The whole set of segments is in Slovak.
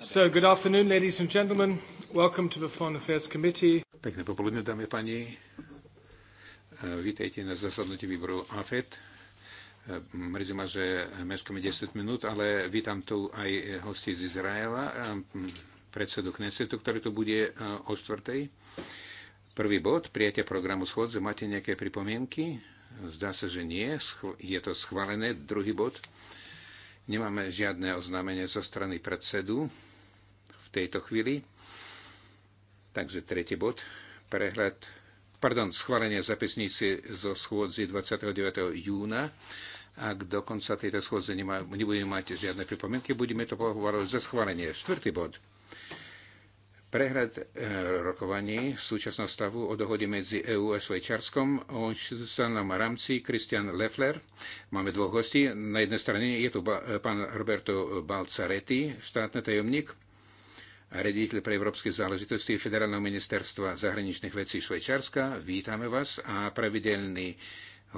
So, good afternoon, ladies and gentlemen. Welcome to the Foreign Affairs Committee. Pekné popoludne, dámy a páni. E, Vítejte na zasadnutí výboru AFET. E, mrzí ma, že meškáme 10 minút, ale vítam tu aj hosti z Izraela, e, predsedu Knesetu, ktorý tu bude o 4. Prvý bod, prijatie programu schôdze. Máte nejaké pripomienky? Zdá sa, že nie. Je to schválené. Druhý bod, Nemáme žiadne oznámenie zo strany predsedu v tejto chvíli. Takže tretí bod. Prehľad, pardon, schválenie zapisníci zo schôdzi 29. júna. Ak do konca tejto schôdze nebudeme mať žiadne pripomienky, budeme to považovať za schválenie. Štvrtý bod. Prehľad eh, rokovaní súčasného stavu o dohode medzi EÚ a Švajčarskom o inštitucionálnom rámci Christian Leffler. Máme dvoch hostí. Na jednej strane je tu eh, pán Roberto Balcaretti, štátny tajomník a rediteľ pre európske záležitosti Federálneho ministerstva zahraničných vecí Švajčiarska. Vítame vás a pravidelný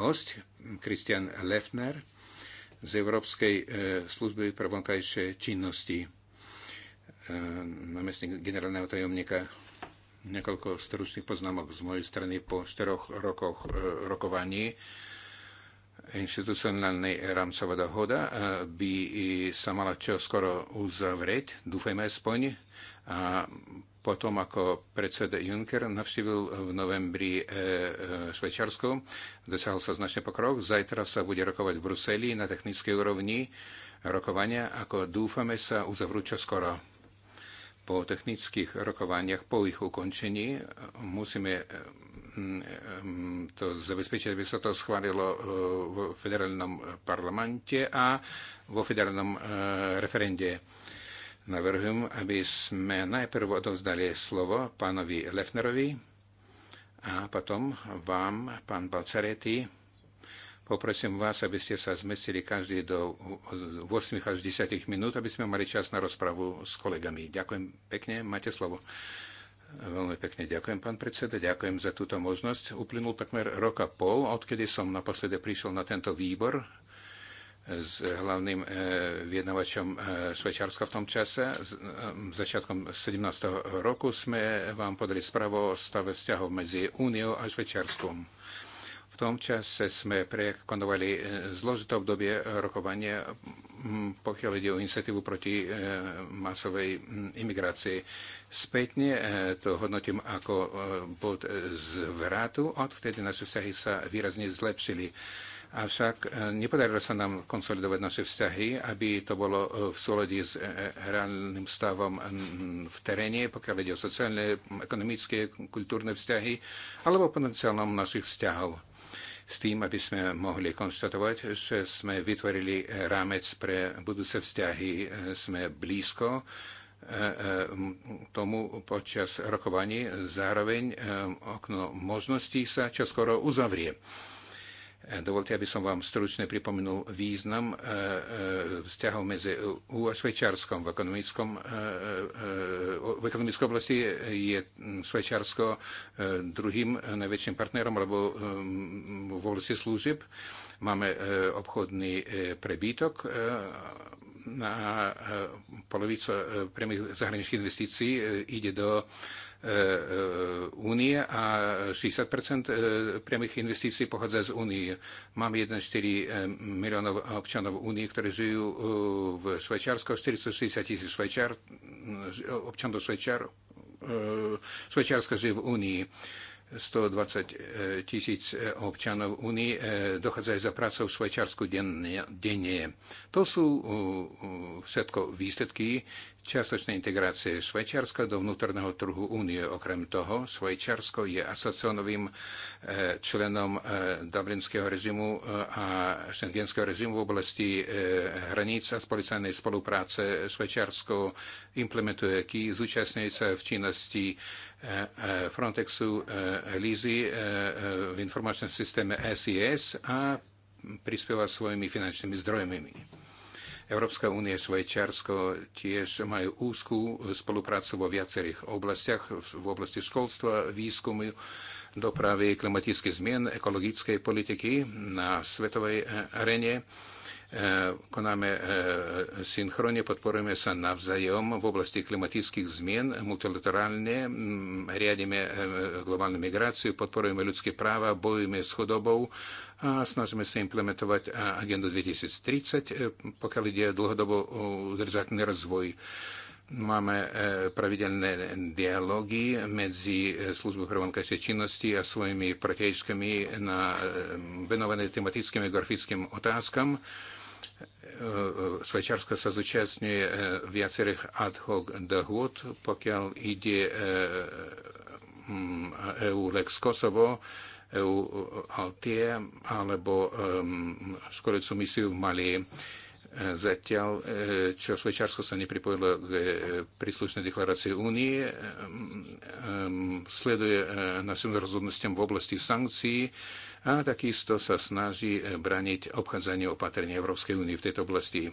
host Christian Leffner z Európskej eh, služby pre vonkajšie činnosti. Ehm, namestník generálneho tajomníka. Niekoľko stručných poznámok z mojej strany po štyroch rokoch e, rokovaní inštitucionálnej rámcová dohoda e, by sa mala čo skoro uzavrieť, dúfajme aspoň. A potom, ako predseda Juncker navštívil v novembri e, Švajčiarsko, dosiahol sa značný pokrok. Zajtra sa bude rokovať v Bruseli na technickej úrovni rokovania, ako dúfame sa uzavrú čo skoro po technických rokovaniach, po ich ukončení, musíme mm, mm, to zabezpečiť, aby sa to schválilo e, v federálnom parlamente a vo federálnom e, referende. Navrhujem, aby sme najprv odovzdali slovo pánovi Lefnerovi a potom vám, pán Balcaretti, Poprosím vás, aby ste sa zmestili každý do 8 až 10 minút, aby sme mali čas na rozpravu s kolegami. Ďakujem pekne, máte slovo. Veľmi pekne ďakujem, pán predseda, ďakujem za túto možnosť. Uplynul takmer rok a pol, odkedy som naposledy prišiel na tento výbor s hlavným eh, vyjednavačom eh, Švečarska v tom čase. Eh, začiatkom 17. roku sme vám podali správu o stave vzťahov medzi Úniou a Švečarskom tom čase sme prekonovali e, zložité obdobie rokovania, pokiaľ ide o iniciatívu proti e, masovej imigrácii. Spätne e, to hodnotím ako bod zvratu, odvtedy naše vzťahy sa výrazne zlepšili. Avšak nepodarilo sa nám konsolidovať naše vzťahy, aby to bolo v súlade s reálnym stavom v teréne, pokiaľ ide o sociálne, ekonomické, kultúrne vzťahy, alebo potenciálnom našich vzťahov s tým, aby sme mohli konštatovať, že sme vytvorili rámec pre budúce vzťahy. E, sme blízko e, e, tomu počas rokovaní. Zároveň okno možností sa čoskoro uzavrie. Dovolte, aby som vám stručne pripomenul význam e, e, vzťahov medzi EU a Švajčiarskom. V, e, v ekonomickej oblasti je Švajčiarsko druhým najväčším partnerom, alebo v oblasti služieb máme obchodný prebytok na polovicu priamých zahraničných investícií ide do únie e, e, a 60 e, priamých investícií pochádza z únie. Máme 1,4 miliónov občanov únie, ktorí žijú v Švajčiarsku, 460 tisíc švajčiar, občanov švajčiar, Švajčiarska žije v únii. 120 tisíc občanov Unii dochádzajú za prácou v Švajčiarsku denne. To sú všetko výsledky čiastočnej integrácie Švajčiarska do vnútorného trhu únie. Okrem toho, Švajčiarsko je asociónovým e, členom e, dublinského režimu e, a šengenského režimu v oblasti hraníc a policajnej spolupráce. Švajčiarsko implementuje ký zúčastňuje sa v činnosti Frontexu, Lízy v informačnom systéme SIS a prispieva svojimi finančnými zdrojmi. Európska únie, Švajčiarsko tiež majú úzkú spoluprácu vo viacerých oblastiach, v oblasti školstva, výskumu, dopravy, klimatických zmien, ekologickej politiky na svetovej arene. E, konáme e, synchronne, podporujeme sa navzájom v oblasti klimatických zmien, multilaterálne, riadime e, globálnu migráciu, podporujeme ľudské práva, bojujeme s chudobou a snažíme sa implementovať agendu 2030, pokiaľ ide dlhodobo udržateľný rozvoj. Máme pravidelné dialógy medzi službou pre činnosti a svojimi protiežkami na venované tematickým a grafickým otázkam E, e, Švajčarsko sa zúčastňuje e, viacerých ad hoc dohôd, pokiaľ ide EU Lex Kosovo, EU Altie alebo školicu misiu v Malii Zatiaľ, e, čo Švečarsko sa nepripojilo k e, príslušnej deklarácii únie, e, sleduje našim rozhodnostiam v oblasti sankcií a takisto sa snaží braniť obchádzanie opatrenia Európskej únie v tejto oblasti.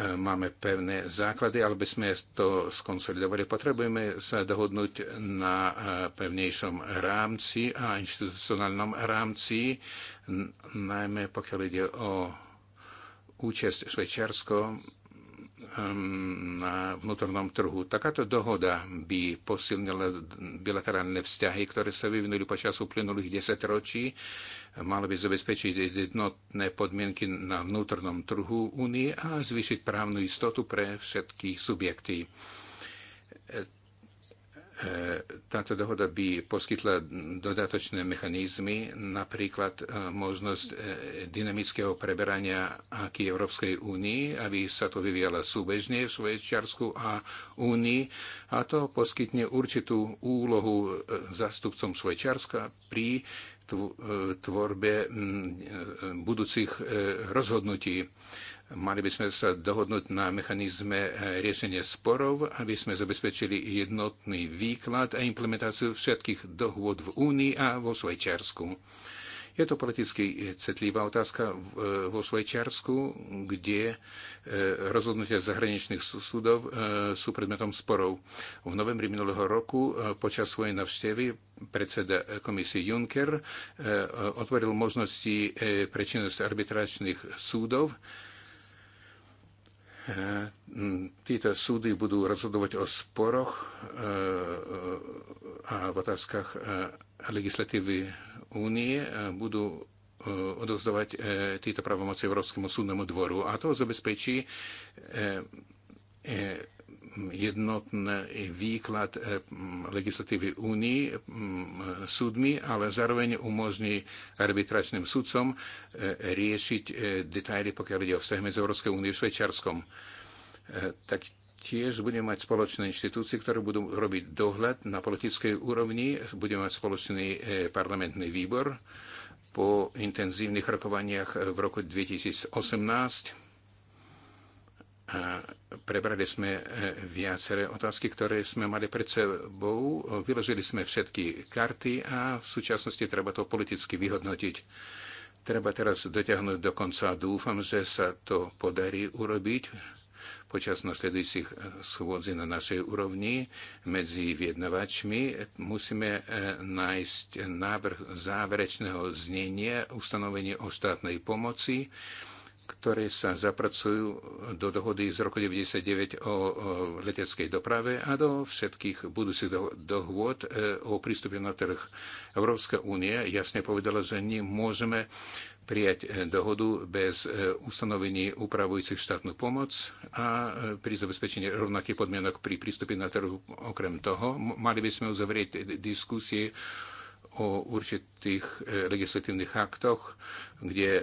Máme pevné základy, ale by sme to skonsolidovali. Potrebujeme sa dohodnúť na pevnejšom rámci a inštitucionálnom rámci, najmä pokiaľ ide o účasť Švečiarsko um, na vnútornom trhu. Takáto dohoda by posilnila bilaterálne vzťahy, ktoré sa vyvinuli počas uplynulých ročí, Mala by zabezpečiť jednotné podmienky na vnútornom trhu únie a zvýšiť právnu istotu pre všetky subjekty. E, táto dohoda by poskytla dodatočné mechanizmy, napríklad e, možnosť e, dynamického preberania k Európskej únii, aby sa to vyvíjala súbežne v Švajčiarsku a únii, a to poskytne určitú úlohu zástupcom Švajčiarska pri tvorbe budúcich rozhodnutí. Mali by sme sa dohodnúť na mechanizme eh, riešenia sporov, aby sme zabezpečili jednotný výklad a implementáciu všetkých dohôd v Únii a vo Švajčiarsku. Je to politicky eh, citlivá otázka eh, vo Švajčiarsku, kde rozhodnutia zahraničných súdov sú predmetom sporov. V novembri minulého roku počas svojej navštevy predseda komisie Juncker otvoril možnosti prečinnosť arbitračných súdov Ehm, títo súdy budú rozhodovať o sporoch eh, a v otázkach eh, legislatívy únie eh, budú odozdovať tieto pravomoci Európskemu súdnemu dvoru a to zabezpečí jednotný výklad eh, mm, legislatívy Únii eh, mm, súdmi, ale zároveň umožní arbitračným súdcom eh, riešiť detaily, pokiaľ ide o vzťah medzi Európskej úniou a Švajčiarskom. Tak tiež budeme mať spoločné inštitúcie, ktoré budú robiť dohľad na politickej úrovni, budeme mať spoločný parlamentný výbor po intenzívnych rokovaniach v roku 2018 prebrali sme e, viaceré otázky, ktoré sme mali pred sebou. Vyložili sme všetky karty a v súčasnosti treba to politicky vyhodnotiť. Treba teraz dotiahnuť do konca. Dúfam, že sa to podarí urobiť počas nasledujúcich e, schôdzi na našej úrovni medzi viednavačmi. Musíme e, nájsť návrh záverečného znenia ustanovenie o štátnej pomoci ktoré sa zapracujú do dohody z roku 1999 o leteckej doprave a do všetkých budúcich dohôd e, o prístupe na trh. Európska únia jasne povedala, že nemôžeme prijať e, dohodu bez e, ustanovení upravujúcich štátnu pomoc a pri zabezpečení rovnakých podmienok pri prístupe na trhu. Okrem toho, mali by sme uzavrieť diskusie o určitých e, legislatívnych aktoch, kde e, e,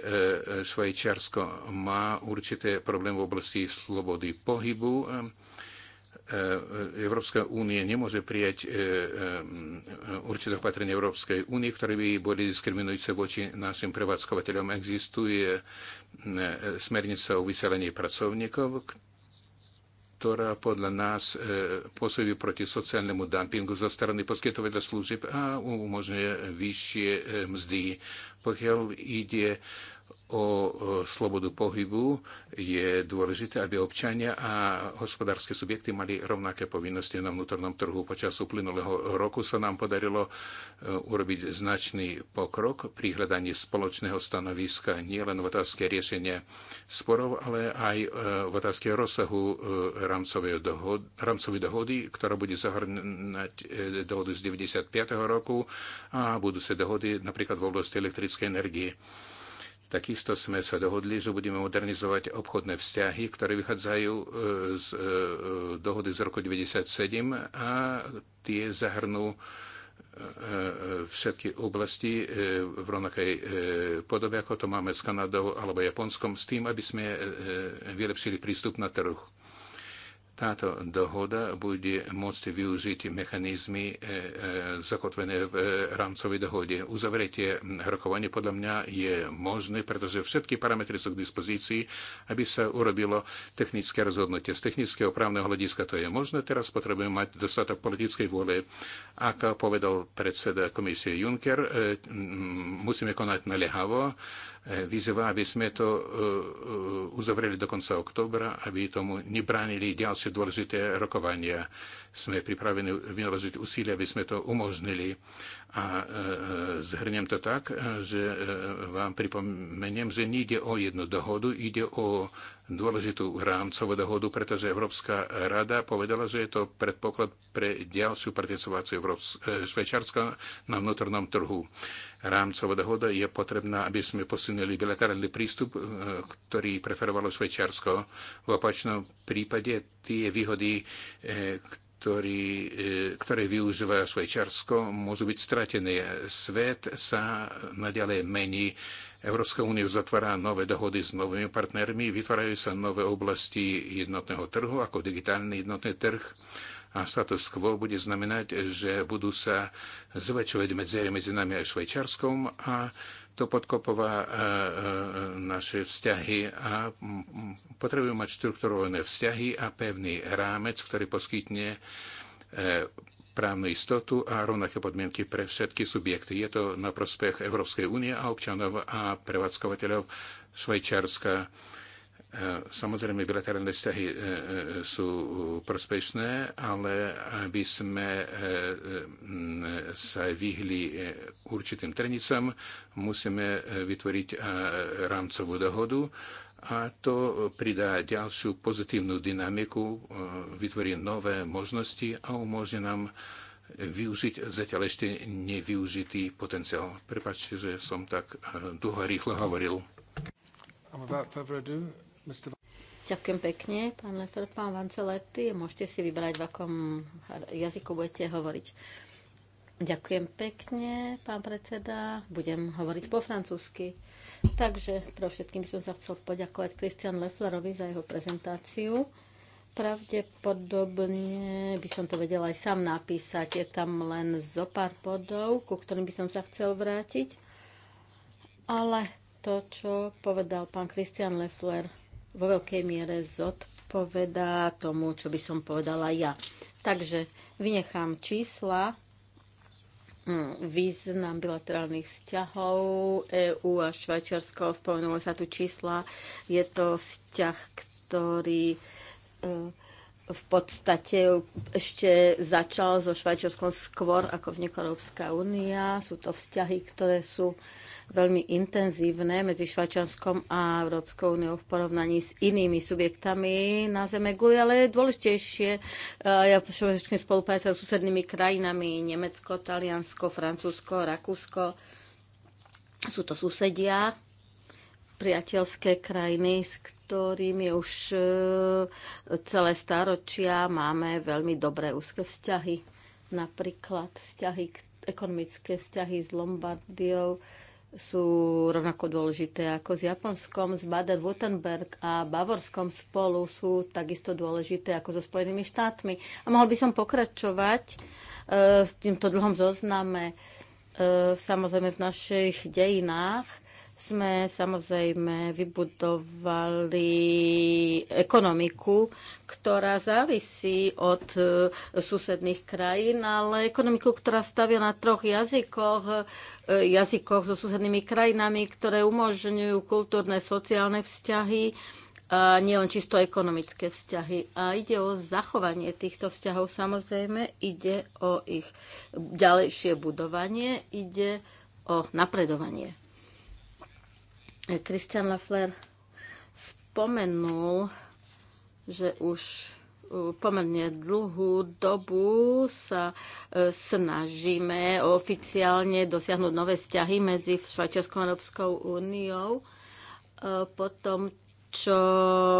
Švajčiarsko má určité problémy v oblasti slobody pohybu. Európska únie nemôže prijať určité opatrenie Európskej únie, ktoré by boli diskriminujúce voči našim prevádzkovateľom. Existuje smernica o vyselení pracovníkov, ktorá podľa nás e, pôsobí proti sociálnemu dumpingu zo strany poskytovateľa služieb a umožňuje vyššie e, mzdy. Pokiaľ ide o slobodu pohybu, je dôležité, aby občania a hospodárske subjekty mali rovnaké povinnosti na vnútornom trhu. Počas uplynulého roku sa nám podarilo e, urobiť značný pokrok pri hľadaní spoločného stanoviska nielen v otázke riešenia sporov, ale aj e, v otázke rozsahu e, rámcovej dohody, rámcovej dohody ktorá bude zahrňať dohodu z 95. roku a budú sa dohody napríklad v oblasti elektrickej energie. Takisto sme sa dohodli, že budeme modernizovať obchodné vzťahy, ktoré vychádzajú e, z e, e, dohody z roku 1997 a tie zahrnú všetky oblasti v rovnakej podobe, ako to máme s Kanadou alebo Japonskom, s tým, aby sme vylepšili prístup na trh. Táto dohoda bude môcť využiť mechanizmy e, e, zakotvené v e, rámcovej dohode. Uzavretie rokovania podľa mňa je možné, pretože všetky parametre sú k dispozícii, aby sa urobilo technické rozhodnutie. Z technického právneho hľadiska to je možné. Teraz potrebujeme mať dostatok politickej vôle. Ako povedal predseda komisie Juncker, musíme konať naliehavo vyzva, aby sme to e, e, uzavreli do konca októbra, aby tomu nebránili ďalšie dôležité rokovania. Sme pripravení vynaložiť úsilie, aby sme to umožnili. A e, zhrnem to tak, že vám pripomeniem, že nejde o jednu dohodu, ide o dôležitú rámcovú dohodu, pretože Európska rada povedala, že je to predpoklad pre ďalšiu participáciu Európs- e, Švečarska na vnútornom trhu. Rámcová dohoda je potrebná, aby sme posunuli bilaterálny prístup, e, ktorý preferovalo Švečarsko. V opačnom prípade tie výhody, e, ktorý, e, ktoré využíva Švajčiarsko, môžu byť stratené. Svet sa naďalej mení. Európska únia zatvára nové dohody s novými partnermi, vytvárajú sa nové oblasti jednotného trhu, ako digitálny jednotný trh a status quo bude znamenať, že budú sa zväčšovať medzery medzi nami a Švajčiarskom a to podkopová e, e, e, naše vzťahy a potrebujú mať štrukturované vzťahy a pevný rámec, ktorý poskytne právnu istotu a rovnaké podmienky pre všetky subjekty. Je to na prospech Európskej únie a občanov a prevádzkovateľov Švajčiarska. E, samozrejme, bilaterálne vzťahy e, e, sú prospešné, ale aby sme sa vyhli určitým trenicam, musíme vytvoriť rámcovú dohodu a to pridá ďalšiu pozitívnu dynamiku, vytvorí nové možnosti a umožní nám využiť zatiaľ ešte nevyužitý potenciál. Prepačte, že som tak dlho a rýchlo hovoril. I'm without further ado, Ďakujem pekne, pán Lefer, pán Vancelety. Môžete si vybrať, v akom jazyku budete hovoriť. Ďakujem pekne, pán predseda. Budem hovoriť po francúzsky. Takže pre všetkým som sa chcel poďakovať Kristian Leflerovi za jeho prezentáciu. Pravdepodobne by som to vedela aj sám napísať. Je tam len zo pár bodov, ku ktorým by som sa chcel vrátiť. Ale to, čo povedal pán Kristian Leffler, vo veľkej miere zodpovedá tomu, čo by som povedala ja. Takže vynechám čísla, mm, význam bilaterálnych vzťahov EÚ a Švajčiarsko. Spomenulo sa tu čísla. Je to vzťah, ktorý e, v podstate ešte začal so Švajčiarskom skôr, ako vznikla Európska únia. Sú to vzťahy, ktoré sú veľmi intenzívne medzi Švajčanskom a Európskou úniou v porovnaní s inými subjektami na Zeme Guli, ale je dôležitejšie e, ja švajčiarským spolupráca s susednými krajinami Nemecko, Taliansko, Francúzsko, Rakúsko. Sú to susedia, priateľské krajiny, s ktorými už e, celé stáročia máme veľmi dobré úzke vzťahy. Napríklad vzťahy, ekonomické vzťahy s Lombardiou, sú rovnako dôležité ako s Japonskom, s Baden-Württemberg a Bavorskom spolu sú takisto dôležité ako so Spojenými štátmi. A mohol by som pokračovať e, s týmto dlhom zozname. E, samozrejme v našich dejinách sme samozrejme vybudovali ekonomiku, ktorá závisí od e, susedných krajín, ale ekonomiku, ktorá stavia na troch jazykoch, e, jazykoch so susednými krajinami, ktoré umožňujú kultúrne, sociálne vzťahy a nielen čisto ekonomické vzťahy. A ide o zachovanie týchto vzťahov samozrejme, ide o ich ďalejšie budovanie, ide o napredovanie. Christian Lafler spomenul, že už pomerne dlhú dobu sa e, snažíme oficiálne dosiahnuť nové vzťahy medzi Švajčiarskou a Európskou úniou. E, potom čo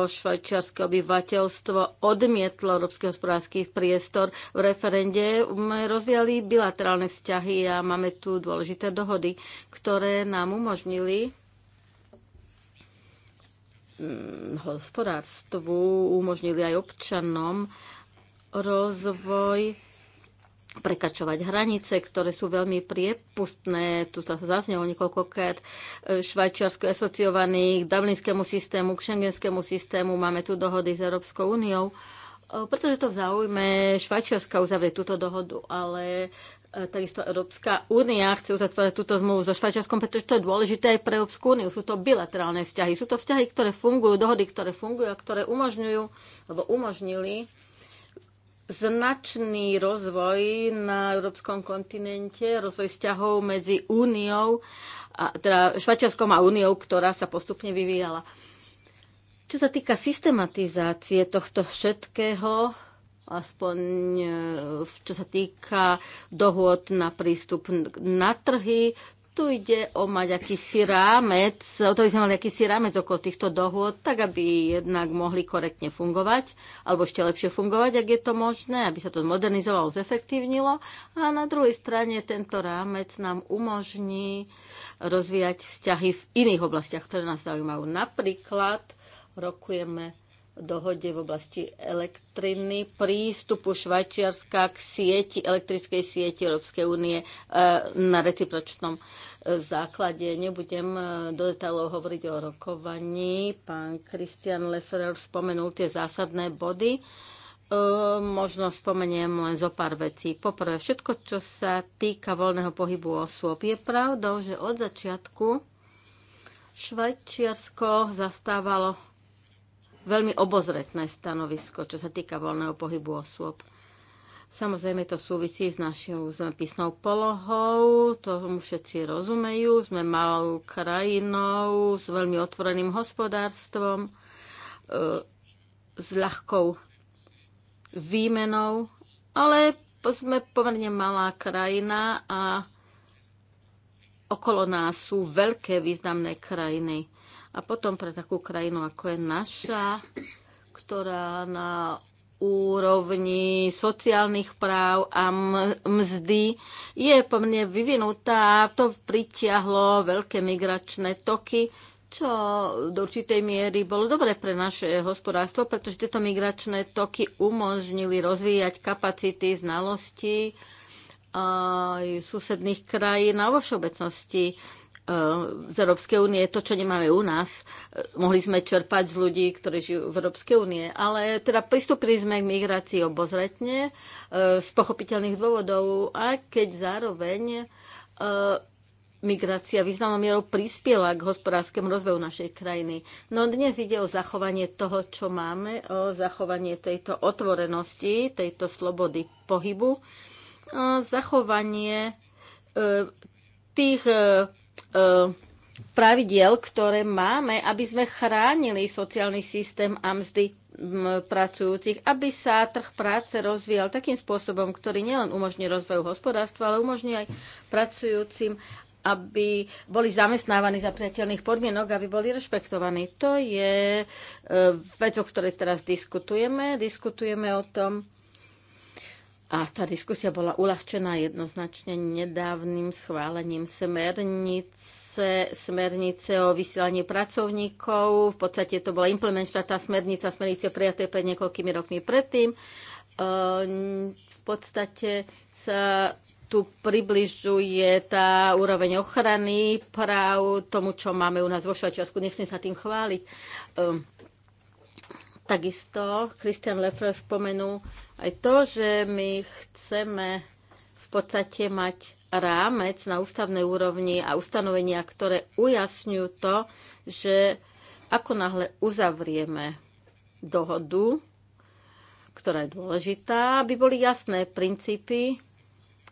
švajčiarske obyvateľstvo odmietlo Európsky hospodársky priestor v referende, rozvíjali bilaterálne vzťahy a máme tu dôležité dohody, ktoré nám umožnili Mm, hospodárstvu, umožnili aj občanom rozvoj, prekačovať hranice, ktoré sú veľmi priepustné. Tu sa zaznelo niekoľkokrát e, švajčiarsko asociovaných k dublinskému systému, k šengenskému systému. Máme tu dohody s Európskou úniou. E, Pretože to v záujme Švajčiarska uzavrie túto dohodu, ale E, takisto Európska únia chce uzatvárať túto zmluvu so Švajčiarskom, pretože to je dôležité aj pre Európsku úniu. Sú to bilaterálne vzťahy. Sú to vzťahy, ktoré fungujú, dohody, ktoré fungujú a ktoré umožňujú, alebo umožnili značný rozvoj na európskom kontinente, rozvoj vzťahov medzi úniou, a, teda Švajčiarskom a úniou, ktorá sa postupne vyvíjala. Čo sa týka systematizácie tohto všetkého, aspoň e, čo sa týka dohôd na prístup na trhy. Tu ide o mať akýsi rámec, o to by sme mali akýsi rámec okolo týchto dohôd, tak aby jednak mohli korektne fungovať, alebo ešte lepšie fungovať, ak je to možné, aby sa to modernizovalo, zefektívnilo. A na druhej strane tento rámec nám umožní rozvíjať vzťahy v iných oblastiach, ktoré nás zaujímajú. Napríklad rokujeme dohode v oblasti elektriny, prístupu Švajčiarska k sieti, elektrickej sieti Európskej únie e, na recipročnom e, základe. Nebudem e, do detailov hovoriť o rokovaní. Pán Kristian Leferer spomenul tie zásadné body. Možno spomeniem len zo pár vecí. Poprvé, všetko, čo sa týka voľného pohybu osôb, je pravdou, že od začiatku Švajčiarsko zastávalo veľmi obozretné stanovisko, čo sa týka voľného pohybu osôb. Samozrejme to súvisí s našou zemepisnou polohou, tomu všetci rozumejú, sme malou krajinou s veľmi otvoreným hospodárstvom, e, s ľahkou výmenou, ale sme pomerne malá krajina a okolo nás sú veľké významné krajiny a potom pre takú krajinu, ako je naša, ktorá na úrovni sociálnych práv a mzdy je pomerne vyvinutá. To pritiahlo veľké migračné toky, čo do určitej miery bolo dobre pre naše hospodárstvo, pretože tieto migračné toky umožnili rozvíjať kapacity, znalosti aj susedných krajín a vo všeobecnosti z Európskej únie, to, čo nemáme u nás. E, mohli sme čerpať z ľudí, ktorí žijú v Európskej únie, ale teda pristúpili sme k migrácii obozretne e, z pochopiteľných dôvodov a keď zároveň e, migrácia významnou mierou prispiela k hospodárskému rozvoju našej krajiny. No dnes ide o zachovanie toho, čo máme, o zachovanie tejto otvorenosti, tejto slobody pohybu, a zachovanie tých E, pravidiel, ktoré máme, aby sme chránili sociálny systém a mzdy pracujúcich, aby sa trh práce rozvíjal takým spôsobom, ktorý nielen umožní rozvoj hospodárstva, ale umožní aj pracujúcim, aby boli zamestnávaní za priateľných podmienok, aby boli rešpektovaní. To je e, vec, o ktorej teraz diskutujeme. Diskutujeme o tom, a tá diskusia bola uľahčená jednoznačne nedávnym schválením smernice, smernice o vysielaní pracovníkov. V podstate to bola implementačná smernica, smernice prijaté pred niekoľkými rokmi predtým. Ehm, v podstate sa tu približuje tá úroveň ochrany práv tomu, čo máme u nás vo Švajčiarsku. Nechcem sa tým chváliť ehm, Takisto Christian Leffler spomenul aj to, že my chceme v podstate mať rámec na ústavnej úrovni a ustanovenia, ktoré ujasňujú to, že ako náhle uzavrieme dohodu, ktorá je dôležitá, aby boli jasné princípy,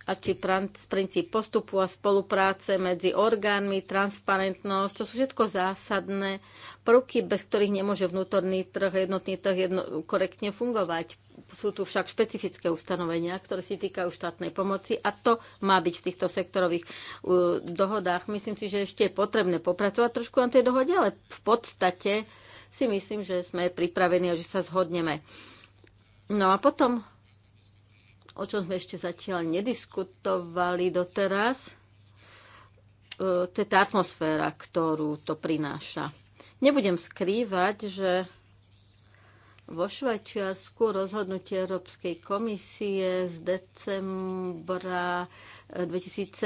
a či princíp postupu a spolupráce medzi orgánmi, transparentnosť, to sú všetko zásadné prvky, bez ktorých nemôže vnútorný trh, jednotný trh jedno, korektne fungovať. Sú tu však špecifické ustanovenia, ktoré si týkajú štátnej pomoci a to má byť v týchto sektorových dohodách. Myslím si, že ešte je potrebné popracovať trošku na tej dohode, ale v podstate si myslím, že sme pripravení a že sa zhodneme. No a potom o čom sme ešte zatiaľ nediskutovali doteraz, e, to je tá atmosféra, ktorú to prináša. Nebudem skrývať, že vo Švajčiarsku rozhodnutie Európskej komisie z decembra 2017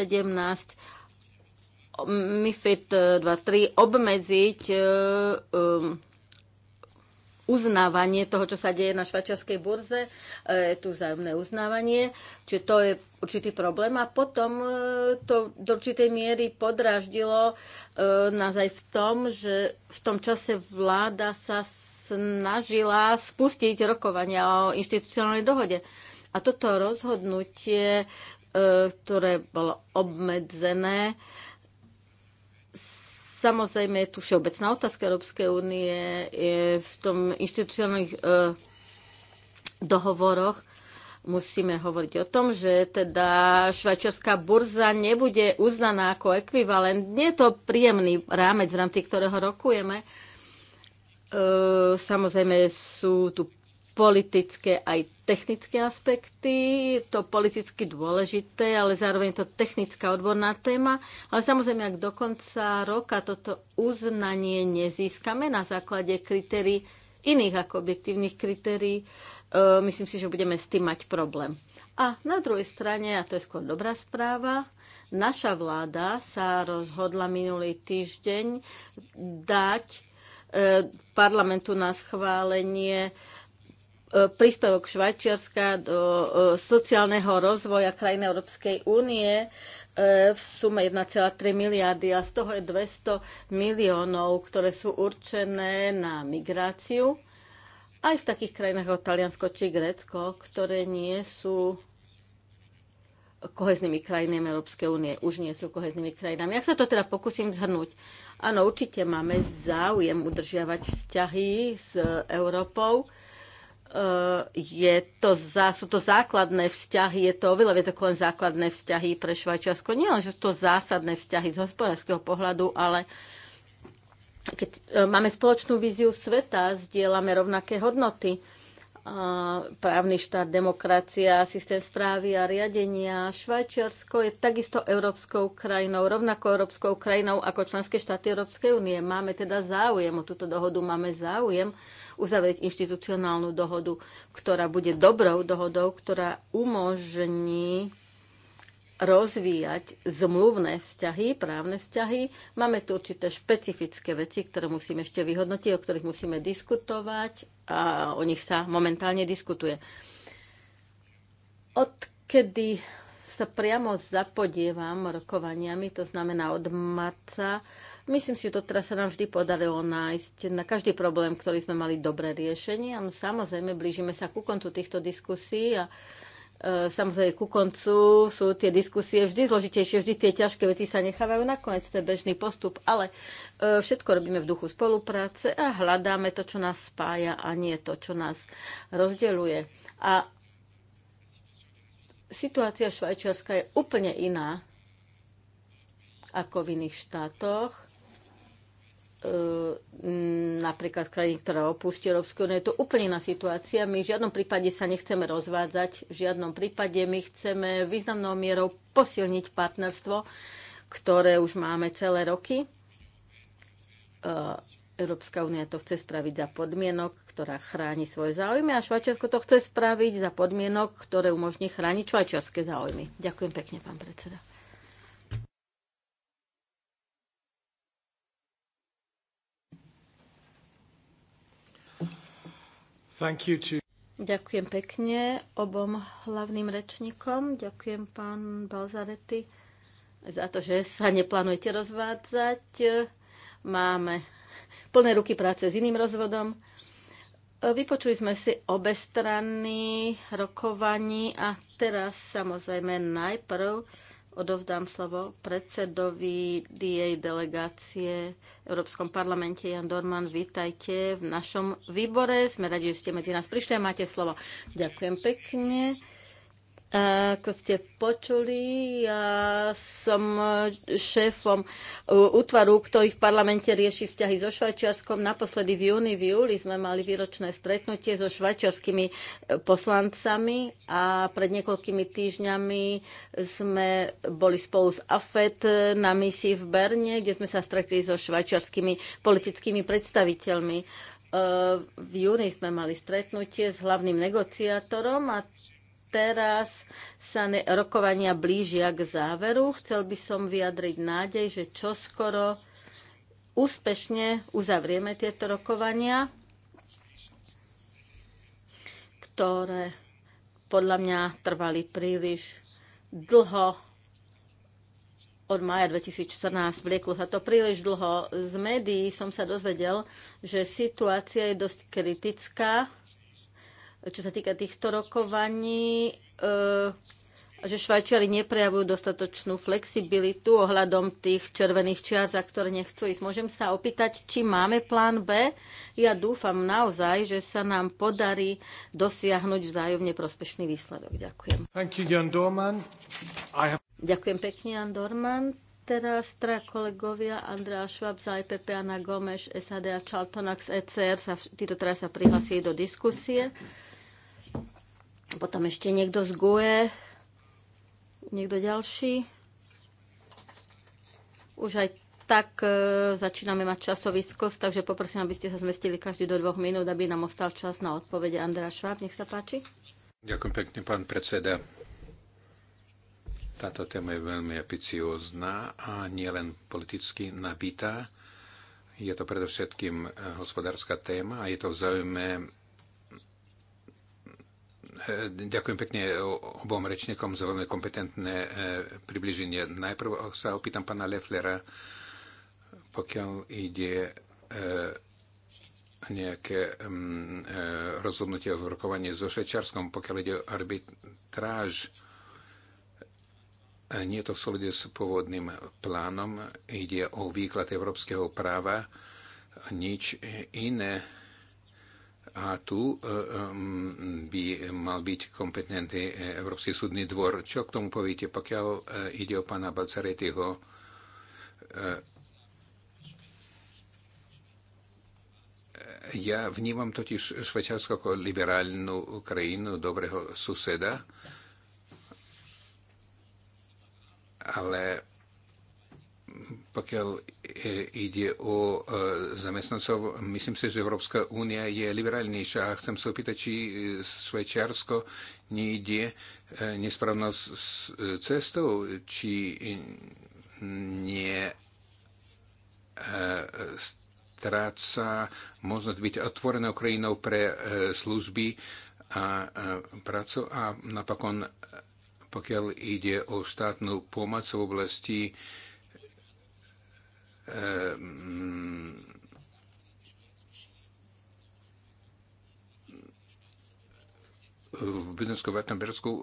MIFID 2.3 obmedziť um, uznávanie toho, čo sa deje na švajčiarskej burze, je tu vzájomné uznávanie, čiže to je určitý problém a potom e, to do určitej miery podráždilo e, nás aj v tom, že v tom čase vláda sa snažila spustiť rokovania o inštitucionálnej dohode. A toto rozhodnutie, e, ktoré bolo obmedzené, Samozrejme je tu všeobecná otázka Európskej únie v tom inštitucionálnych e, dohovoroch musíme hovoriť o tom, že teda švajčiarská burza nebude uznaná ako ekvivalent. Nie je to príjemný rámec, v rámci ktorého rokujeme. E, samozrejme sú tu politické aj technické aspekty, to politicky dôležité, ale zároveň to technická odborná téma. Ale samozrejme, ak do konca roka toto uznanie nezískame na základe kritérií iných ako objektívnych kritérií, e, myslím si, že budeme s tým mať problém. A na druhej strane, a to je skôr dobrá správa, naša vláda sa rozhodla minulý týždeň dať e, parlamentu na schválenie E, príspevok Švajčiarska do e, sociálneho rozvoja krajiny Európskej únie e, v sume 1,3 miliardy a z toho je 200 miliónov, ktoré sú určené na migráciu aj v takých krajinách ako Taliansko či Grécko, ktoré nie sú koheznými krajinami Európskej únie, už nie sú koheznými krajinami. Ja sa to teda pokúsim zhrnúť. Áno, určite máme záujem udržiavať vzťahy s Európou, Eh, je to za, sú to základné vzťahy, je to oveľa viac ako len základné vzťahy pre Švajčiarsko. Nie len, že sú to zásadné vzťahy z hospodárskeho pohľadu, ale keď eh, máme spoločnú víziu sveta, zdieľame rovnaké hodnoty právny štát, demokracia, systém správy a riadenia. Švajčiarsko je takisto európskou krajinou, rovnako európskou krajinou ako členské štáty Európskej únie. Máme teda záujem o túto dohodu, máme záujem uzavrieť inštitucionálnu dohodu, ktorá bude dobrou dohodou, ktorá umožní rozvíjať zmluvné vzťahy, právne vzťahy. Máme tu určité špecifické veci, ktoré musíme ešte vyhodnotiť, o ktorých musíme diskutovať a o nich sa momentálne diskutuje. Odkedy sa priamo zapodievam rokovaniami, to znamená od marca, myslím si, že to teraz sa nám vždy podarilo nájsť na každý problém, ktorý sme mali dobré riešenie. No, samozrejme, blížime sa ku koncu týchto diskusí a E, samozrejme ku koncu sú tie diskusie vždy zložitejšie, vždy tie ťažké veci sa nechávajú nakoniec, to je bežný postup, ale e, všetko robíme v duchu spolupráce a hľadáme to, čo nás spája a nie to, čo nás rozdeľuje. A situácia švajčiarska je úplne iná ako v iných štátoch E, napríklad krajiny, ktorá opustí Európsku úniu. Je to úplne iná situácia. My v žiadnom prípade sa nechceme rozvádzať. V žiadnom prípade my chceme významnou mierou posilniť partnerstvo, ktoré už máme celé roky. E, Európska únia to chce spraviť za podmienok, ktorá chráni svoje záujmy a Švajčiarsko to chce spraviť za podmienok, ktoré umožní chrániť švajčiarske záujmy. Ďakujem pekne, pán predseda. Ďakujem pekne obom hlavným rečníkom. Ďakujem pán Balzarety za to, že sa neplánujete rozvádzať. Máme plné ruky práce s iným rozvodom. Vypočuli sme si obe strany rokovaní a teraz samozrejme najprv odovdám slovo predsedovi DA delegácie v Európskom parlamente. Jan Dorman, vítajte v našom výbore. Sme radi, že ste medzi nás prišli a máte slovo. Ďakujem pekne. Ako ste počuli, ja som šéfom e, útvaru, ktorý v parlamente rieši vzťahy so Švajčiarskom. Naposledy v júni, v júli sme mali výročné stretnutie so švajčiarskými e, poslancami a pred niekoľkými týždňami sme boli spolu s AFET na misii v Berne, kde sme sa stretli so švajčiarskými politickými predstaviteľmi e, v júni sme mali stretnutie s hlavným negociátorom a teraz sa ne, rokovania blížia k záveru. Chcel by som vyjadriť nádej, že čoskoro úspešne uzavrieme tieto rokovania, ktoré podľa mňa trvali príliš dlho. Od maja 2014 vlieklo sa to príliš dlho. Z médií som sa dozvedel, že situácia je dosť kritická čo sa týka týchto rokovaní, e, že Švajčiari neprejavujú dostatočnú flexibilitu ohľadom tých červených čiar, za ktoré nechcú ísť. Môžem sa opýtať, či máme plán B? Ja dúfam naozaj, že sa nám podarí dosiahnuť vzájomne prospešný výsledok. Ďakujem. Thank you, Jan Dorman. I have... Ďakujem pekne, Jan Dorman. Teraz tra kolegovia Andrea Schwab za IPP, Anna Gomeš, SAD a Charltonax ECR, sa, títo teraz sa prihlasili do diskusie. Potom ešte niekto z GUE. Niekto ďalší. Už aj tak e, začíname mať časový skos, takže poprosím, aby ste sa zmestili každý do dvoch minút, aby nám ostal čas na odpovede. Andrea Šváb, nech sa páči. Ďakujem pekne, pán predseda. Táto téma je veľmi ambiciózna a nielen politicky nabitá. Je to predovšetkým e, hospodárska téma a je to v Eh, ďakujem pekne obom rečníkom za veľmi kompetentné eh, približenie. Najprv sa opýtam pána Leflera, pokiaľ ide eh, nejaké mm, rozhodnutie o rokovaní so Švečarskom, pokiaľ ide o arbitráž. Nie je to v súlade s pôvodným plánom, ide o výklad európskeho práva, nič iné a tu e, e, by mal byť kompetentný e, Európsky súdny dvor. Čo k tomu poviete, pokiaľ ide o pána Balcaretiho? Ja vnímam totiž Švajčiarsko ako liberálnu krajinu, dobrého suseda, ale pokiaľ e, ide o e, zamestnancov, myslím si, že Európska únia je liberálnejšia a chcem sa opýtať, či e, Švajčiarsko nejde nesprávnou cestou, či nie stráca možnosť byť otvorenou krajinou pre služby a prácu a napokon pokiaľ ide o štátnu pomoc v oblasti Ehm, v Budensku, Vartembersku ehm,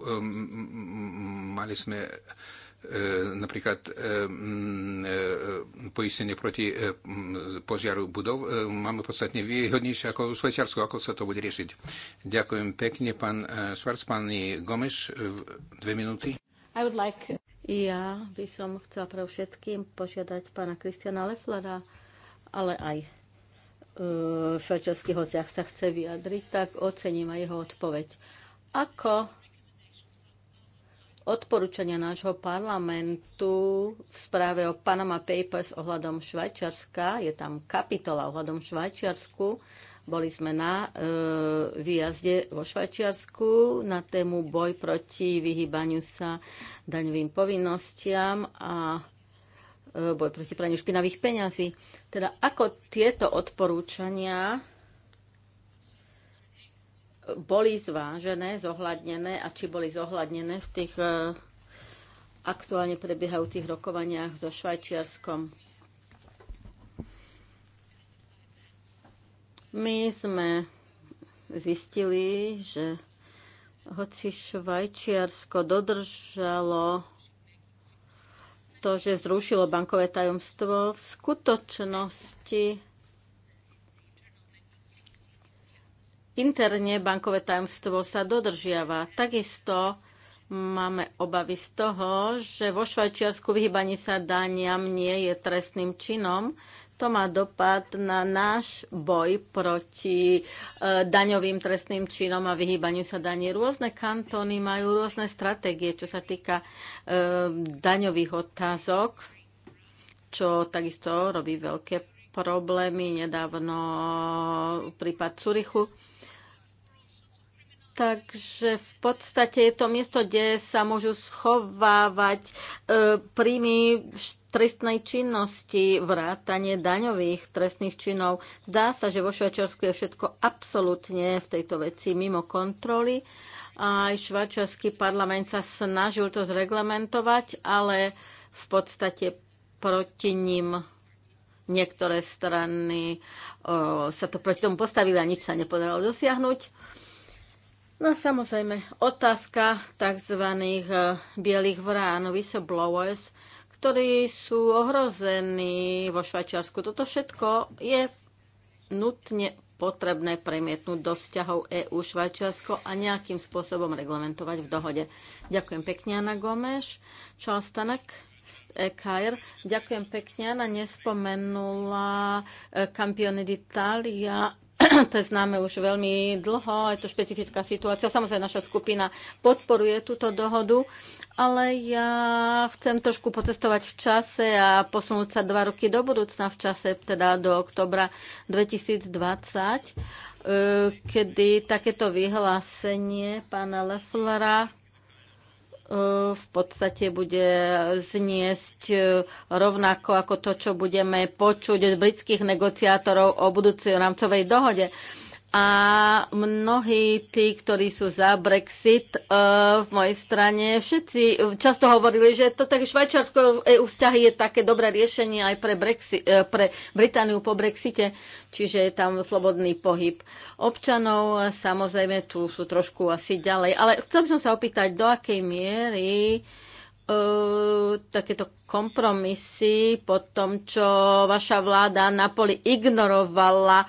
mali sme ehm, napríklad e, poistenie proti požiaru budov máme podstatne výhodnejšie ako v Švajčiarsku. Ako sa to bude riešiť? Ďakujem pekne, pán Švarc, e, pani Gomeš, dve minúty. Like... Ja by som chcela pre všetkým požiadať pána Kristiana Leflera, ale aj v e, švajčiarských hociach sa chce vyjadriť, tak ocením aj jeho odpoveď. Ako odporúčania nášho parlamentu v správe o Panama Papers ohľadom Švajčiarska, je tam kapitola ohľadom Švajčiarsku, boli sme na e, výjazde vo Švajčiarsku na tému boj proti vyhýbaniu sa daňovým povinnostiam a e, boj proti praniu špinavých peňazí. Teda ako tieto odporúčania boli zvážené, zohľadnené a či boli zohľadnené v tých e, aktuálne prebiehajúcich rokovaniach so Švajčiarskom My sme zistili, že hoci Švajčiarsko dodržalo to, že zrušilo bankové tajomstvo, v skutočnosti interne bankové tajomstvo sa dodržiava. Takisto máme obavy z toho, že vo Švajčiarsku vyhybanie sa daniam nie je trestným činom, to má dopad na náš boj proti e, daňovým trestným činom a vyhýbaniu sa daní. Rôzne kantóny majú rôzne stratégie, čo sa týka e, daňových otázok, čo takisto robí veľké problémy. Nedávno prípad Curychu. Takže v podstate je to miesto, kde sa môžu schovávať e, príjmy trestnej činnosti, vrátanie daňových trestných činov. Zdá sa, že vo Švajčiarsku je všetko absolútne v tejto veci mimo kontroly. Aj švajčiarsky parlament sa snažil to zreglementovať, ale v podstate proti ním niektoré strany o, e, sa to proti tomu postavili a nič sa nepodarilo dosiahnuť. No a samozrejme otázka tzv. E, bielých vrán, whistleblowers, ktorí sú ohrození vo Švajčiarsku. Toto všetko je nutne potrebné premietnúť do vzťahov EU Švajčiarsko a nejakým spôsobom reglementovať v dohode. Ďakujem pekne, Ana Gomeš. Charles Tanak, EKR. Ďakujem pekne, Ana nespomenula e, Campione d'Italia to je známe už veľmi dlho, je to špecifická situácia. Samozrejme, naša skupina podporuje túto dohodu, ale ja chcem trošku pocestovať v čase a posunúť sa dva roky do budúcna v čase, teda do oktobra 2020, e, kedy takéto vyhlásenie pána Lefflera Eh, v podstate bude zniesť eh, rovnako ako to, čo budeme počuť od britských negociátorov o budúcej rámcovej dohode a mnohí tí, ktorí sú za Brexit uh, v mojej strane, všetci často hovorili, že to tak švajčarsko EU vzťahy je také dobré riešenie aj pre, Brexit, uh, e, pre Britániu po Brexite, čiže je tam slobodný pohyb občanov. Samozrejme, tu sú trošku asi ďalej. Ale chcel by som sa opýtať, do akej miery E, takéto kompromisy po tom, čo vaša vláda na poli ignorovala e,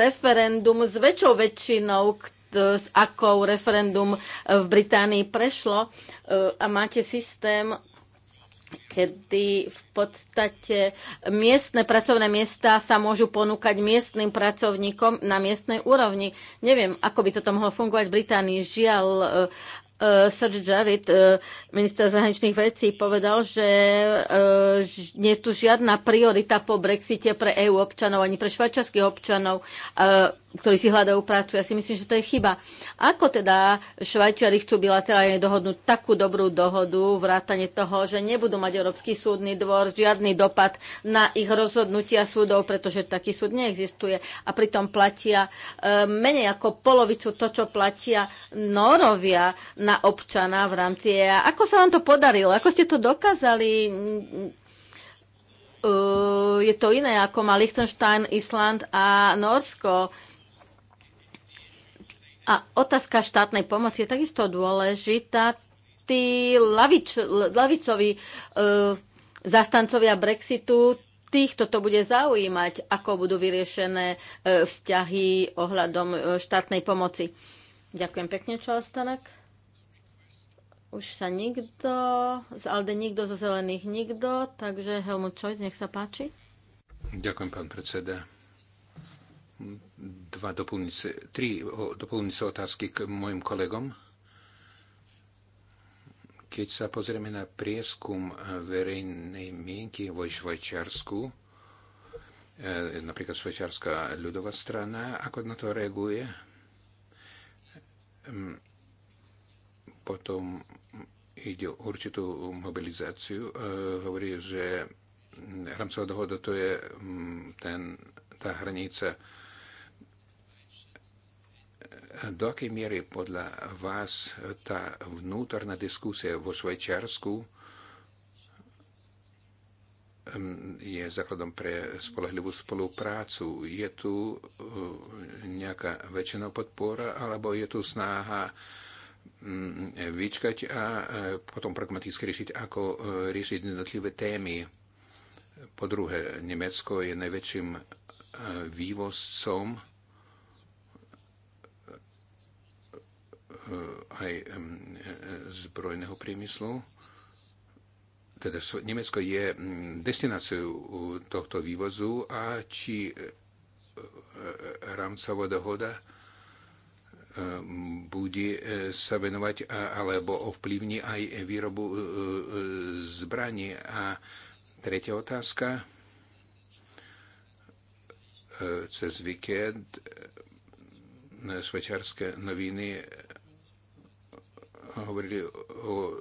referendum s väčšou väčšinou, s akou referendum v Británii prešlo e, a máte systém, kedy v podstate miestne pracovné miesta sa môžu ponúkať miestnym pracovníkom na miestnej úrovni. Neviem, ako by toto mohlo fungovať v Británii. Žiaľ, Eh, Serge Javid, eh, minister zahraničných vecí, povedal, že eh, nie je tu žiadna priorita po Brexite pre EU občanov ani pre švajčarských občanov ktorí si hľadajú prácu. Ja si myslím, že to je chyba. Ako teda Švajčiari chcú bilaterálne dohodnúť takú dobrú dohodu, vrátane toho, že nebudú mať Európsky súdny dvor žiadny dopad na ich rozhodnutia súdov, pretože taký súd neexistuje a pritom platia e, menej ako polovicu to, čo platia norovia na občana v rámci EA. Ako sa vám to podarilo? Ako ste to dokázali? E, je to iné ako má Liechtenstein, Island a Norsko a otázka štátnej pomoci je takisto dôležitá. Tí lavič, lavicoví e, zastancovia Brexitu, tých toto bude zaujímať, ako budú vyriešené e, vzťahy ohľadom e, štátnej pomoci. Ďakujem pekne, Charles Už sa nikto, z Alde nikto, zo Zelených nikto, takže Helmut Čojc, nech sa páči. Ďakujem, pán predseda dva doplňujúce, tri doplňujúce otázky k mojim kolegom. Keď sa pozrieme na prieskum e, verejnej mienky vo Švajčiarsku, e, napríklad Švajčiarská ľudová strana, ako na to reaguje? Hm, potom ide o určitú mobilizáciu. E, hovorí, že rámcová dohoda to je hm, ten, tá hranica do akej miery podľa vás tá vnútorná diskusia vo Švajčiarsku je základom pre spolahlivú spoluprácu. Je tu eh, nejaká väčšinou podpora, alebo je tu snaha mm, vyčkať a eh, potom pragmaticky riešiť, ako eh, riešiť jednotlivé témy. Po druhé, Nemecko je najväčším vývozcom Eh, aj eh, zbrojného priemyslu. Teda Nemecko je mm, destináciou tohto vývozu a či eh, rámcová dohoda bude sa venovať alebo ovplyvní aj výrobu zbraní. A tretia otázka. Cez víkend svečarské noviny hovorili o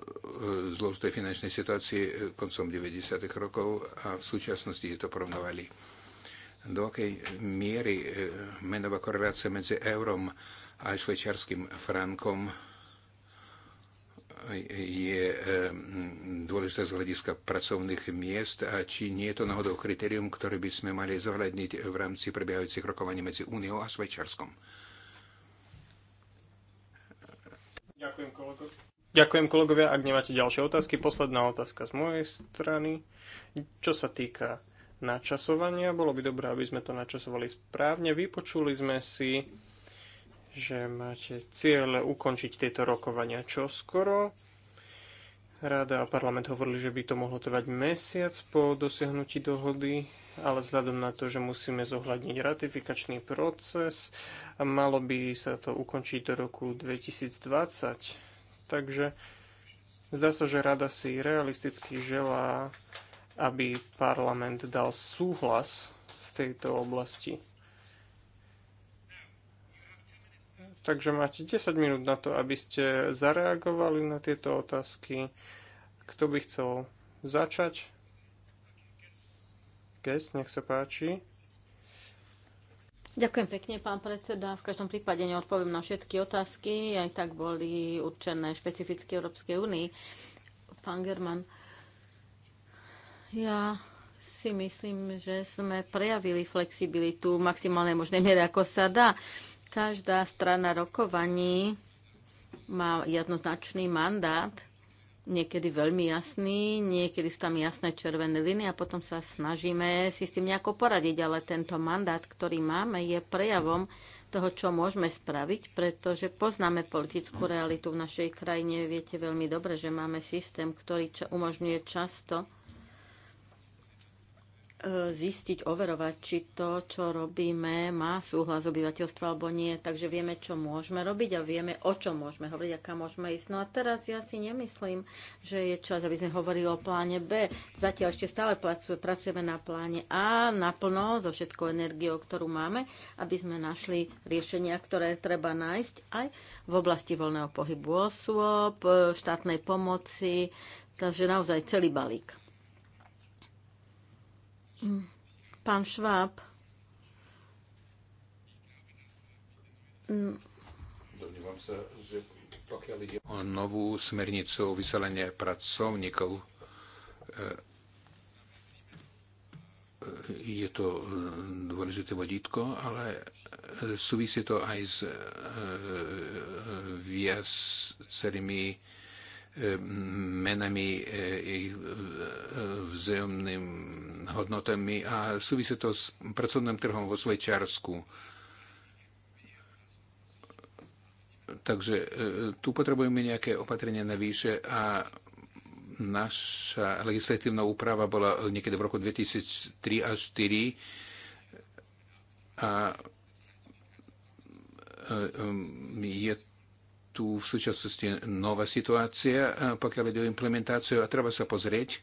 zložitej finančnej situácii koncom 90. rokov a v súčasnosti je to porovnovali. Do akej miery e, menová korelácia medzi eurom a švajčiarským frankom je e, dôležitá z hľadiska pracovných miest a či nie je to náhodou kritérium, ktoré by sme mali zohľadniť v rámci prebiehajúcich rokovaní medzi Úniou a Švajčiarskom. Ďakujem, kolego. Ďakujem kolegovia, ak nemáte ďalšie otázky. Posledná otázka z mojej strany. Čo sa týka načasovania, bolo by dobré, aby sme to načasovali správne. Vypočuli sme si, že máte cieľ ukončiť tieto rokovania čoskoro. skoro Rada a parlament hovorili, že by to mohlo trvať mesiac po dosiahnutí dohody, ale vzhľadom na to, že musíme zohľadniť ratifikačný proces, malo by sa to ukončiť do roku 2020. Takže zdá sa, že rada si realisticky želá, aby parlament dal súhlas v tejto oblasti. Takže máte 10 minút na to, aby ste zareagovali na tieto otázky. Kto by chcel začať? Guest, nech sa páči. Ďakujem pekne, pán predseda. V každom prípade neodpoviem na všetky otázky, aj tak boli určené špecificky Európskej únii. Pán German, ja si myslím, že sme prejavili flexibilitu v maximálnej možnej miere, ako sa dá. Každá strana rokovaní má jednoznačný mandát, niekedy veľmi jasný, niekedy sú tam jasné červené liny a potom sa snažíme si s tým nejako poradiť, ale tento mandát, ktorý máme, je prejavom toho, čo môžeme spraviť, pretože poznáme politickú realitu v našej krajine. Viete veľmi dobre, že máme systém, ktorý umožňuje často zistiť, overovať, či to, čo robíme, má súhlas obyvateľstva alebo nie. Takže vieme, čo môžeme robiť a vieme, o čo môžeme hovoriť aká môžeme ísť. No a teraz ja si nemyslím, že je čas, aby sme hovorili o pláne B. Zatiaľ ešte stále pracujeme na pláne A naplno so všetkou energiou, ktorú máme, aby sme našli riešenia, ktoré treba nájsť aj v oblasti voľného pohybu osôb, štátnej pomoci, takže naozaj celý balík. Pán Šváb. Domnívam sa, že pokiaľ ide o novú smernicu o vyselenie pracovníkov, eh, je to eh, dôležité vodítko, ale eh, súvisí to aj s viacerými E, menami, e, ich vzájomným hodnotami a súvisí to s pracovným trhom vo Švajčiarsku. Takže e, tu potrebujeme nejaké opatrenia navýše a naša legislatívna úprava bola niekedy v roku 2003 až 2004 a je tu v súčasnosti nová situácia, e, pokiaľ ide o implementáciu a treba sa pozrieť,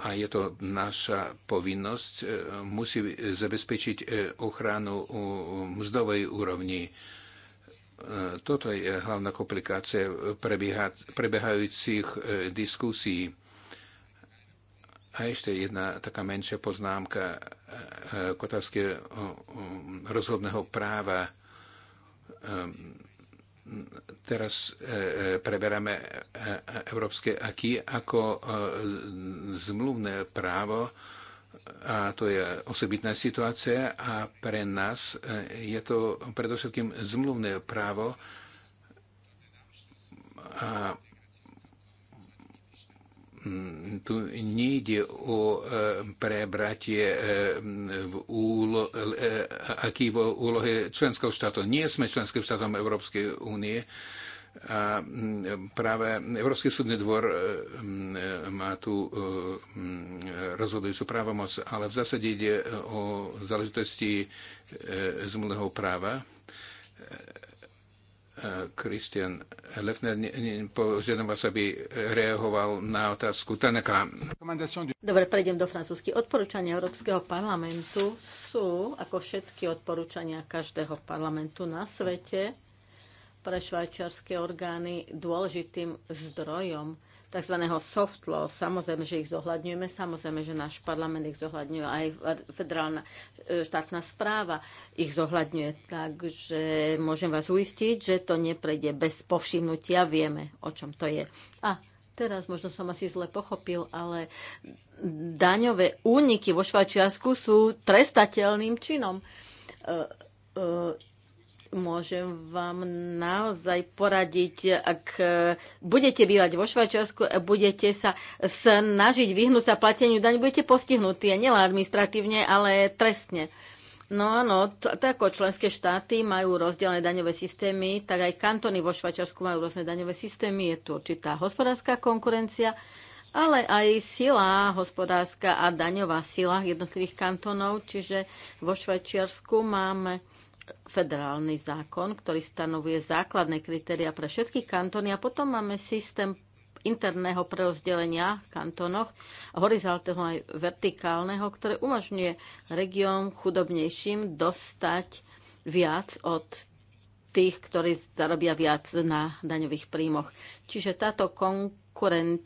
a je to naša povinnosť, e, musí zabezpečiť e, ochranu mzdovej úrovni. Toto je hlavná komplikácia prebiehajúcich diskusí. A ešte jedna taká menšia poznámka k otázke rozhodného práva Ehm, teraz e, e, preberáme e, európske aký ako zmluvné právo a to je osobitná situácia a pre nás je to predovšetkým zmluvné právo a Mm, tu nejde o e, prebratie e, v úlo, e, aký vo úlohe členského štátu. Nie sme členským štátom Európskej únie. A mm, práve Európsky súdny dvor mm, má tu rozhodujúcu právomoc, ale v zásade ide o záležitosti zmluvného práva Kristian eh, Lefner, požiadam vás, aby reagoval na otázku Taneka. Dobre, prejdem do francúzsky. Odporúčania Európskeho parlamentu sú, ako všetky odporúčania každého parlamentu na svete, pre švajčiarske orgány dôležitým zdrojom tzv. soft law. Samozrejme, že ich zohľadňujeme, samozrejme, že náš parlament ich zohľadňuje, aj federálna e, štátna správa ich zohľadňuje. Takže môžem vás uistiť, že to neprejde bez povšimnutia, vieme, o čom to je. A teraz, možno som asi zle pochopil, ale daňové úniky vo Švajčiarsku sú trestateľným činom. E, e, môžem vám naozaj poradiť, ak e, budete bývať vo Švajčiarsku a budete sa snažiť vyhnúť sa plateniu daň, budete postihnutí, nielen administratívne, ale trestne. No áno, tak ako členské štáty majú rozdielne daňové systémy, tak aj kantony vo Švajčiarsku majú rôzne daňové systémy. Je tu určitá hospodárska konkurencia, ale aj sila hospodárska a daňová sila jednotlivých kantónov. Čiže vo Švajčiarsku máme federálny zákon, ktorý stanovuje základné kritéria pre všetky kantóny a potom máme systém interného prerozdelenia v kantónoch, horizontálneho aj vertikálneho, ktoré umožňuje región chudobnejším dostať viac od tých, ktorí zarobia viac na daňových príjmoch. Čiže táto konkurencia,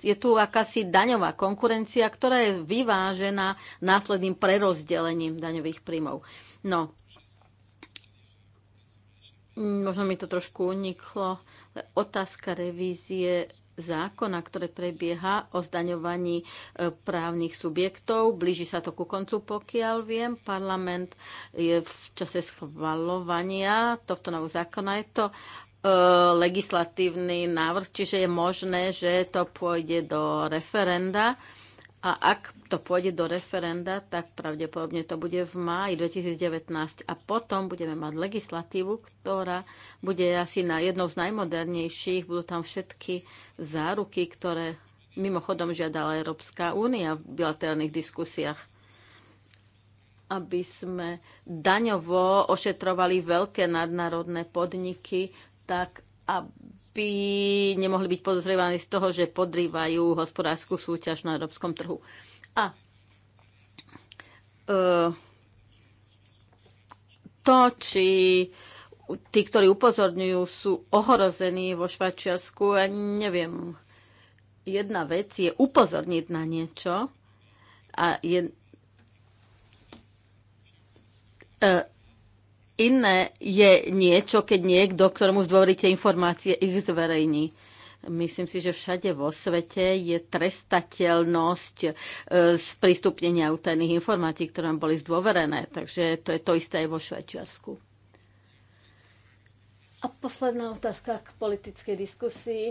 je tu akási daňová konkurencia, ktorá je vyvážená následným prerozdelením daňových príjmov. No, Mm, možno mi to trošku uniklo, otázka revízie zákona, ktoré prebieha o zdaňovaní e, právnych subjektov. Blíži sa to ku koncu, pokiaľ viem. Parlament je v čase schvalovania tohto nového zákona. Je to e, legislatívny návrh, čiže je možné, že to pôjde do referenda. A ak to pôjde do referenda, tak pravdepodobne to bude v máji 2019 a potom budeme mať legislatívu, ktorá bude asi na jednou z najmodernejších. Budú tam všetky záruky, ktoré mimochodom žiadala Európska únia v bilaterálnych diskusiách aby sme daňovo ošetrovali veľké nadnárodné podniky, tak aby by nemohli byť podozrievaní z toho, že podrývajú hospodárskú súťaž na európskom trhu. A e, to, či tí, ktorí upozorňujú, sú ohrození vo Švajčiarsku, ja neviem. Jedna vec je upozorniť na niečo a je, e, Iné je niečo, keď niekto, ktorému zdôveríte informácie, ich zverejní. Myslím si, že všade vo svete je trestateľnosť e, sprístupnenia utajných informácií, ktoré nám boli zdôverené. Takže to je to isté aj vo Švajčiarsku. A posledná otázka k politickej diskusii.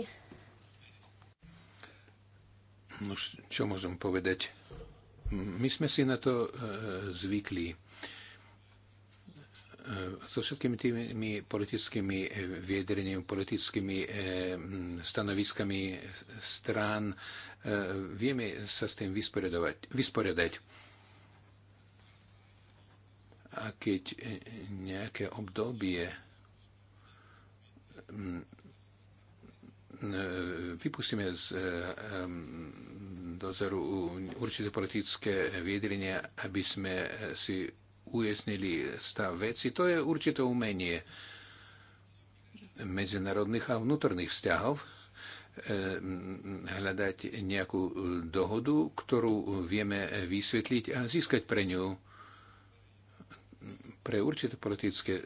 No, čo môžem povedať? My sme si na to e, zvykli E, so všetkými tými politickými e, viedreniami, politickými e, stanoviskami strán vieme sa s tým vysporiadať. vysporiadať. A keď nejaké obdobie vypustíme z dozoru určité politické viedrenia, aby sme si ujasnili stav veci, to je určité umenie medzinárodných a vnútorných vzťahov eh, hľadať nejakú eh, dohodu, ktorú vieme eh, vysvetliť a získať pre ňu. Pre určité politické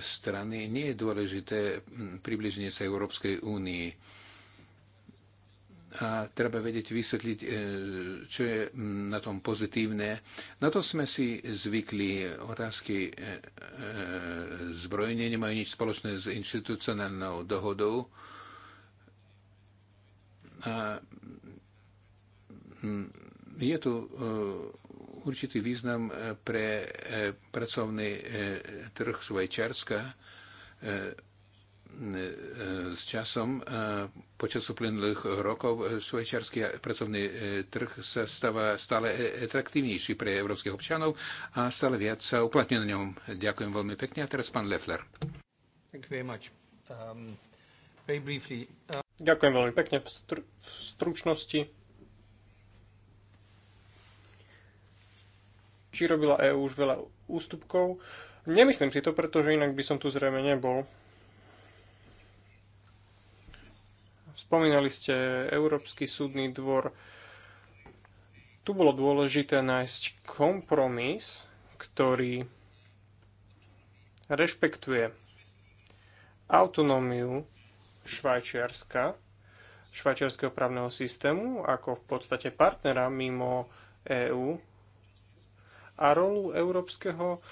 strany nie je dôležité mm, približenie sa Európskej únii a treba vedieť vysvetliť, e, čo je na tom pozitívne. Na to sme si zvykli. Otázky e, e, zbrojenia nemajú nič spoločné s inštitucionálnou dohodou. A je tu určitý význam pre pracovný trh Švajčiarska s časom Počas uplynulých rokov e, švajčiarsky pracovný e, trh sa stáva stále e, atraktívnejší pre európskych občanov a stále viac sa uplatňuje na ňom. Ďakujem veľmi pekne. A teraz pán Leffler. Um, uh, Ďakujem veľmi pekne v, v stručnosti. Či robila EÚ už veľa ústupkov? Nemyslím si to, pretože inak by som tu zrejme nebol. Spomínali ste Európsky súdny dvor. Tu bolo dôležité nájsť kompromis, ktorý rešpektuje autonómiu Švajčiarska, švajčiarského právneho systému, ako v podstate partnera mimo EÚ a rolu Európskeho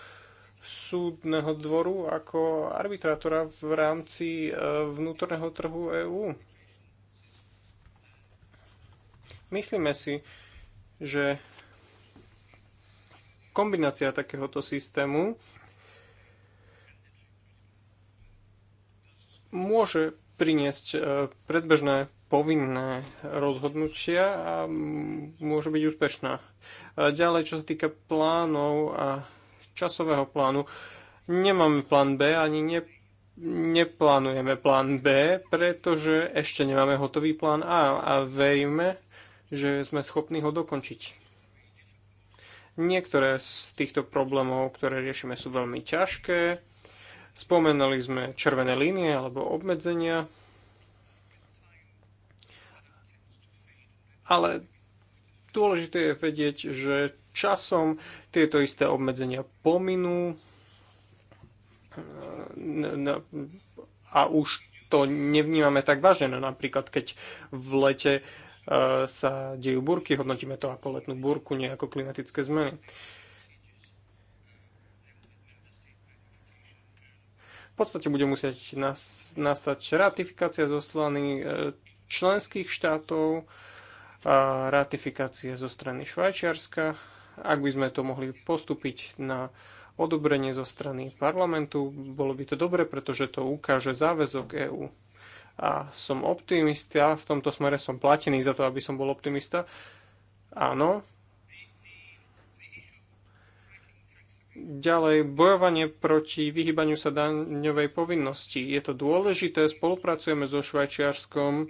súdneho dvoru ako arbitrátora v rámci e, vnútorného trhu EÚ. Myslíme si, že kombinácia takéhoto systému môže priniesť e, predbežné povinné rozhodnutia a môže byť úspešná. E, ďalej, čo sa týka plánov a časového plánu, nemáme plán B ani ne, neplánujeme plán B, pretože ešte nemáme hotový plán A a veríme, že sme schopní ho dokončiť. Niektoré z týchto problémov, ktoré riešime, sú veľmi ťažké. Spomenali sme červené línie alebo obmedzenia, ale dôležité je vedieť, že časom tieto isté obmedzenia pominú e, a už to nevnímame tak vážne. No, napríklad, keď v lete sa dejú búrky, hodnotíme to ako letnú búrku, nie ako klimatické zmeny. V podstate bude musieť nastať ratifikácia zo strany e, členských štátov, ratifikácie zo strany Švajčiarska. Ak by sme to mohli postúpiť na odobrenie zo strany parlamentu, bolo by to dobre, pretože to ukáže záväzok EÚ a som optimista, v tomto smere som platený za to, aby som bol optimista. Áno. Ďalej, bojovanie proti vyhybaniu sa daňovej povinnosti. Je to dôležité, spolupracujeme so Švajčiarskom.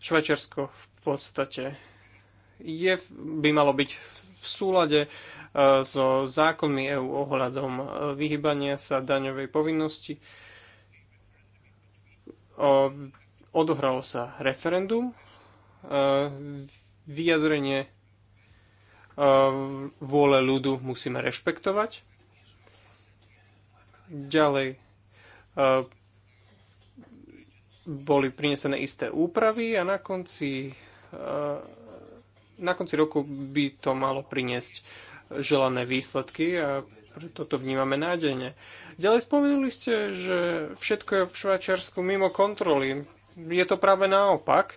Švajčiarsko v podstate je, by malo byť v v súlade e, so zákonmi EÚ ohľadom e, vyhybania sa daňovej povinnosti. Odohralo sa referendum, e, vyjadrenie vôle ľudu musíme rešpektovať. Ďalej boli prinesené isté úpravy a na konci na konci roku by to malo priniesť želané výsledky a preto to vnímame nádejne. Ďalej spomenuli ste, že všetko je v Švajčiarsku mimo kontroly. Je to práve naopak. E,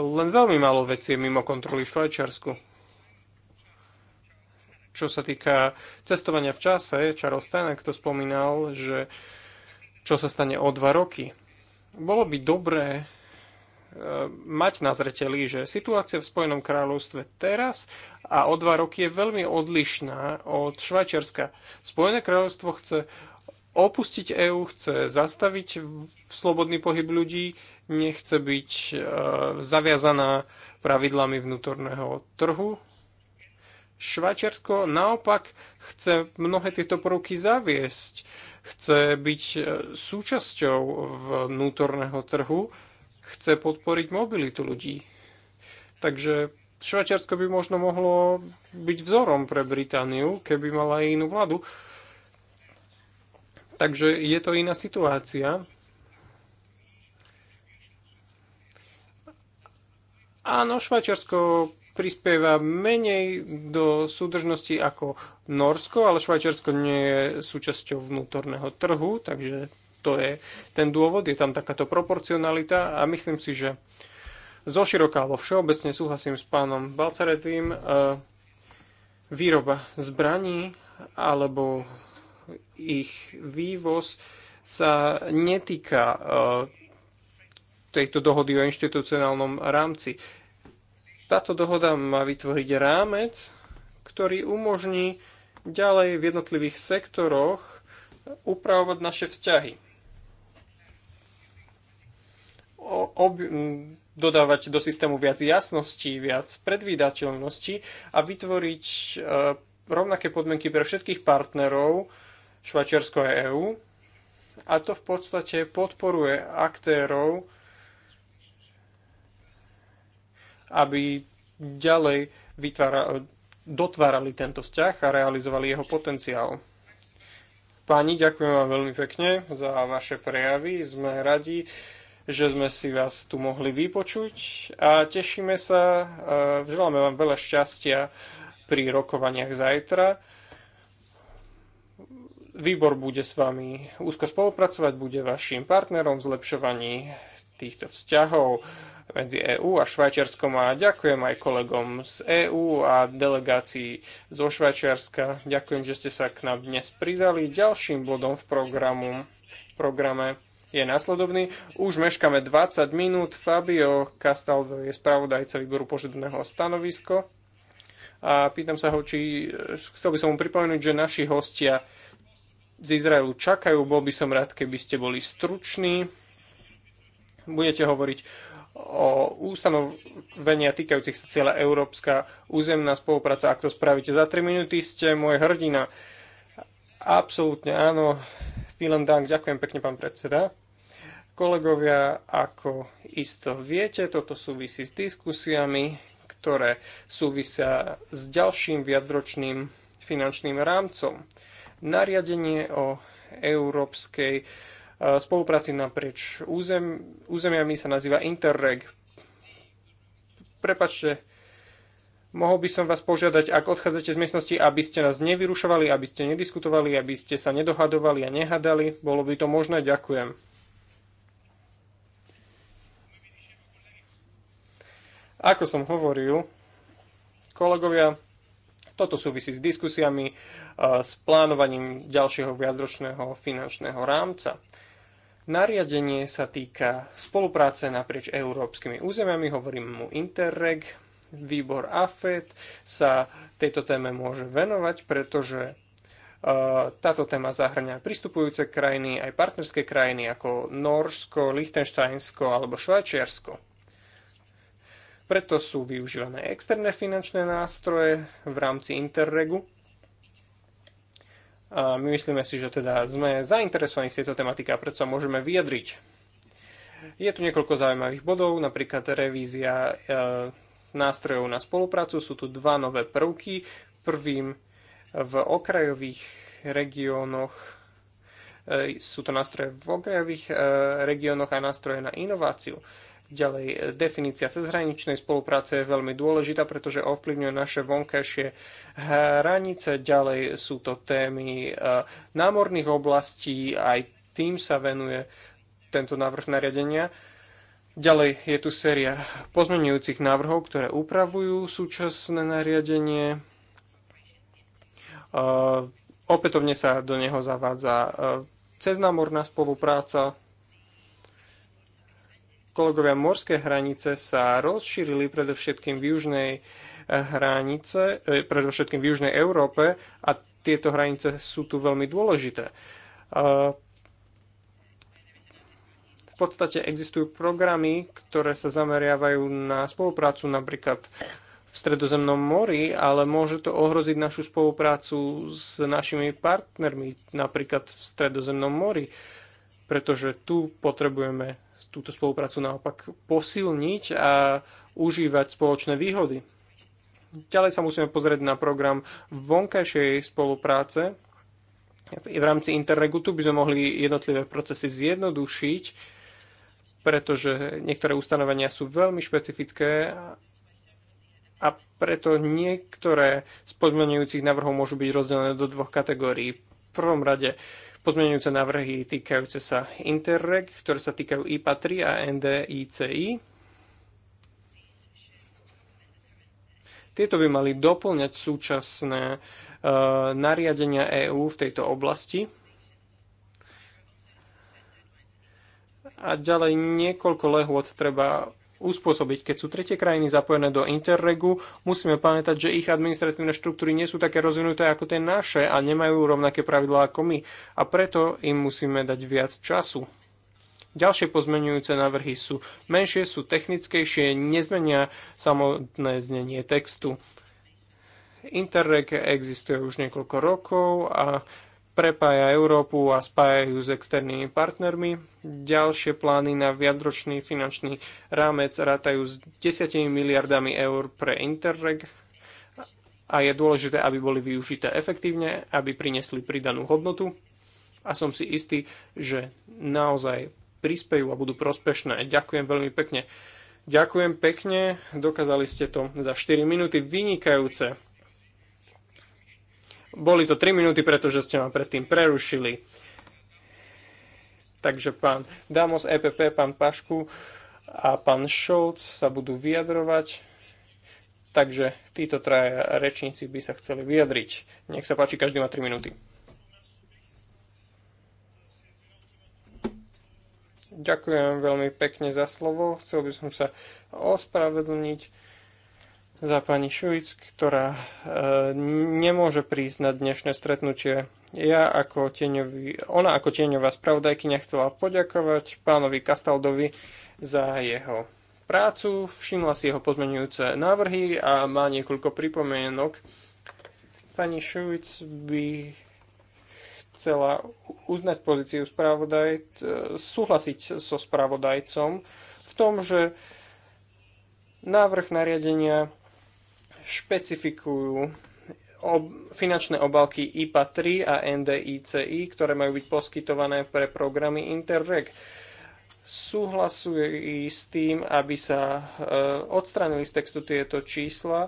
len veľmi málo vecí je mimo kontroly v Švajčiarsku. Čo sa týka cestovania v čase, Charles Stanek to spomínal, že čo sa stane o dva roky. Bolo by dobré E, mať na zreteli, že situácia v Spojenom kráľovstve teraz a o dva roky je veľmi odlišná od Švajčiarska. Spojené kráľovstvo chce opustiť EÚ, chce zastaviť slobodný pohyb ľudí, nechce byť e, zaviazaná pravidlami vnútorného trhu. Švajčiarsko naopak chce mnohé tieto prvky zaviesť, chce byť e, súčasťou vnútorného trhu, chce podporiť mobilitu ľudí. Takže Švajčiarsko by možno mohlo byť vzorom pre Britániu, keby mala inú vládu. Takže je to iná situácia. Áno, Švajčiarsko prispieva menej do súdržnosti ako Norsko, ale Švajčiarsko nie je súčasťou vnútorného trhu, takže to je ten dôvod, je tam takáto proporcionalita a myslím si, že zo široka alebo všeobecne súhlasím s pánom Balcaretým, e, výroba zbraní alebo ich vývoz sa netýka e, tejto dohody o inštitucionálnom rámci. Táto dohoda má vytvoriť rámec, ktorý umožní ďalej v jednotlivých sektoroch upravovať naše vzťahy. ob, dodávať do systému viac jasnosti, viac predvídateľnosti a vytvoriť e, rovnaké podmienky pre všetkých partnerov Švajčiarsko a EÚ. A to v podstate podporuje aktérov, aby ďalej vytvára, dotvárali tento vzťah a realizovali jeho potenciál. Páni, ďakujem vám veľmi pekne za vaše prejavy. Sme radi, že sme si vás tu mohli vypočuť a tešíme sa, želáme vám veľa šťastia pri rokovaniach zajtra. Výbor bude s vami úzko spolupracovať, bude vašim partnerom v zlepšovaní týchto vzťahov medzi EÚ a Švajčiarskom a ďakujem aj kolegom z EÚ a delegácií zo Švajčiarska. Ďakujem, že ste sa k nám dnes pridali. Ďalším bodom v programu, programe je následovný. Už meškame 20 minút. Fabio Castaldo je spravodajca výboru požadného stanovisko. A pýtam sa ho, či eh, chcel by som mu pripomenúť, že naši hostia z Izraelu čakajú. Bol by som rád, keby ste boli struční. Budete hovoriť o ustanovenia týkajúcich sa cieľa Európska územná spolupráca. Ak to spravíte za 3 minúty, ste môj hrdina. Absolútne áno. Vielen Dank, ďakujem pekne, pán predseda. Kolegovia, ako isto viete, toto súvisí s diskusiami, ktoré súvisia s ďalším viacročným finančným rámcom. Nariadenie o európskej e, spolupráci naprieč územ, územiami sa nazýva Interreg. Prepačte, mohol by som vás požiadať, ak odchádzate z miestnosti, aby ste nás nevyrušovali, aby ste nediskutovali, aby ste sa nedohadovali a nehadali. Bolo by to možné? Ďakujem. Ako som hovoril, kolegovia, toto súvisí s diskusiami, e, s plánovaním ďalšieho viacročného finančného rámca. Nariadenie sa týka spolupráce naprieč európskymi územiami, hovorím mu Interreg, výbor AFED sa tejto téme môže venovať, pretože e, táto téma zahrňa pristupujúce krajiny, aj partnerské krajiny ako Norsko, Liechtensteinsko alebo Švajčiarsko. Preto sú využívané externé finančné nástroje v rámci Interregu. A my myslíme si, že teda sme zainteresovaní v tejto tematike a preto sa môžeme vyjadriť. Je tu niekoľko zaujímavých bodov, napríklad revízia e, nástrojov na spoluprácu. Sú tu dva nové prvky. Prvým v okrajových regiónoch e, sú to nástroje v okrajových e, regiónoch a nástroje na inováciu. Ďalej, e, definícia cezhraničnej spolupráce je veľmi dôležitá, pretože ovplyvňuje naše vonkajšie hranice. Ďalej sú to témy e, námorných oblastí, aj tým sa venuje tento návrh nariadenia. Ďalej je tu séria pozmenujúcich návrhov, ktoré upravujú súčasné nariadenie. E, opätovne sa do neho zavádza ceznámorná spolupráca, kolegovia, morské hranice sa rozšírili predovšetkým v južnej eh, hranice, eh, predovšetkým v južnej Európe a tieto hranice sú tu veľmi dôležité. Eh, v podstate existujú programy, ktoré sa zameriavajú na spoluprácu napríklad v Stredozemnom mori, ale môže to ohroziť našu spoluprácu s našimi partnermi, napríklad v Stredozemnom mori, pretože tu potrebujeme túto spoluprácu naopak posilniť a užívať spoločné výhody. Ďalej sa musíme pozrieť na program vonkajšej spolupráce. V rámci Interregu tu by sme mohli jednotlivé procesy zjednodušiť, pretože niektoré ustanovenia sú veľmi špecifické a preto niektoré z navrhov návrhov môžu byť rozdelené do dvoch kategórií. V prvom rade pozmeňujúce návrhy týkajúce sa Interreg, ktoré sa týkajú IPA 3 a NDICI. Tieto by mali doplňať súčasné e, nariadenia EÚ v tejto oblasti. A ďalej niekoľko lehôd treba uspôsobiť. Keď sú tretie krajiny zapojené do Interregu, musíme pamätať, že ich administratívne štruktúry nie sú také rozvinuté ako tie naše a nemajú rovnaké pravidlá ako my a preto im musíme dať viac času. Ďalšie pozmenujúce návrhy sú menšie, sú technickejšie, nezmenia samotné znenie textu. Interreg existuje už niekoľko rokov a prepája Európu a spája ju s externými partnermi. Ďalšie plány na viacročný finančný rámec rátajú s 10 miliardami eur pre Interreg a je dôležité, aby boli využité efektívne, aby priniesli pridanú hodnotu a som si istý, že naozaj prispejú a budú prospešné. Ďakujem veľmi pekne. Ďakujem pekne, dokázali ste to za 4 minúty, vynikajúce. Boli to 3 minúty, pretože ste ma predtým prerušili. Takže pán Damos, EPP, pán Pašku a pán Šolc sa budú vyjadrovať. Takže títo traja rečníci by sa chceli vyjadriť. Nech sa páči, každý má 3 minúty. Ďakujem veľmi pekne za slovo. Chcel by som sa ospravedlniť za pani Šujc, ktorá e, nemôže prísť na dnešné stretnutie. Ja ako tieňový, ona ako tieňová spravodajkyňa chcela poďakovať pánovi Kastaldovi za jeho prácu, všimla si jeho pozmenujúce návrhy a má niekoľko pripomienok. Pani Šujc by chcela uznať pozíciu spravodaj, e, súhlasiť so spravodajcom v tom, že návrh nariadenia špecifikujú ob, finančné obalky IPA 3 a NDICI, ktoré majú byť poskytované pre programy Interreg. Súhlasujú s tým, aby sa e, odstránili z textu tieto čísla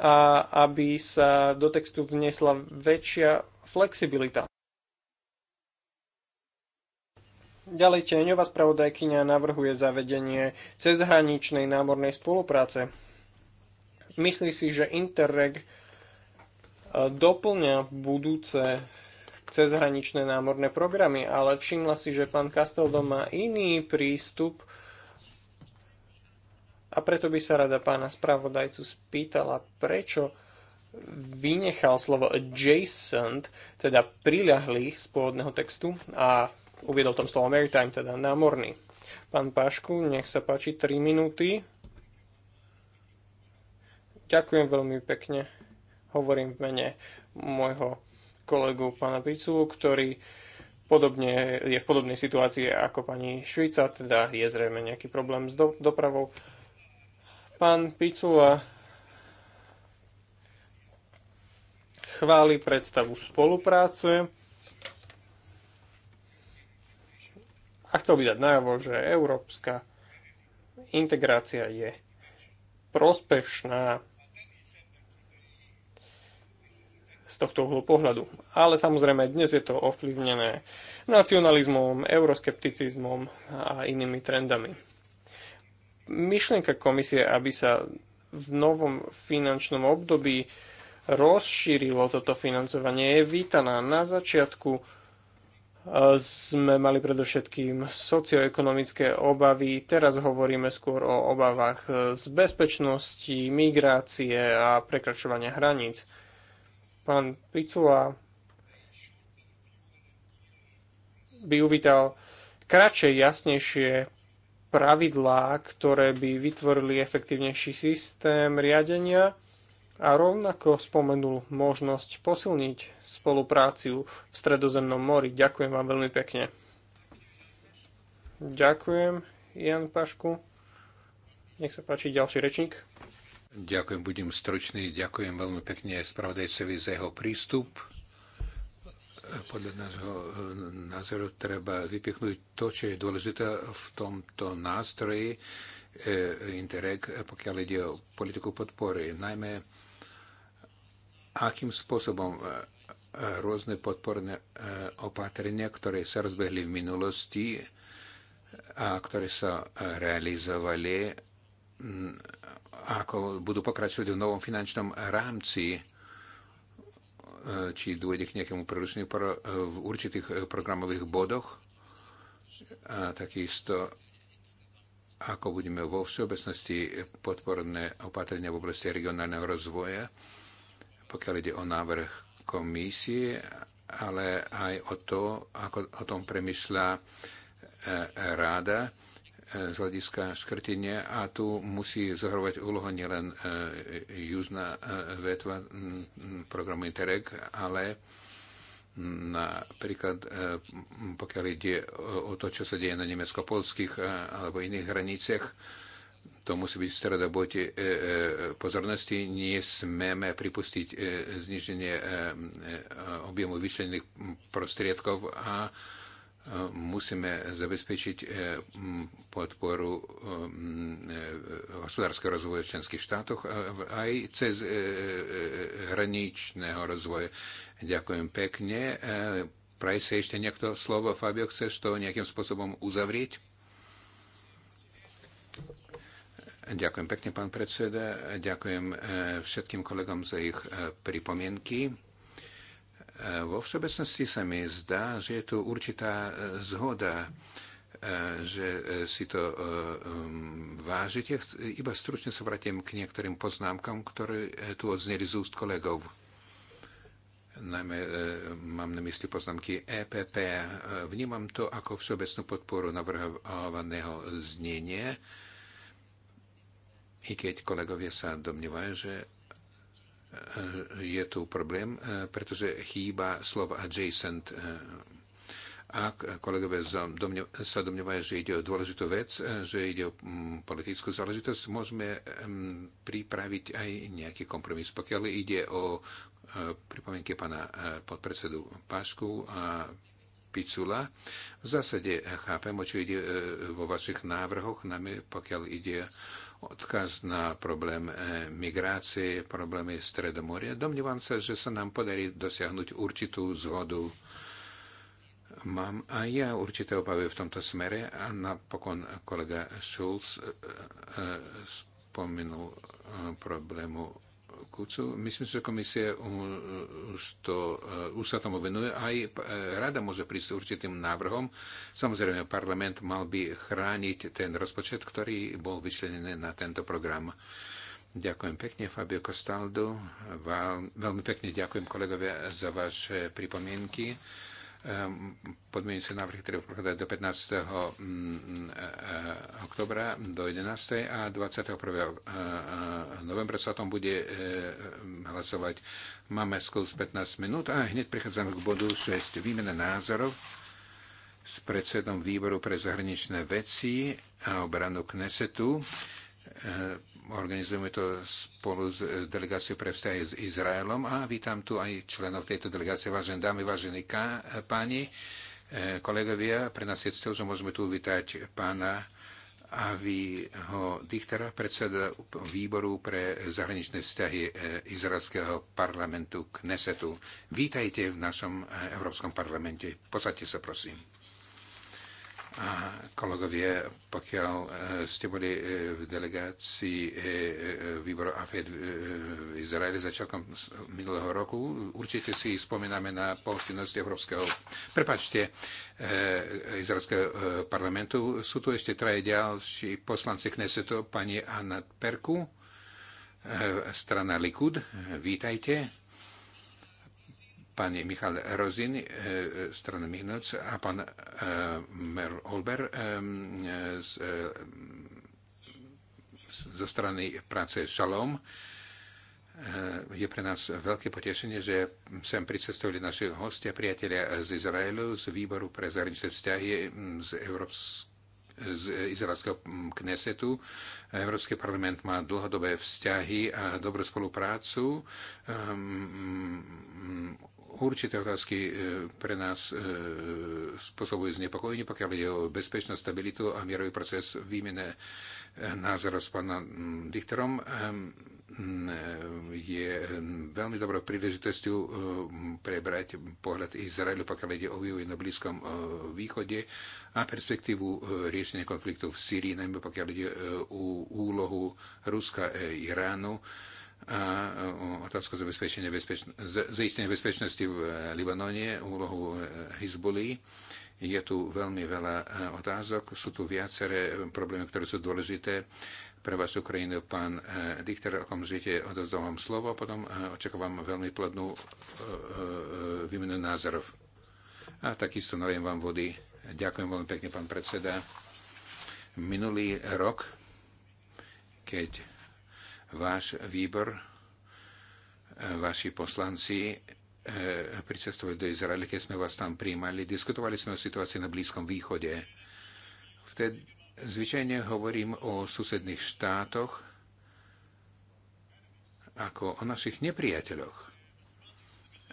a aby sa do textu vniesla väčšia flexibilita. Ďalej tieňová spravodajkyňa navrhuje zavedenie cezhraničnej námornej spolupráce myslí si, že Interreg e, doplňa budúce cezhraničné námorné programy, ale všimla si, že pán Casteldo má iný prístup a preto by sa rada pána spravodajcu spýtala, prečo vynechal slovo adjacent, teda priľahlý z pôvodného textu a uviedol tom slovo maritime, teda námorný. Pán Pašku, nech sa páči 3 minúty. Ďakujem veľmi pekne. Hovorím v mene môjho kolegu pána Piculu, ktorý podobne, je v podobnej situácii ako pani Švica, teda je zrejme nejaký problém s do, dopravou. Pán Picula chváli predstavu spolupráce a chcel by dať najavo, že európska integrácia je prospešná z tohto uhlu pohľadu. Ale samozrejme, dnes je to ovplyvnené nacionalizmom, euroskepticizmom a inými trendami. Myšlienka komisie, aby sa v novom finančnom období rozšírilo toto financovanie, je vítaná. Na začiatku e, sme mali predovšetkým socioekonomické obavy, teraz hovoríme skôr o obavách z bezpečnosti, migrácie a prekračovania hraníc. Pán Picula by uvítal kratšie, jasnejšie pravidlá, ktoré by vytvorili efektívnejší systém riadenia a rovnako spomenul možnosť posilniť spolupráciu v Stredozemnom mori. Ďakujem vám veľmi pekne. Ďakujem, Jan Pašku. Nech sa páči ďalší rečník. Ďakujem, budem stručný. Ďakujem veľmi pekne spravodajcovi za jeho prístup. Podľa nášho eh, názoru treba vypichnúť to, čo je dôležité v tomto nástroji eh, Interreg, pokiaľ ide o politiku podpory. Najmä akým spôsobom eh, rôzne podporné opatrenia, ktoré sa rozbehli v minulosti a ktoré sa realizovali mm, ako budú pokračovať v novom finančnom rámci, e, či dôjde k nejakému prerušeniu e, v určitých e, programových bodoch a takisto ako budeme vo všeobecnosti podporné opatrenia v oblasti regionálneho rozvoja, pokiaľ ide o návrh komisie, ale aj o to, ako o tom premyšľa ráda E, z hľadiska škrtenia a tu musí zohrovať úlohu nielen e, južná e, vetva programu Interreg, ale napríklad pokiaľ ide o to, čo sa deje na nemecko-polských alebo iných hraniciach, to musí byť v stredobote pozornosti. Nesmeme pripustiť zniženie objemu vyšlených prostriedkov a musíme zabezpečiť eh, podporu eh, eh, hospodárskeho rozvoja v členských štátoch aj cez hraničného rozvoja. Ďakujem pekne. Praj sa ešte niekto slovo, Fabio, chceš to nejakým spôsobom uzavrieť? Ďakujem pekne, pán predseda. Ďakujem všetkým kolegom za ich pripomienky. Eh, vo všeobecnosti sa mi zdá, že je tu určitá eh, zhoda, eh, že si to mm, vážite. Iba stručne sa vrátim k niektorým poznámkam, ktoré tu odzneli z úst kolegov. Najmä mám na mysli poznámky EPP. Vnímam to ako všeobecnú podporu navrhovaného znenia, i keď kolegovia sa domnívajú, že je tu problém, e, pretože chýba slovo adjacent. E, ak kolegové sa domňovajú, že ide o dôležitú vec, e, že ide o mm, politickú záležitosť, môžeme pripraviť aj nejaký kompromis. Pokiaľ ide o pripomienky pána podpredsedu Pašku a Picula. V zásade chápem, o čo ide e, vo vašich návrhoch, nami, pokiaľ ide odkaz na problém e, migrácie, problémy Stredomoria. Domnívam sa, že sa nám podarí dosiahnuť určitú zhodu. Mám aj ja určité obavy v tomto smere a napokon kolega Schulz e, spomenul problému Kucu. Myslím, že komisia už, to, e, už sa tomu venuje. Aj e, rada môže prísť s určitým návrhom. Samozrejme, parlament mal by chrániť ten rozpočet, ktorý bol vyčlenený na tento program. Ďakujem pekne, Fabio Costaldo. Veľmi pekne ďakujem kolegovia za vaše pripomienky. Ehm, podmienujúce návrhy treba prekladať do 15. Mm, e, e, oktobra do 11. a 21. E, novembra sa o tom bude hlasovať. Máme skôr 15 minút a hneď prichádzame k bodu 6. Výmena názorov s predsedom výboru pre zahraničné veci a obranu Knesetu Organizujeme to spolu s eh, delegáciou pre vzťahy s Izraelom a vítam tu aj členov tejto delegácie, vážené dámy, vážení eh, páni, eh, kolegovia. Pre nás je cťou, že môžeme tu uvítať pána Aviho Dichtera, predseda výboru pre zahraničné vzťahy izraelského parlamentu Knesetu. Vítajte v našom Európskom parlamente. Posaďte sa, prosím kolegovia, pokiaľ e, ste boli e, v delegácii e, výboru AFED v Izraeli začiatkom minulého roku, určite si spomíname na pohostinnosť Európskeho, prepačte, Izraelského parlamentu. Sú tu ešte traje ďalší poslanci Knesetu, pani Anna Perku, strana Likud. Vítajte pani Michal Rozin, e, e, strana Mihnoc a pán e, Merl Olber z, zo strany práce Šalom. Je pre nás veľké potešenie, že sem pricestovali naši hostia, priatelia z Izraelu, z výboru pre zahraničné vzťahy z Európskej z izraelského knesetu. Európsky parlament má dlhodobé vzťahy a dobrú spoluprácu. Ehm, určité otázky e, pre nás e, spôsobujú znepokojenie, pokiaľ ide o bezpečnosť, stabilitu a mierový proces výmene e, názor s pánom Dichterom mm, ehm, mm, je ehm, veľmi dobrou príležitosťou prebrať pohľad Izraelu, pokiaľ ide o vývoj na Blízkom východe a perspektívu riešenia konfliktu v Syrii, najmä pokiaľ ide o úlohu Ruska a Iránu a otázka zabezpečenia zaistenia bezpečnosti v eh, Libanone, úlohu eh, Hizboli. Je tu veľmi veľa eh, otázok, sú tu viaceré problémy, ktoré sú dôležité pre vašu krajinu. Pán Dichter, okamžite odozdávam slovo a potom očakávam veľmi plodnú výmenu názorov. A takisto naliem vám vody. Ďakujem veľmi pekne, pán predseda. Minulý rok, keď váš výbor, e, vaši poslanci e, pricestovali do Izraela, keď sme vás tam príjmali, diskutovali sme o situácii na Blízkom východe. Vtedy zvyčajne hovorím o susedných štátoch ako o našich nepriateľoch.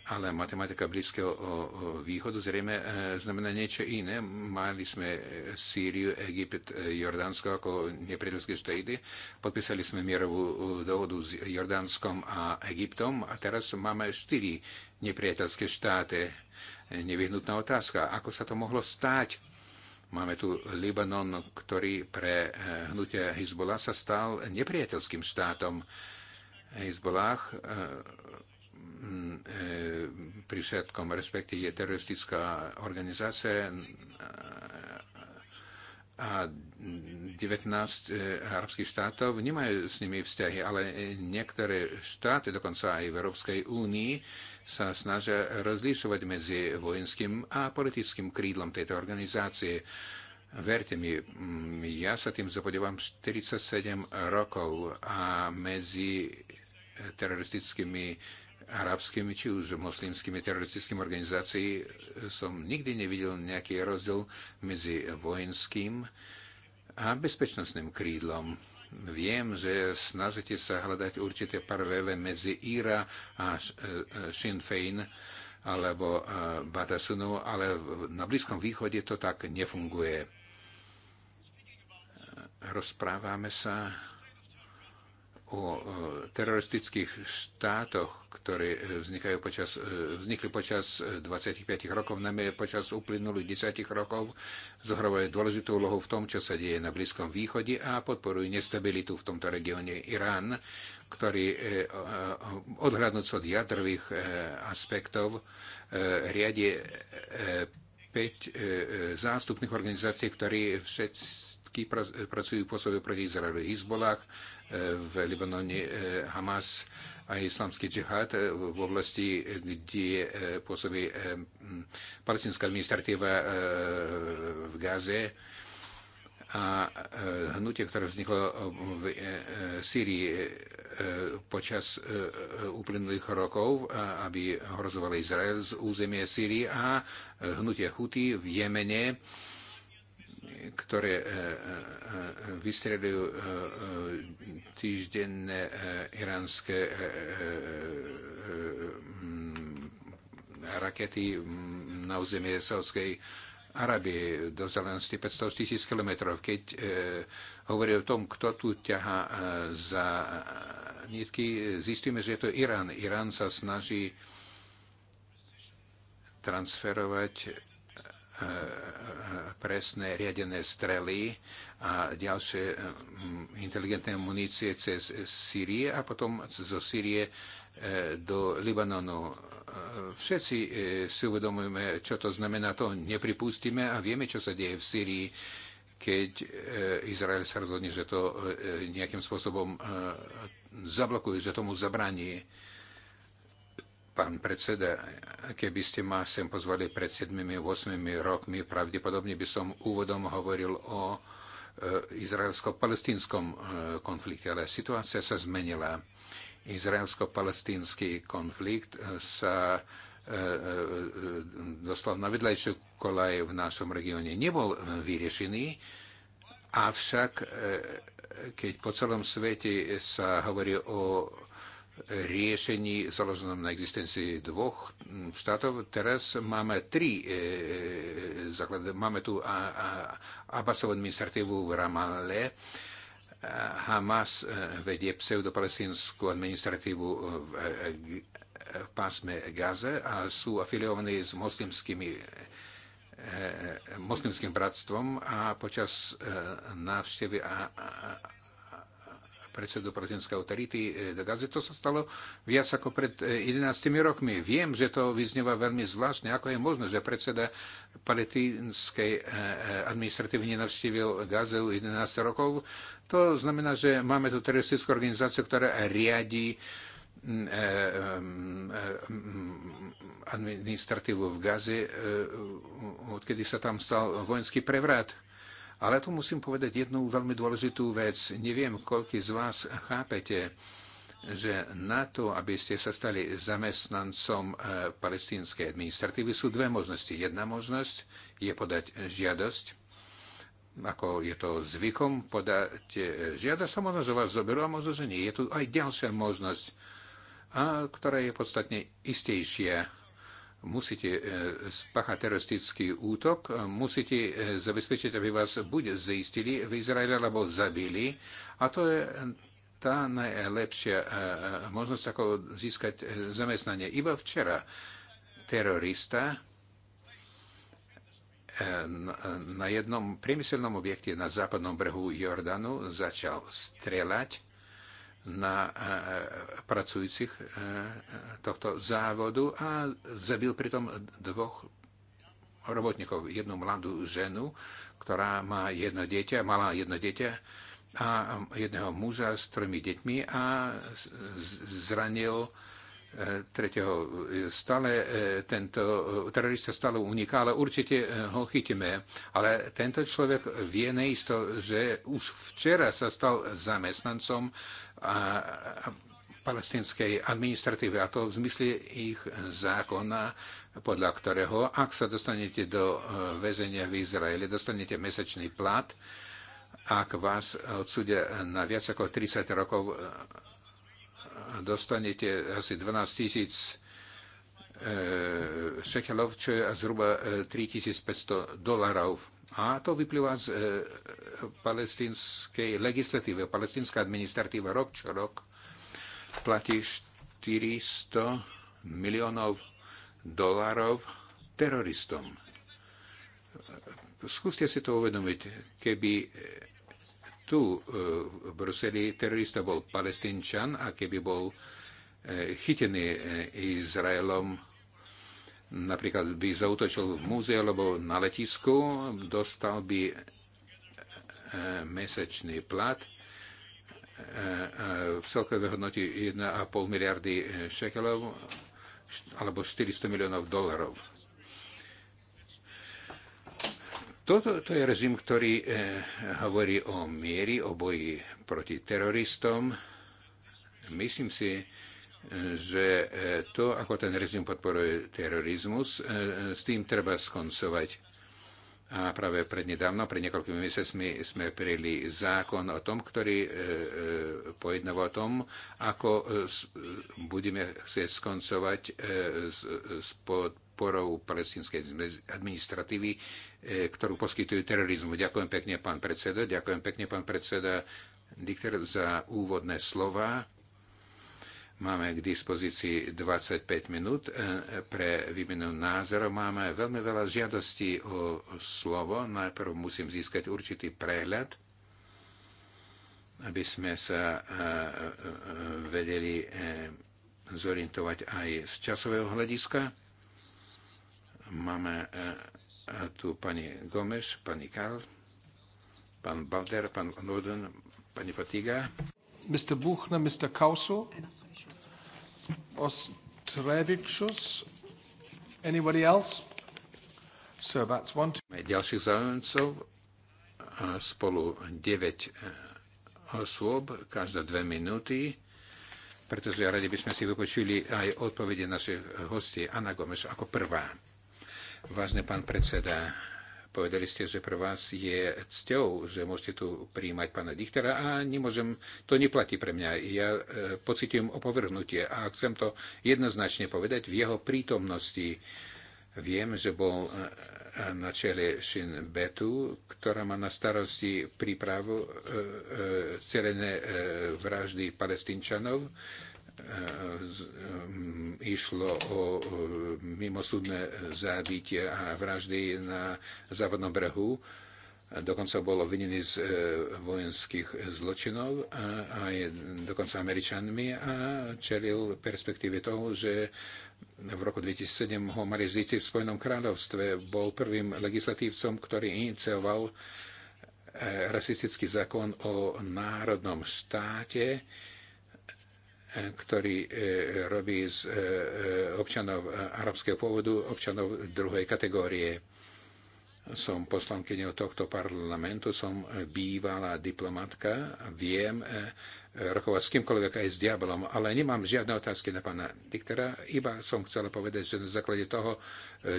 Ale matematika Blízkeho východu zrejme e, znamená niečo iné. Mali sme e, Sýriu, Egypt, e, Jordánsko ako nepriateľské štáty. Podpísali sme mierovú dohodu s Jordánskom a Egyptom a teraz máme štyri nepriateľské štáty. Nevyhnutná otázka, ako sa to mohlo stať? Máme tu Libanon, ktorý pre hnutie Hezbollah sa stal nepriateľským štátom. Hezbollah Mm, e, pri všetkom respekte je teroristická organizácia a 19 e, arabských štátov nemajú s nimi vzťahy, ale niektoré štáty, dokonca aj v Európskej únii, sa snažia rozlišovať medzi vojenským a politickým krídlom tejto organizácie. Verte mi, mm, ja sa tým zapodívam 47 rokov a medzi teroristickými arabskými či už moslimskými teroristickými organizácií som nikdy nevidel nejaký rozdiel medzi vojenským a bezpečnostným krídlom. Viem, že snažíte sa hľadať určité paralele medzi Íra a e, e, Sinn Féin alebo e, Batasunu, ale na Blízkom východe to tak nefunguje. Rozprávame sa o e, teroristických štátoch, ktoré e, vznikajú počas, e, vznikli počas 25 rokov, najmä počas uplynulých 10 rokov, zohrávajú dôležitú úlohu v tom, čo sa deje na Blízkom východe a podporujú nestabilitu v tomto regióne Irán, ktorý odhľadnúc od jadrových aspektov riadi 5 zástupných organizácií, ktorí všetci jednotky e, pracujú pôsobia proti Izraelu. Hezbollah e, v Libanone, e, Hamas a islamský džihad v oblasti, kde pôsobí palestinská administratíva v Gaze a hnutie, ktoré vzniklo v Syrii počas uplynulých rokov, aby hrozovali Izrael z územie Syrii a hnutie Huty v Jemene ktoré vystredujú týždenné iránske rakety na územie Saudskej Arábie do zelenosti 500 tisíc kilometrov. Keď e, hovorí o tom, kto tu ťaha e, za nitky, zistíme, že je to Irán. Irán sa snaží transferovať Eh, presné riadené strely a ďalšie eh, mm, inteligentné munície cez Syrie a potom zo Syrie eh, do Libanonu. Všetci si uvedomujeme, čo to znamená, to nepripustíme a vieme, čo sa deje v Syrii, keď Izrael sa rozhodne, že to nejakým spôsobom zablokuje, že tomu zabraní Pán predseda, keby ste ma sem pozvali pred 7-8 rokmi, pravdepodobne by som úvodom hovoril o e, izraelsko-palestínskom e, konflikte, ale situácia sa zmenila. Izraelsko-palestínsky konflikt e, sa dostal na vedľajšiu kolaj v našom regióne. Nebol vyriešený, avšak keď po celom svete sa hovorí o riešení založenom na existencii dvoch štátov. Teraz máme tri e, e základy. Máme tu Abbasovú administratívu v Ramale, Hamas e, vedie pseudopalestinskú administratívu v, e, v pásme Gaze a sú afiliovaní s moslimskými moslimským bratstvom a počas návštevy predsedu prezidentskej autority de Gazy. To sa stalo viac ako pred 11 e, rokmi. Viem, že to vyznieva veľmi zvláštne. Ako je možné, že predseda palestínskej e, e, administratívy nenavštívil Gazeu 11 rokov? To znamená, že máme tu teroristickú organizáciu, ktorá riadi administratívu v Gaze, odkedy sa tam stal vojenský prevrat ale tu musím povedať jednu veľmi dôležitú vec. Neviem, koľko z vás chápete, že na to, aby ste sa stali zamestnancom e, palestínskej administratívy, sú dve možnosti. Jedna možnosť je podať žiadosť, ako je to zvykom, podať e, žiadosť a možno, že vás zoberú a možno, že nie. Je tu aj ďalšia možnosť, a ktorá je podstatne istejšia musíte e, spáchať teroristický útok, e, musíte e, zabezpečiť, aby vás buď zistili v Izraeli, alebo zabili. A to je tá najlepšia možnosť, ako získať zamestnanie. Iba včera terorista na jednom priemyselnom objekte na západnom brehu Jordanu začal strelať na e, pracujúcich e, tohto závodu a zabil pritom dvoch robotníkov. Jednu mladú ženu, ktorá má jedno dieťa, malá jedno dieťa a jedného muža s tromi deťmi a zranil E, tretieho. E, stále e, tento terorista stále uniká, ale určite ho chytíme. Ale tento človek vie neisto, že už včera sa stal zamestnancom a, palestinskej administratívy, a to v zmysle ich zákona, podľa ktorého, ak sa dostanete do väzenia v Izraeli, dostanete mesačný plat, ak vás odsudia na viac ako 30 rokov dostanete asi 12 tisíc eh, šekelov, čo je zhruba 3500 eh, dolarov. A to vyplýva z eh, palestinskej legislatívy. Palestinská administratíva rok čo rok platí 400 miliónov dolarov teroristom. Skúste si to uvedomiť, keby tu e, v Bruseli terorista bol palestínčan a keby bol e, chytený e, Izraelom, napríklad by zautočil v múzeu alebo na letisku, dostal by mesačný plat v celkovej hodnoti 1,5 miliardy šekelov alebo 400 miliónov dolarov. Toto to je režim, ktorý e, hovorí o miery, o boji proti teroristom. Myslím si, eh, že eh, to, ako ten režim podporuje terorizmus, e, s tým treba skoncovať. A práve prednedávno, pred niekoľkými mesiacmi, sme prijeli zákon o tom, ktorý e, pojednoval o tom, ako s, budeme chcieť skoncovať e, s, s podporou palestinskej administratívy, e, ktorú poskytujú terorizmu. Ďakujem pekne, pán predseda. Ďakujem pekne, pán predseda Dikter, za úvodné slova. Máme k dispozícii 25 minút e, pre výmenu názorov. Máme veľmi veľa žiadostí o slovo. Najprv musím získať určitý prehľad, aby sme sa e, vedeli zorientovať aj z časového hľadiska. Máme eh, tu pani Gomes, pani Karl, pán Balder, pán Norden, pani Fatiga. Mr. Buchner, Mr. Kauso, Ostrevičus, anybody else? So that's one. Two. Ďalších záujemcov eh, spolu 9 eh, osôb, každá dve minúty, pretože radi by sme si vypočuli aj odpovede našich hostí. Anna Gomes ako prvá. Vážne pán predseda, povedali ste, že pre vás je cťou, že môžete tu príjmať pána Dichtera a nemôžem, to neplatí pre mňa. Ja e, pocitujem opovrhnutie a chcem to jednoznačne povedať v jeho prítomnosti. Viem, že bol e, na čele Shin Betu, ktorá má na starosti prípravu e, e, celené e, vraždy palestínčanov. E, E, e, e, išlo o mimosúdne zabitie a vraždy na západnom brehu. Dokonca bol obvinený z vojenských zločinov a aj dokonca Američanmi a čelil perspektíve toho, že v roku 2007 ho mali zíti v Spojenom kráľovstve. Bol prvým legislatívcom, ktorý inicioval rasistický zákon o národnom štáte, ktorý e, robí z e, e, občanov arabského pôvodu občanov druhej kategórie. Som poslankyňou tohto parlamentu, som bývalá diplomatka, viem rokovať s kýmkoľvek aj s diabolom, ale nemám žiadne otázky na pána diktera, iba som chcela povedať, že na základe toho,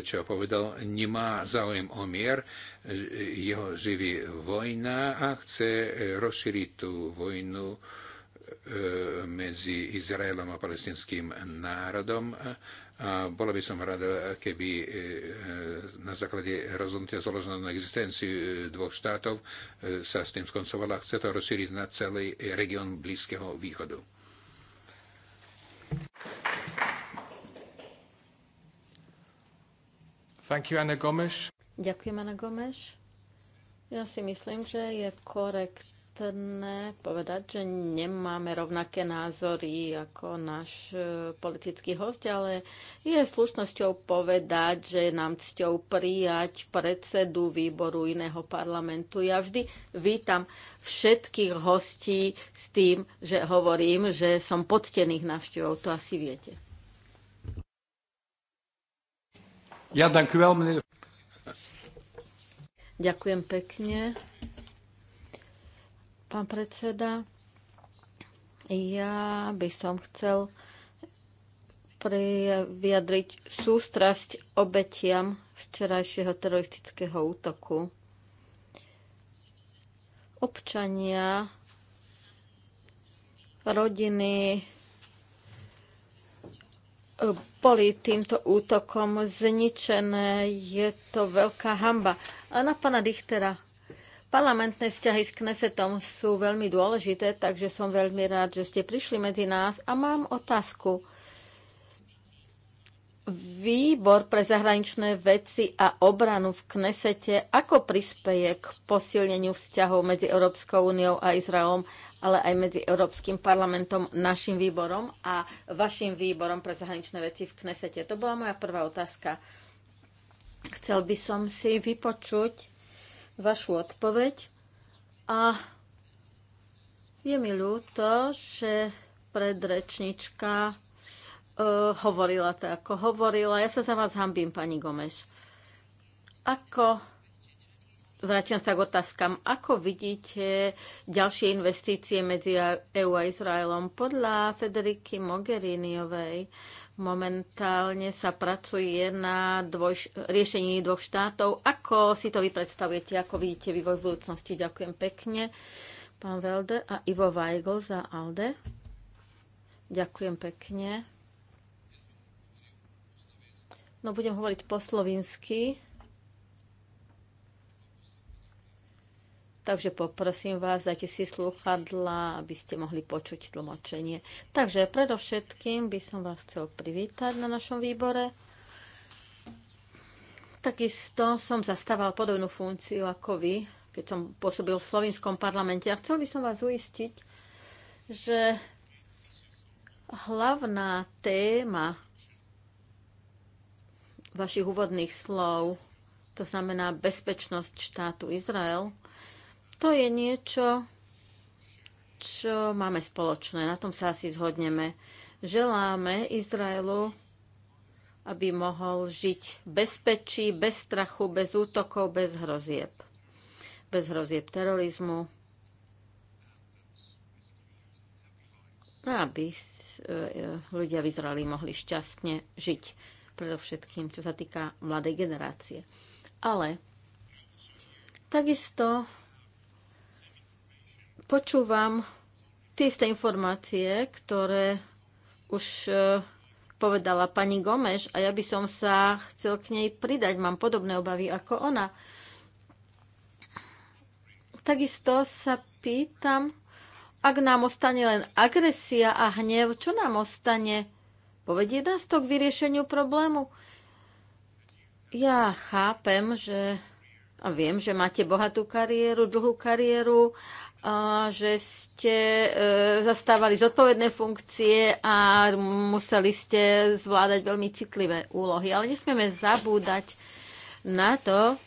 čo povedal, nemá záujem o mier, jeho živí vojna a chce rozšíriť tú vojnu E, medzi Izraelom a palestinským národom a bola by som rada, keby e, e, na základe rozhodnutia založené na existenciu dvoch štátov sa s tým skoncovala. Chce to rozšíriť na celý región Blízkeho východu. Thank you, Anna Gomes. Ďakujem, Anna Gomes. Ja si myslím, že je korekt patrné povedať, že nemáme rovnaké názory ako náš e, politický host, ale je slušnosťou povedať, že je nám cťou prijať predsedu výboru iného parlamentu. Ja vždy vítam všetkých hostí s tým, že hovorím, že som poctených návštevou, to asi viete. Ja, dankujem. Ďakujem pekne pán predseda. Ja by som chcel vyjadriť sústrasť obetiam včerajšieho teroristického útoku. Občania, rodiny boli týmto útokom zničené. Je to veľká hamba. A na pana Dichtera Parlamentné vzťahy s Knesetom sú veľmi dôležité, takže som veľmi rád, že ste prišli medzi nás a mám otázku. Výbor pre zahraničné veci a obranu v Knesete ako prispeje k posilneniu vzťahov medzi Európskou úniou a Izraelom, ale aj medzi Európskym parlamentom, našim výborom a vašim výborom pre zahraničné veci v Knesete? To bola moja prvá otázka. Chcel by som si vypočuť vašu odpoveď a je mi ľúto, že predrečnička uh, hovorila tak, ako hovorila. Ja sa za vás hambím, pani Gomeš. Ako Vrátim sa k otázkam. Ako vidíte ďalšie investície medzi EU a Izraelom? Podľa Federiky Mogheriniovej momentálne sa pracuje na dvoj, riešení dvoch štátov. Ako si to vy predstavujete? Ako vidíte vývoj v budúcnosti? Ďakujem pekne. Pán Velde a Ivo Weigl za ALDE. Ďakujem pekne. No budem hovoriť po slovinsky. Takže poprosím vás, dajte si slúchadla, aby ste mohli počuť tlmočenie. Takže predovšetkým by som vás chcel privítať na našom výbore. Takisto som zastával podobnú funkciu ako vy, keď som pôsobil v Slovinskom parlamente. A chcel by som vás uistiť, že hlavná téma vašich úvodných slov, to znamená bezpečnosť štátu Izrael, to je niečo, čo máme spoločné. Na tom sa asi zhodneme. Želáme Izraelu, aby mohol žiť bezpečí, bez strachu, bez útokov, bez hrozieb. Bez hrozieb terorizmu. Aby e, e, ľudia v Izraeli mohli šťastne žiť. Predovšetkým, čo sa týka mladej generácie. Ale takisto počúvam tie isté informácie, ktoré už e, povedala pani Gomeš a ja by som sa chcel k nej pridať. Mám podobné obavy ako ona. Takisto sa pýtam, ak nám ostane len agresia a hnev, čo nám ostane? Povedie nás to k vyriešeniu problému? Ja chápem, že a viem, že máte bohatú kariéru, dlhú kariéru a že ste e, zastávali zodpovedné funkcie a museli ste zvládať veľmi citlivé úlohy. Ale nesmieme zabúdať na to,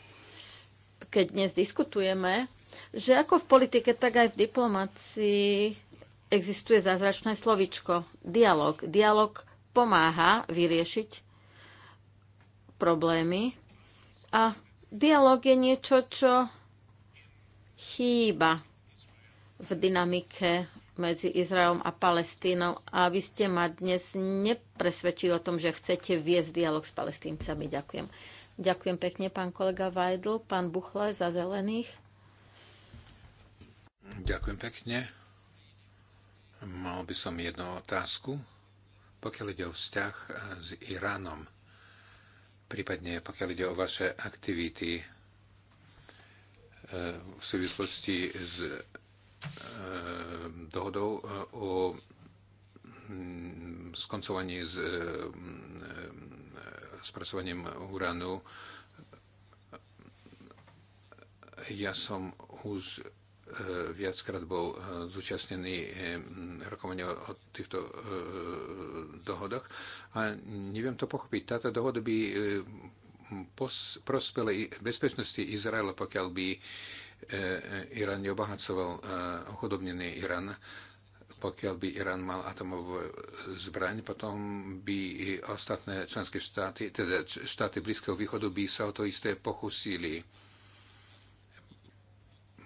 keď dnes diskutujeme, že ako v politike, tak aj v diplomácii existuje zázračné slovičko. Dialog. Dialog pomáha vyriešiť problémy a dialog je niečo, čo chýba v dynamike medzi Izraelom a Palestínou a vy ste ma dnes nepresvedčili o tom, že chcete viesť dialog s palestíncami. Ďakujem. Ďakujem pekne, pán kolega Vajdl, pán Buchle za zelených. Ďakujem pekne. Mal by som jednu otázku, pokiaľ ide o vzťah eh, s Iránom, prípadne pokiaľ ide o vaše aktivity eh, v súvislosti s Ehm, dohodou eh, o mm, skoncovaní s eh, mm, eh, spracovaním uranu. Ja som už viackrát bol zúčastnený rokovania o týchto dohodoch a neviem to pochopiť. Táto dohoda by prospela bezpečnosti Izraela, pokiaľ by E, e, Irán neobohacoval e, ochodobnený Irán. Pokiaľ by Irán mal atomovú zbraň, potom by i ostatné členské štáty, teda štáty Blízkeho východu, by sa o to isté pokusili.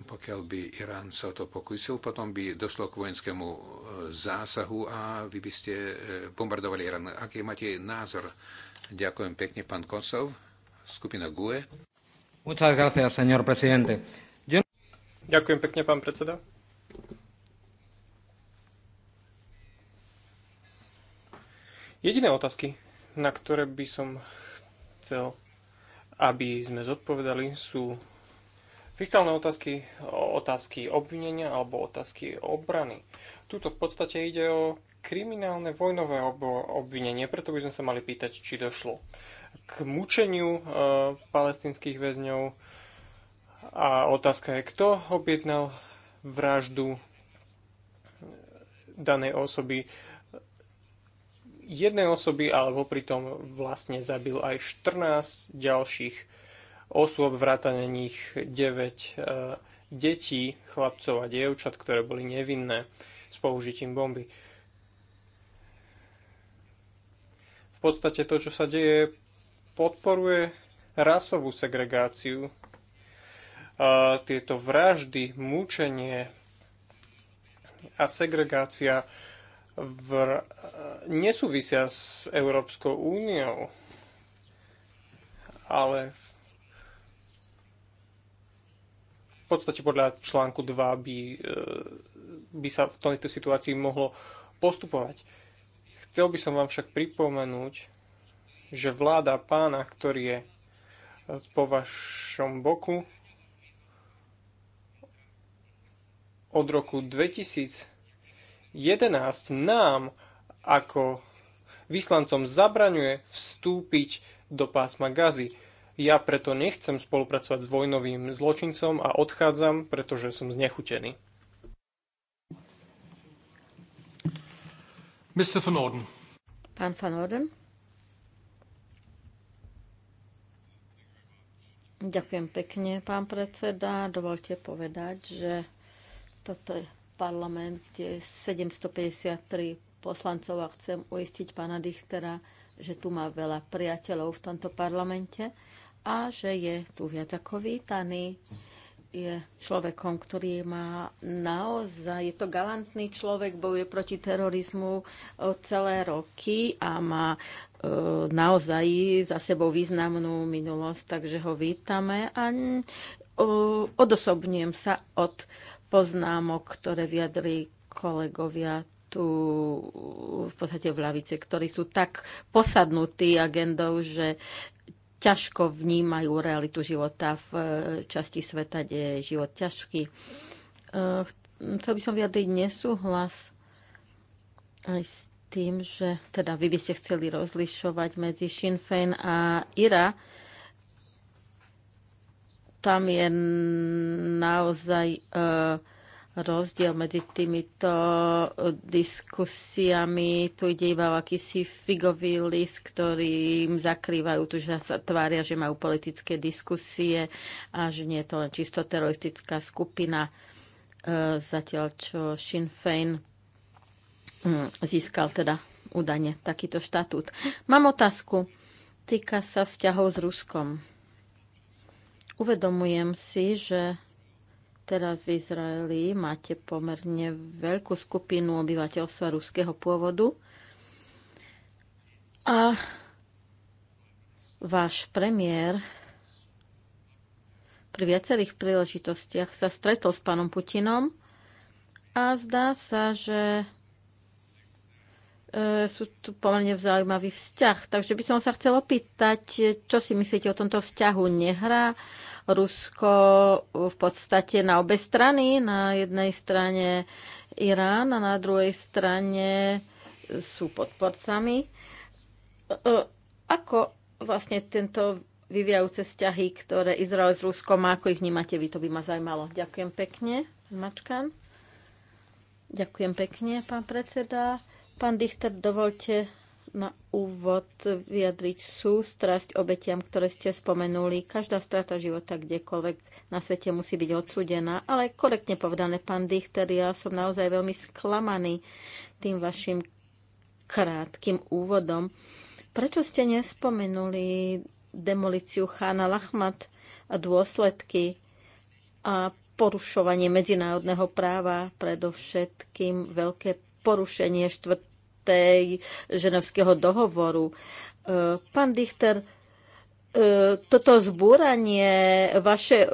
Pokiaľ by Irán sa o to pokusil, potom by došlo k vojenskému zásahu a vy by ste bombardovali Irán. Aký máte názor? Ďakujem pekne, pán Kosov, skupina GUE. Muchas gracias, señor presidente. Ďakujem pekne, pán predseda. Jediné otázky, na ktoré by som chcel, aby sme zodpovedali, sú fiskálne otázky, otázky obvinenia alebo otázky obrany. Tuto v podstate ide o kriminálne vojnové obvinenie, preto by sme sa mali pýtať, či došlo k mučeniu e, palestinských väzňov, a otázka je, kto objednal vraždu danej osoby, jednej osoby, alebo pritom vlastne zabil aj 14 ďalších osôb, vrátane nich 9 e, detí, chlapcov a dievčat, ktoré boli nevinné s použitím bomby. V podstate to, čo sa deje, podporuje rasovú segregáciu tieto vraždy, mučenie a segregácia v, nesúvisia s Európskou úniou, ale v podstate podľa článku 2 by, e, by sa v tejto situácii mohlo postupovať. Chcel by som vám však pripomenúť, že vláda pána, ktorý je e, po vašom boku, od roku 2011 nám ako vyslancom zabraňuje vstúpiť do pásma gazy. Ja preto nechcem spolupracovať s vojnovým zločincom a odchádzam, pretože som znechutený. Mr. Van Orden. Pán Van Orden. Ďakujem pekne, pán predseda. Dovolte povedať, že toto je parlament, kde je 753 poslancov a chcem uistiť pána Dichtera, že tu má veľa priateľov v tomto parlamente a že je tu viac ako vítaný. Je človekom, ktorý má naozaj, je to galantný človek, bojuje proti terorizmu e, celé roky a má e, naozaj za sebou významnú minulosť, takže ho vítame a e, odosobňujem sa od e, poznámok, ktoré vyjadri kolegovia tu v podstate v lavice, ktorí sú tak posadnutí agendou, že ťažko vnímajú realitu života v eh, časti sveta, kde je život ťažký. Eh, chcel by som vyjadriť nesúhlas aj s tým, že teda vy by ste chceli rozlišovať medzi Sinn Féin a IRA tam je naozaj eh, rozdiel medzi týmito eh, diskusiami. Tu ide iba o akýsi figový list, im zakrývajú tu, že sa tvária, že majú politické diskusie a že nie je to len čisto teroristická skupina. Eh, zatiaľ, čo Sinn Féin hm, získal teda údajne takýto štatút. Mám otázku. Týka sa vzťahov s Ruskom Uvedomujem si, že teraz v Izraeli máte pomerne veľkú skupinu obyvateľstva ruského pôvodu a váš premiér pri viacerých príležitostiach sa stretol s pánom Putinom a zdá sa, že e, sú tu pomerne zaujímavý vzťah. Takže by som sa chcela opýtať, čo si myslíte o tomto vzťahu? Nehrá Rusko v podstate na obe strany. Na jednej strane Irán a na druhej strane sú podporcami. E, ako vlastne tento vyvíjajúce vzťahy, ktoré Izrael s Ruskom má, ako ich vnímate vy, to by ma zajímalo. Ďakujem pekne, Mačkan. Ďakujem pekne, pán predseda. Pán Dichter, dovolte, na úvod vyjadriť sústrasť obetiam, ktoré ste spomenuli. Každá strata života kdekoľvek na svete musí byť odsudená, ale korektne povedané, pán Dichter, ja som naozaj veľmi sklamaný tým vašim krátkým úvodom. Prečo ste nespomenuli demolíciu Chána Lachmat a dôsledky a porušovanie medzinárodného práva, predovšetkým veľké porušenie štvrtého ženevského dohovoru. E, pán Dichter, e, toto zbúranie vaše e,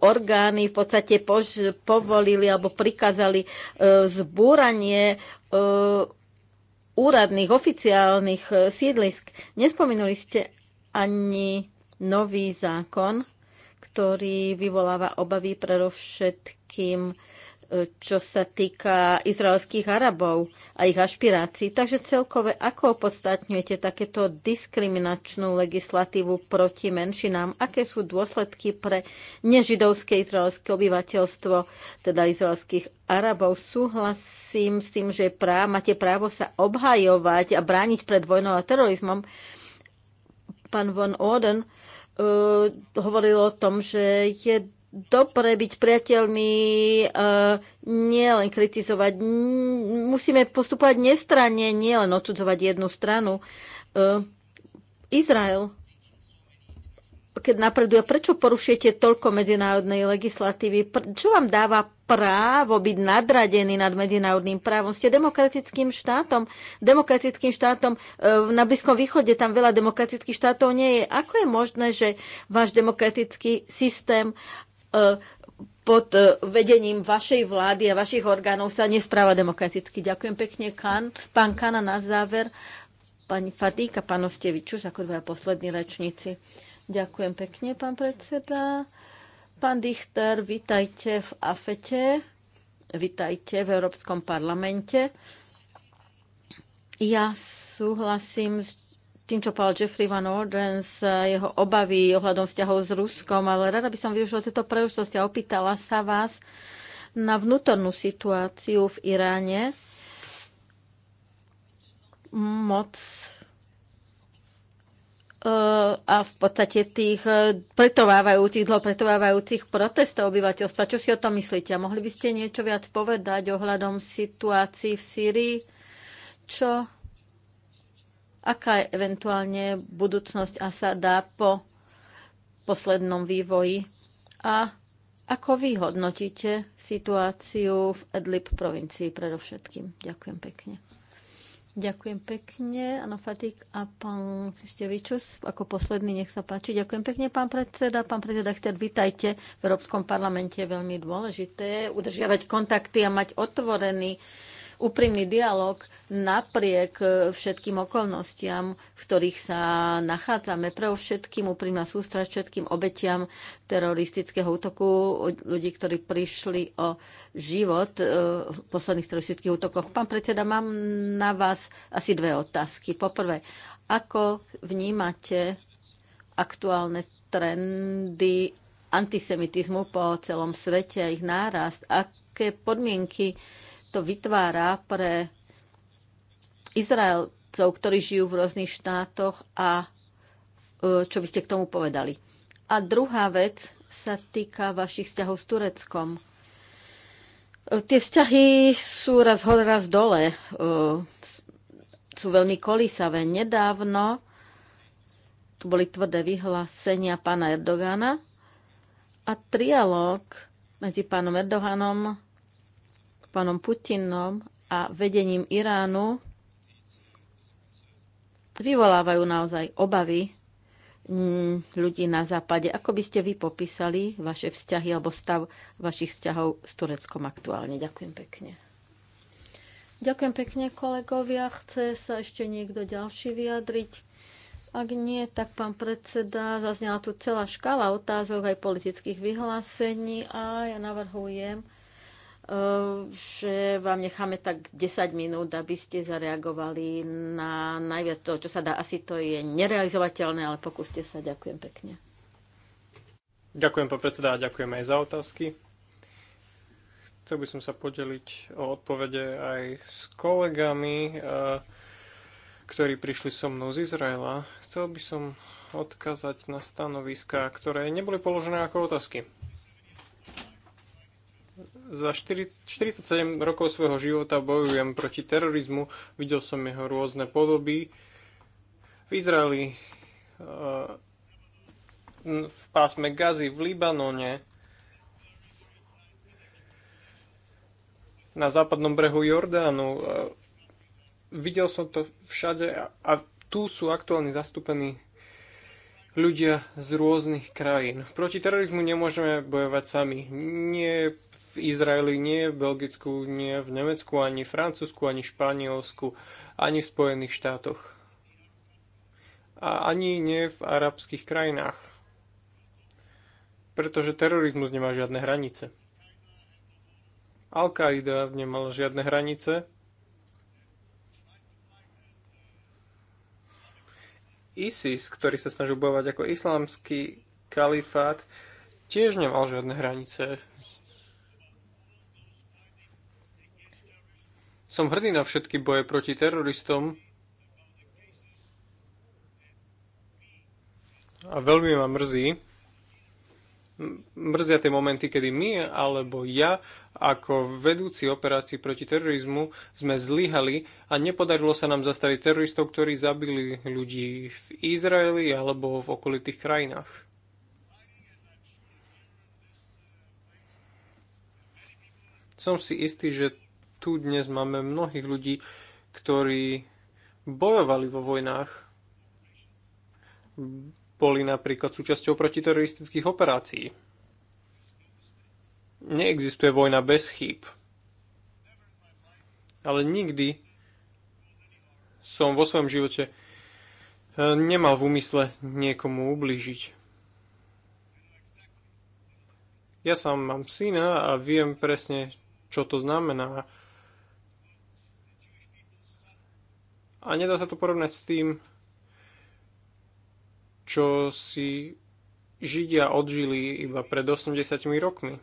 orgány v podstate povolili alebo prikázali zbúranie úradných, oficiálnych sídlisk. Nespomenuli ste ani nový zákon, ktorý vyvoláva obavy pre všetkým E, čo sa týka izraelských Arabov a ich ašpirácií. Takže celkové, ako opodstatňujete takéto diskriminačnú legislatívu proti menšinám? Aké sú dôsledky pre nežidovské izraelské obyvateľstvo, teda izraelských Arabov? Súhlasím s tým, že prá, máte právo sa obhajovať a brániť pred vojnou a terorizmom. Pán von Oden uh, e, hovoril o tom, že je dobre byť priateľmi, e, nielen kritizovať. Musíme postupovať nestranne, nielen odsudzovať jednu stranu. E, Izrael, keď napreduje, prečo porušujete toľko medzinárodnej legislatívy? Čo vám dáva právo byť nadradený nad medzinárodným právom? Ste demokratickým štátom. Demokratickým štátom e, na Blízkom východe tam veľa demokratických štátov nie je. Ako je možné, že váš demokratický systém E, pod e, vedením vašej vlády a vašich orgánov sa nespráva demokraticky. Ďakujem pekne, kan, pán Kana, na záver. Pani Fatíka a pán Ostevičus ako dva poslední rečníci. Ďakujem pekne, pán predseda. Pán Dichter, vitajte v AFETE, vitajte v Európskom parlamente. Ja súhlasím s tým, čo povedal Jeffrey Van Orden z eh, jeho obavy ohľadom vzťahov s Ruskom, ale rada by som využila tieto príležitosti a opýtala sa vás na vnútornú situáciu v Iráne. Moc eh, a v podstate tých pretovávajúcich, dlho pretovávajúcich protestov obyvateľstva. Čo si o tom myslíte? A mohli by ste niečo viac povedať ohľadom situácií v Sýrii? Čo aká je eventuálne budúcnosť Asada po poslednom vývoji a ako vy hodnotíte situáciu v Edlib provincii predovšetkým? Ďakujem pekne. Ďakujem pekne, Ano Fatik a pán Cistevičus, ako posledný, nech sa páči. Ďakujem pekne, pán predseda. Pán predseda, predsedaChter, vítajte. V Európskom parlamente je veľmi dôležité udržiavať kontakty a mať otvorený úprimný dialog napriek e, všetkým okolnostiam, v ktorých sa nachádzame. Pre všetkým úprimná sústra všetkým obetiam teroristického útoku, ľudí, ktorí prišli o život e, v posledných teroristických útokoch. Pán predseda, mám na vás asi dve otázky. Poprvé, ako vnímate aktuálne trendy antisemitizmu po celom svete a ich nárast? Aké podmienky to vytvára pre Izraelcov, ktorí žijú v rôznych štátoch a e, čo by ste k tomu povedali. A druhá vec sa týka vašich vzťahov s Tureckom. E, tie vzťahy sú raz hore, raz dole. E, sú veľmi kolísavé. Nedávno tu boli tvrdé vyhlásenia pána Erdogana a trialóg medzi pánom Erdoganom pánom Putinom a vedením Iránu vyvolávajú naozaj obavy mm, ľudí na západe. Ako by ste vy popísali vaše vzťahy alebo stav vašich vzťahov s Tureckom aktuálne? Ďakujem pekne. Ďakujem pekne, kolegovia. Chce sa ešte niekto ďalší vyjadriť? Ak nie, tak pán predseda, zaznela tu celá škala otázok aj politických vyhlásení a ja navrhujem, Ehm, že vám necháme tak 10 minút, aby ste zareagovali na najviac toho, čo sa dá. Asi to je nerealizovateľné, ale pokúste sa. Ďakujem pekne. Ďakujem, pán predseda, a ďakujem aj za otázky. Chcel by som sa podeliť o odpovede aj s kolegami, eh, ktorí prišli so mnou z Izraela. Chcel by som odkázať na stanoviská, ktoré neboli položené ako otázky za 40, 47 rokov svojho života bojujem proti terorizmu, videl som jeho rôzne podoby. V Izraeli, eh, v pásme Gazy, v Libanone, na západnom brehu Jordánu. Eh, videl som to všade a tu sú aktuálne zastúpení ľudia z rôznych krajín. Proti terorizmu nemôžeme bojovať sami. Nie Izraeli, nie v Belgicku, nie v Nemecku, ani v Francúzsku, ani v Španielsku, ani v Spojených štátoch. A ani nie v arabských krajinách. Pretože terorizmus nemá žiadne hranice. Al-Qaida nemala žiadne hranice. ISIS, ktorý sa snažil bojovať ako islamský kalifát, tiež nemal žiadne hranice. Som hrdý na všetky boje proti teroristom a veľmi ma mrzí, mrzia tie momenty, kedy my alebo ja ako vedúci operácií proti terorizmu sme zlyhali a nepodarilo sa nám zastaviť teroristov, ktorí zabili ľudí v Izraeli alebo v okolitých krajinách. Som si istý, že tu dnes máme mnohých ľudí, ktorí bojovali vo vojnách, boli napríklad súčasťou protiteroristických operácií. Neexistuje vojna bez chýb. Ale nikdy som vo svojom živote e, nemal v úmysle niekomu ubližiť. Ja sám mám syna a viem presne, čo to znamená a nedá sa to porovnať s tým, čo si Židia odžili iba pred 80 rokmi.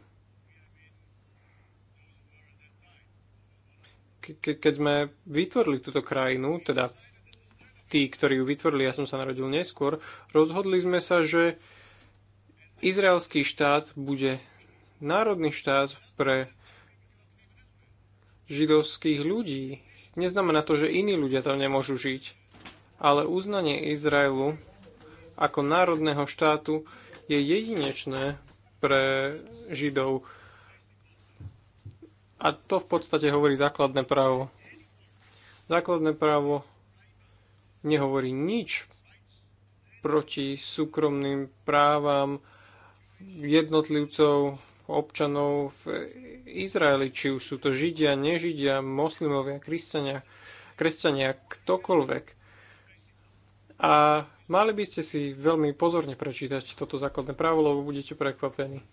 Ke- keď sme vytvorili túto krajinu, teda tí, ktorí ju vytvorili, ja som sa narodil neskôr, rozhodli sme sa, že izraelský štát bude národný štát pre židovských ľudí, Neznamená to, že iní ľudia tam nemôžu žiť, ale uznanie Izraelu ako národného štátu je jedinečné pre Židov. A to v podstate hovorí základné právo. Základné právo nehovorí nič proti súkromným právam jednotlivcov, občanov v Izraeli, či už sú to Židia, nežidia, moslimovia, kresťania, kresťania, ktokoľvek. A mali by ste si veľmi pozorne prečítať toto základné právo, lebo budete prekvapení.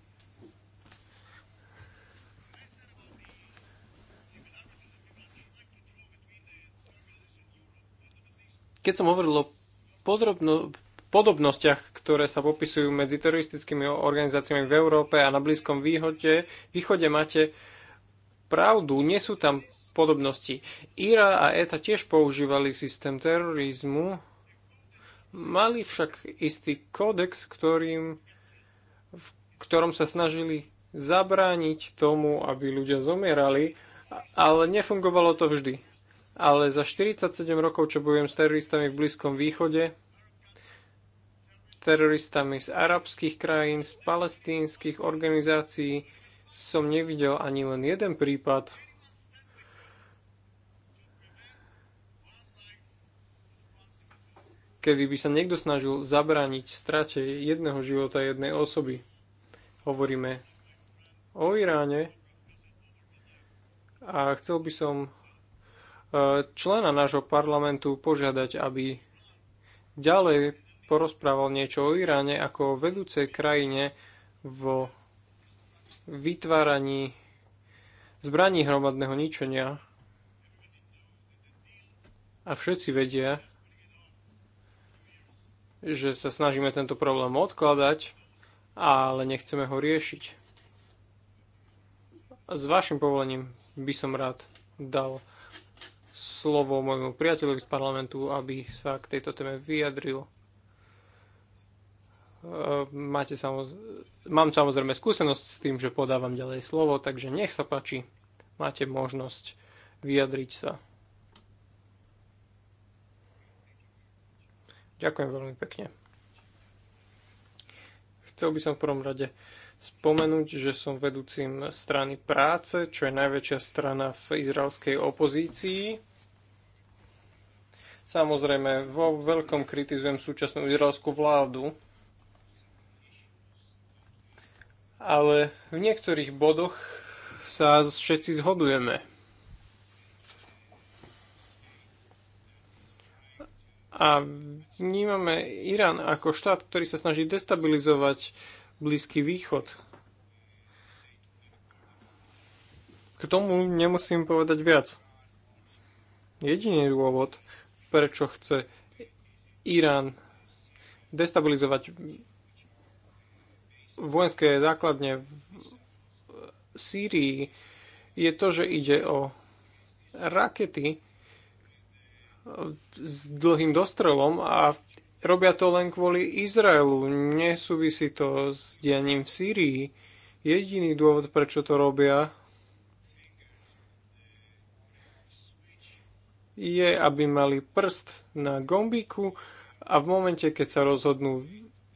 Keď som hovoril o podrobno, podobnostiach, ktoré sa popisujú medzi teroristickými organizáciami v Európe a na Blízkom východe, východe máte pravdu, nie sú tam podobnosti. IRA a ETA tiež používali systém terorizmu, mali však istý kódex, ktorým, v ktorom sa snažili zabrániť tomu, aby ľudia zomierali, ale nefungovalo to vždy. Ale za 47 rokov, čo bojujem s teroristami v Blízkom východe, teroristami z arabských krajín, z palestínskych organizácií som nevidel ani len jeden prípad. kedy by sa niekto snažil zabrániť strate jedného života jednej osoby. Hovoríme o Iráne a chcel by som e, člena nášho parlamentu požiadať, aby ďalej porozprával niečo o Iráne ako o vedúcej krajine v vytváraní zbraní hromadného ničenia. A všetci vedia, že sa snažíme tento problém odkladať, ale nechceme ho riešiť. S vašim povolením by som rád dal slovo môjmu priateľovi z parlamentu, aby sa k tejto téme vyjadril. Ehm, máte Mám samozrejme skúsenosť s tým, že podávam ďalej slovo, takže nech sa páči, máte možnosť vyjadriť sa. Ďakujem veľmi pekne. Chcel by som v prvom rade spomenúť, že som vedúcim strany práce, čo je najväčšia strana v izraelskej opozícii. Samozrejme, vo veľkom kritizujem súčasnú izraelskú vládu, ale v niektorých bodoch sa všetci zhodujeme. A vnímame Irán ako štát, ktorý sa snaží destabilizovať Blízky východ. K tomu nemusím povedať viac. Jediný dôvod, prečo chce Irán destabilizovať vojenské základne v Sýrii, je to, že ide o rakety s dlhým dostrelom a robia to len kvôli Izraelu. Nesúvisí to s dianím v Sýrii. Jediný dôvod, prečo to robia, je, aby mali prst na gombíku a v momente, keď sa rozhodnú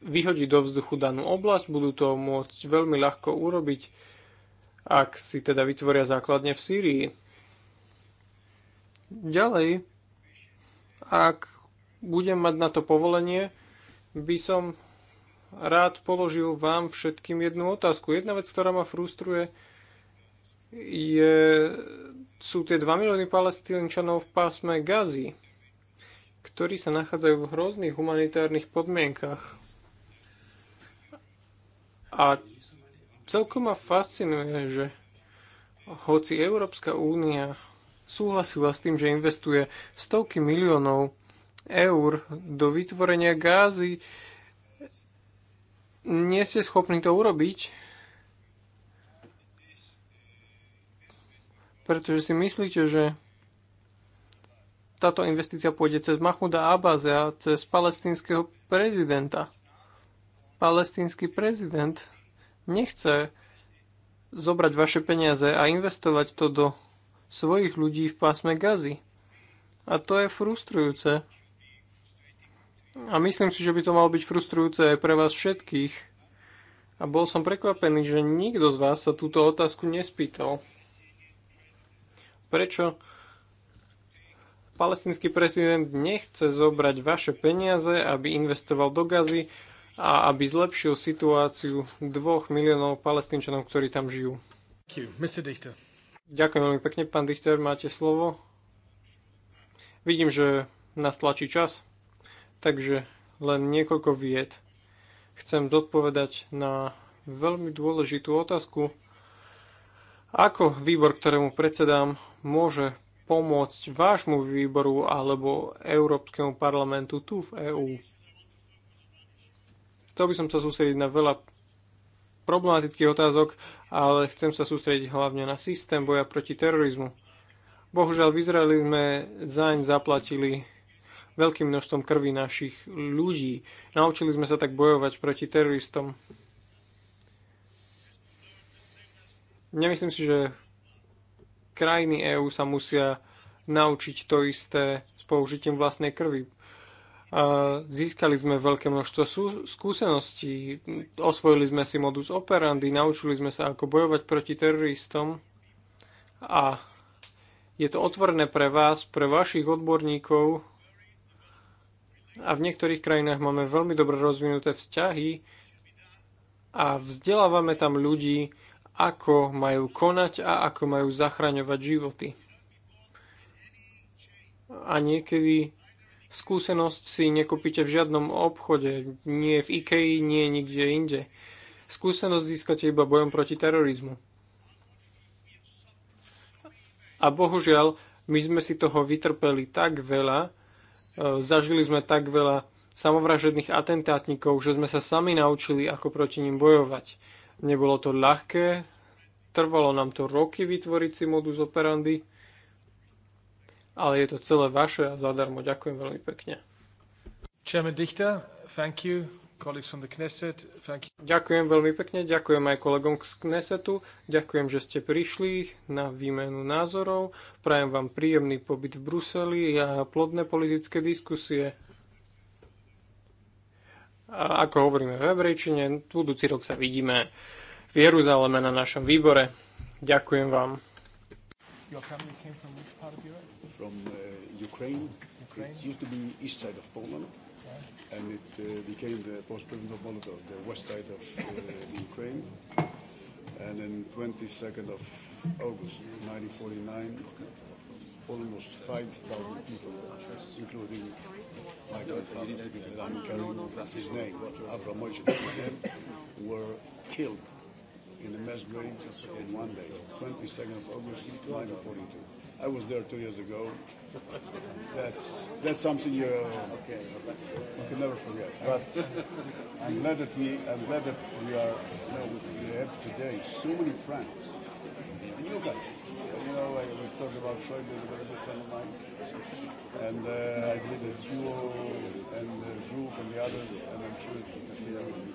vyhodí do vzduchu danú oblasť, budú to môcť veľmi ľahko urobiť, ak si teda vytvoria základne v Sýrii. Ďalej, ak budem mať na to povolenie, by som rád položil vám všetkým jednu otázku. Jedna vec, ktorá ma frustruje, je, sú tie 2 milióny palestínčanov v pásme Gazy, ktorí sa nachádzajú v hrozných humanitárnych podmienkach. A celkom ma fascinuje, že hoci Európska únia súhlasila s tým, že investuje stovky miliónov eur do vytvorenia gázy, nie ste schopní to urobiť, pretože si myslíte, že táto investícia pôjde cez Mahmuda Abaze a cez palestinského prezidenta palestínsky prezident nechce zobrať vaše peniaze a investovať to do svojich ľudí v pásme gazy. A to je frustrujúce. A myslím si, že by to malo byť frustrujúce aj pre vás všetkých. A bol som prekvapený, že nikto z vás sa túto otázku nespýtal. Prečo palestinský prezident nechce zobrať vaše peniaze, aby investoval do gazy, a aby zlepšil situáciu dvoch miliónov palestínčanov, ktorí tam žijú. Ďakujem veľmi pekne, pán Dichter, máte slovo. Vidím, že nás tlačí čas, takže len niekoľko vied. Chcem zodpovedať na veľmi dôležitú otázku. Ako výbor, ktorému predsedám, môže pomôcť vášmu výboru alebo Európskemu parlamentu tu v EÚ? Chcel by som sa sústrediť na veľa problematických otázok, ale chcem sa sústrediť hlavne na systém boja proti terorizmu. Bohužiaľ, v Izraeli sme zaň zaplatili veľkým množstvom krvi našich ľudí. Naučili sme sa tak bojovať proti teroristom. Nemyslím si, že krajiny EÚ sa musia naučiť to isté s použitím vlastnej krvi. A získali sme veľké množstvo skúseností, osvojili sme si modus operandi, naučili sme sa, ako bojovať proti teroristom a je to otvorené pre vás, pre vašich odborníkov a v niektorých krajinách máme veľmi dobre rozvinuté vzťahy a vzdelávame tam ľudí, ako majú konať a ako majú zachraňovať životy. A niekedy Skúsenosť si nekúpite v žiadnom obchode, nie v IKEA, nie nikde inde. Skúsenosť získate iba bojom proti terorizmu. A bohužiaľ, my sme si toho vytrpeli tak veľa, e, zažili sme tak veľa samovražedných atentátnikov, že sme sa sami naučili, ako proti ním bojovať. Nebolo to ľahké, trvalo nám to roky vytvoriť si modus operandi, ale je to celé vaše a zadarmo. Ďakujem veľmi pekne. Chairman Dichter, thank you. Knesset, ďakujem veľmi pekne, ďakujem aj kolegom z Knesetu, ďakujem, že ste prišli na výmenu názorov, prajem vám príjemný pobyt v Bruseli a plodné politické diskusie. A ako hovoríme v hebrejčine, budúci rok sa vidíme v Jeruzaleme na našom výbore. Ďakujem vám. Your family came from which part of Europe? from uh, Ukraine. Ukraine. It used to be east side of Poland, yeah. and it uh, became the post-president of Molotov, the west side of uh, Ukraine. And then 22nd of August 1949, almost 5,000 people, including my grandfather, that I'm carrying his name, Avram were killed in a mass grave in one day, 22nd of August 1942. I was there two years ago. That's that's something you, uh, you can never forget. But I'm glad that we I'm glad that we are you know, we have today so many friends And you guys talk about Schäuble is a very good friend of mine. And uh, I believe that you and uh, Brooke and the others, and I'm sure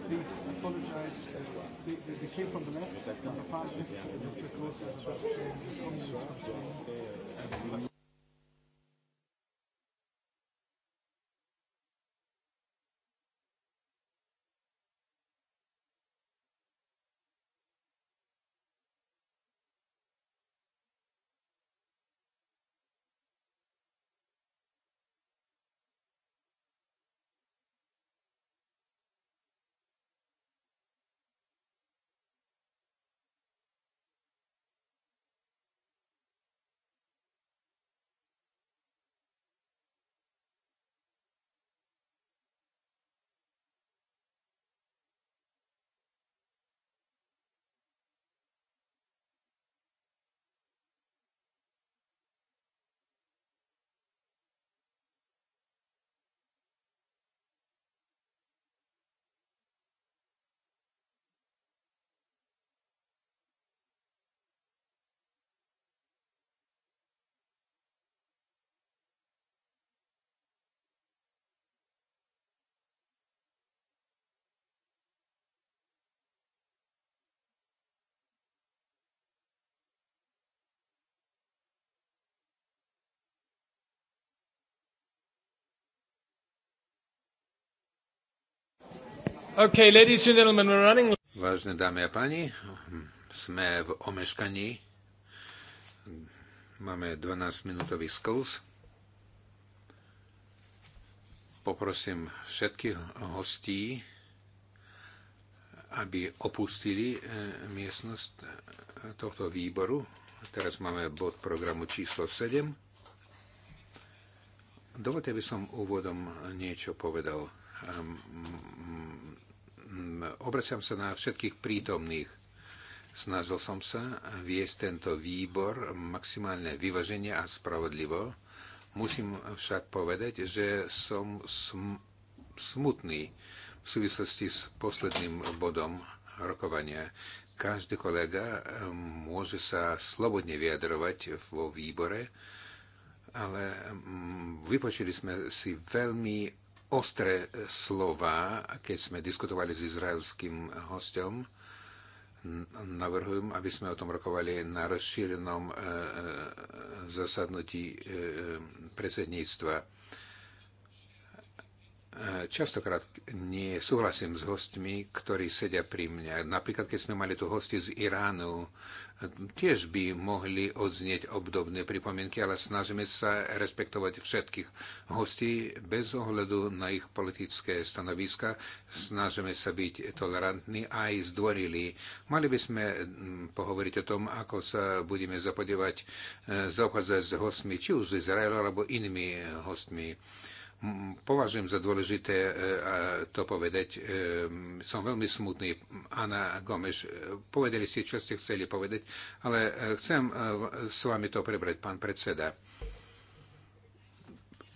Please apologize. They, they, they came from the left, from the far left, Mr. Close, and a communists. Okay, ladies and gentlemen, we're running... Vážne dámy a páni, sme v omeškaní. Máme 12-minútový skls. Poprosím všetkých hostí, aby opustili eh, miestnosť eh, tohto výboru. Teraz máme bod programu číslo 7. Dovolte by som úvodom niečo povedal ehm, Mm, obraciam sa na všetkých prítomných. Snažil som sa viesť tento výbor maximálne vyvaženie a spravodlivo. Musím však povedať, že som sm- smutný v súvislosti s posledným bodom rokovania. Každý kolega mm, môže sa slobodne vyjadrovať vo výbore, ale mm, vypočuli sme si veľmi ostré slova, keď sme diskutovali s izraelským hostom. Navrhujem, aby sme o tom rokovali na rozšírenom e, e, zasadnutí e, predsedníctva častokrát nie súhlasím s hostmi, ktorí sedia pri mňa. Napríklad, keď sme mali tu hosti z Iránu, tiež by mohli odznieť obdobné pripomienky, ale snažíme sa respektovať všetkých hostí bez ohľadu na ich politické stanoviska. Snažíme sa byť tolerantní aj zdvorili. Mali by sme mm, pohovoriť o tom, ako sa budeme zapodievať e, zaobchádzať s hostmi, či už z Izraela, alebo inými hostmi Mm, považujem za dôležité e, to povedať. E, som veľmi smutný. Anna Gomeš, e, povedali ste, čo ste chceli povedať, ale chcem s vami to prebrať, pán predseda.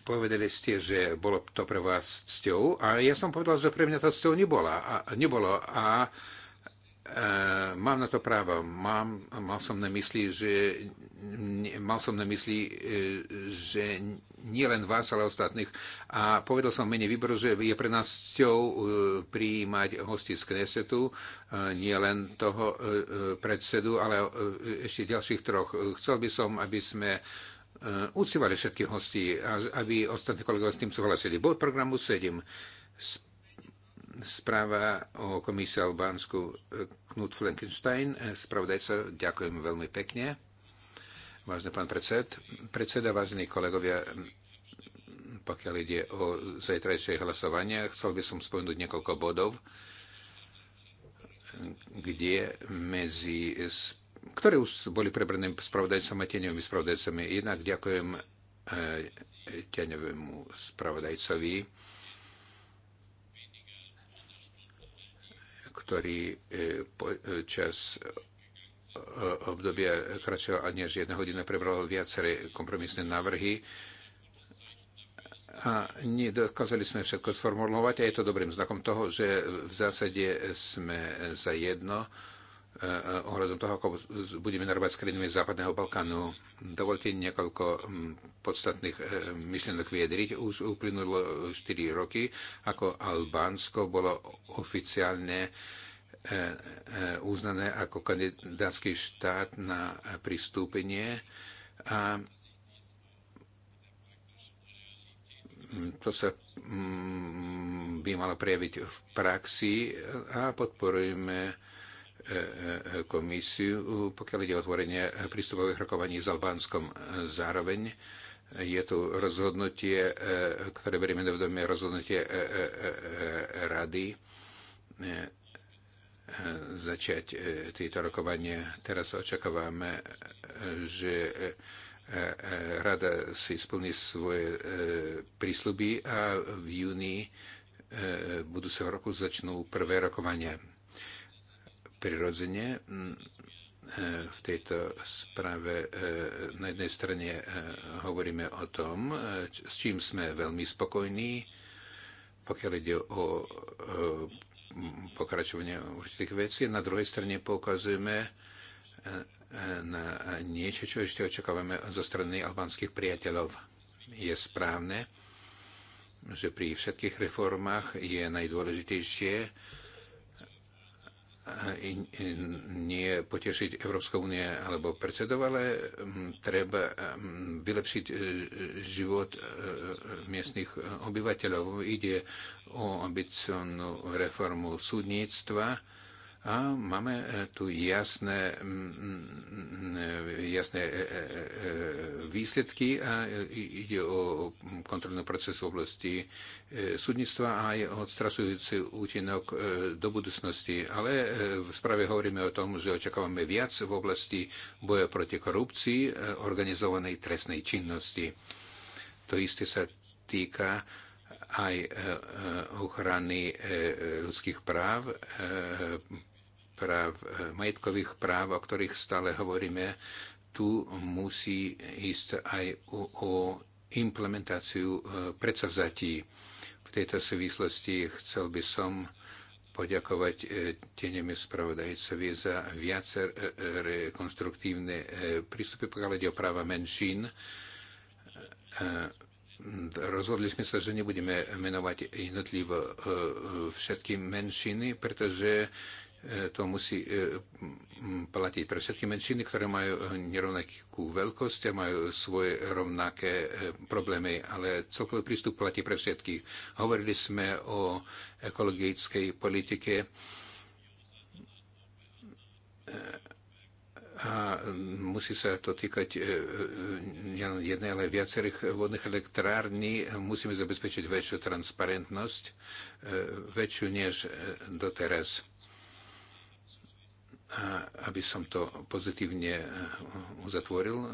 Povedali ste, že bolo to pre vás cťou a ja som povedal, že pre mňa to cťou nebola. A, nebolo a Eh, mám na to právo. Mám, mal som na mysli, že mal som na mysli, eh, že nie len vás, ale ostatných. A povedal som menej mene výboru, že je pre nás cťou eh, prijímať hosti z Knesetu, len toho predsedu, ale ešte ďalších troch. Chcel by som, aby sme ucívali všetkých hostí, aby ostatní kolegovia s tým súhlasili. Bod programu 7 správa o komisii Albánsku eh, Knut Flankenstein. Eh, spravodajca, ďakujem veľmi pekne. Vážne pán predsed, predseda, vážení kolegovia, hm, pokiaľ ide o zajtrajšie hlasovanie, chcel by som spomenúť niekoľko bodov, kde medzi ktoré už boli prebrané spravodajcami a tieňovými spravodajcami. Jednak ďakujem eh, tieňovému spravodajcovi ktorý e, e, čas e, obdobia kratšieho a než jedna hodina prebral viaceré kompromisné návrhy a nedokázali sme všetko sformulovať a je to dobrým znakom toho, že v zásade sme za jedno Eh, ohľadom toho, ako budeme narovať s krajinami Západného Balkánu. Dovolte niekoľko hm, podstatných eh, myšlienok vyjadriť. Už uplynulo 4 roky, ako Albánsko bolo oficiálne eh, uznané ako kandidátsky štát na pristúpenie a hm, to sa hm, by malo prejaviť v praxi a podporujeme komisiu, pokiaľ ide o otvorenie prístupových rokovaní s Albánskom. Zároveň je tu rozhodnutie, ktoré berieme do vedomia, rozhodnutie e, e, e, rady začať tieto rokovanie. Teraz očakávame, že rada si splní svoje prísľuby a v júni budúceho roku začnú prvé rokovanie prirodzene e, v tejto správe e, na jednej strane e, hovoríme o tom, s čím sme veľmi spokojní, pokiaľ ide o pokračovanie určitých vecí. Na druhej strane poukazujeme na niečo, čo ešte očakávame zo strany albánskych priateľov. Je správne, že pri všetkých reformách je najdôležitejšie nie potešiť Európska únie alebo predsedov, ale mm, treba mm, vylepšiť e, život e, miestných e, obyvateľov. Ide o ambicionnú reformu súdníctva, a máme e, tu jasné, jasné e, e, výsledky a ide o kontrolný proces v oblasti súdnictva a aj odstrasujúci účinok do budúcnosti. Ale v správe hovoríme o tom, že očakávame viac v oblasti boja proti korupcii, organizovanej trestnej činnosti. To isté sa týka aj ochrany ľudských práv, práv, eh, majetkových práv, o ktorých stále hovoríme, tu musí ísť aj o, o implementáciu eh, predsavzatí. V tejto súvislosti chcel by som poďakovať eh, tenemi spravodajcovi za viaceré konstruktívne prístupy, pokiaľ ide o práva menšín. Rozhodli sme sa, že nebudeme menovať jednotlivo všetky menšiny, pretože E, to musí e, platiť pre všetky menšiny, ktoré majú e, nerovnakú veľkosť a majú svoje rovnaké problémy, ale celkový prístup platí pre všetkých. Hovorili sme o ekologickej politike a musí sa to týkať nielen jednej, ale viacerých vodných elektrární. Musíme zabezpečiť väčšiu transparentnosť, väčšiu než doteraz aby som to pozitívne eh, uzatvoril, eh, eh,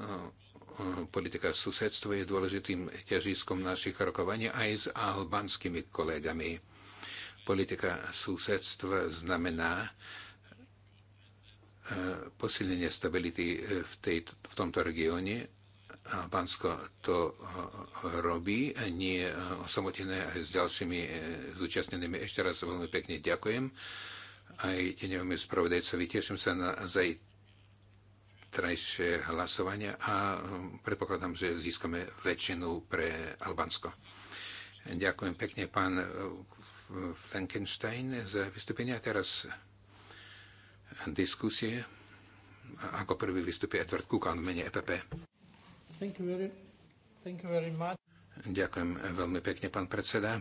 politika susedstva je dôležitým ťažiskom našich rokovaní aj s albanskými kolegami. Politika susedstva znamená posilnenie stability v, tej, v tomto regióne. Albánsko to robí, nie samotné aj s ďalšími zúčastnenými. Ešte raz veľmi pekne ďakujem aj teňovými spravodajcovi. Teším sa na zajtrajšie hlasovanie a um, predpokladám, že získame väčšinu pre Albánsko. Ďakujem pekne, pán uh, Frankenstein, za vystúpenie. A teraz diskusie. Ako prvý vystúpi Edward Kukan v mene EPP. Thank you very, thank you very much. Ďakujem veľmi pekne, pán predseda.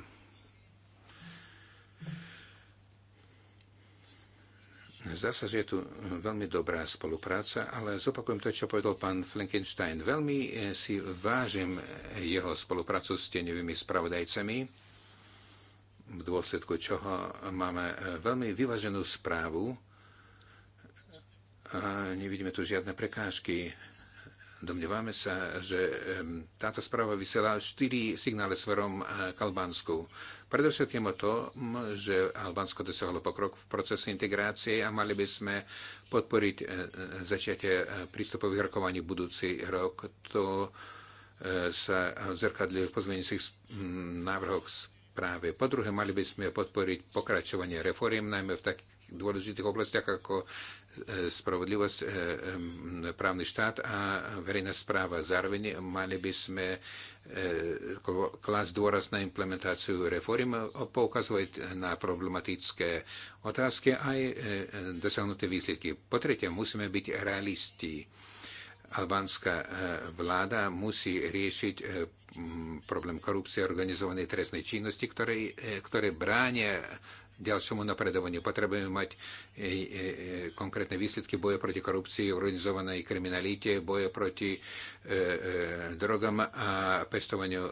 Zdá sa, že je tu hm, veľmi dobrá spolupráca, ale zopakujem to, čo povedal pán Flinkenstein. Veľmi eh, si vážim eh, jeho spoluprácu s tenevými spravodajcami, v dôsledku čoho máme eh, veľmi vyváženú správu a nevidíme tu žiadne prekážky Domnievame sa, že táto správa vysiela štyri signály smerom e, k Albánsku. Predovšetkým o tom, že Albánsko dosiahlo pokrok v procese integrácie a mali by sme podporiť e, e, začiatie prístupových rokovaní v budúci rok. To sa zrkadli v pozmeňujúcich mm, návrhoch správy. Po druhé, mali by sme podporiť pokračovanie reforiem, najmä v takých dôležitých oblastiach ako spravodlivosť, eh, právny štát a verejná správa. Zároveň mali by sme eh, klas dôraz na implementáciu reform, poukazovať na problematické otázky aj eh, dosiahnuté výsledky. Po tretie, musíme byť realisti. Albánska vláda musí riešiť problém korupcie organizovanej trestnej činnosti, ktoré, ktoré bránia ďalšiemu napredovaniu. Potrebujeme mať e, e, e, konkrétne výsledky boja proti korupcii, organizovanej kriminalite, boja proti drogám a pestovaniu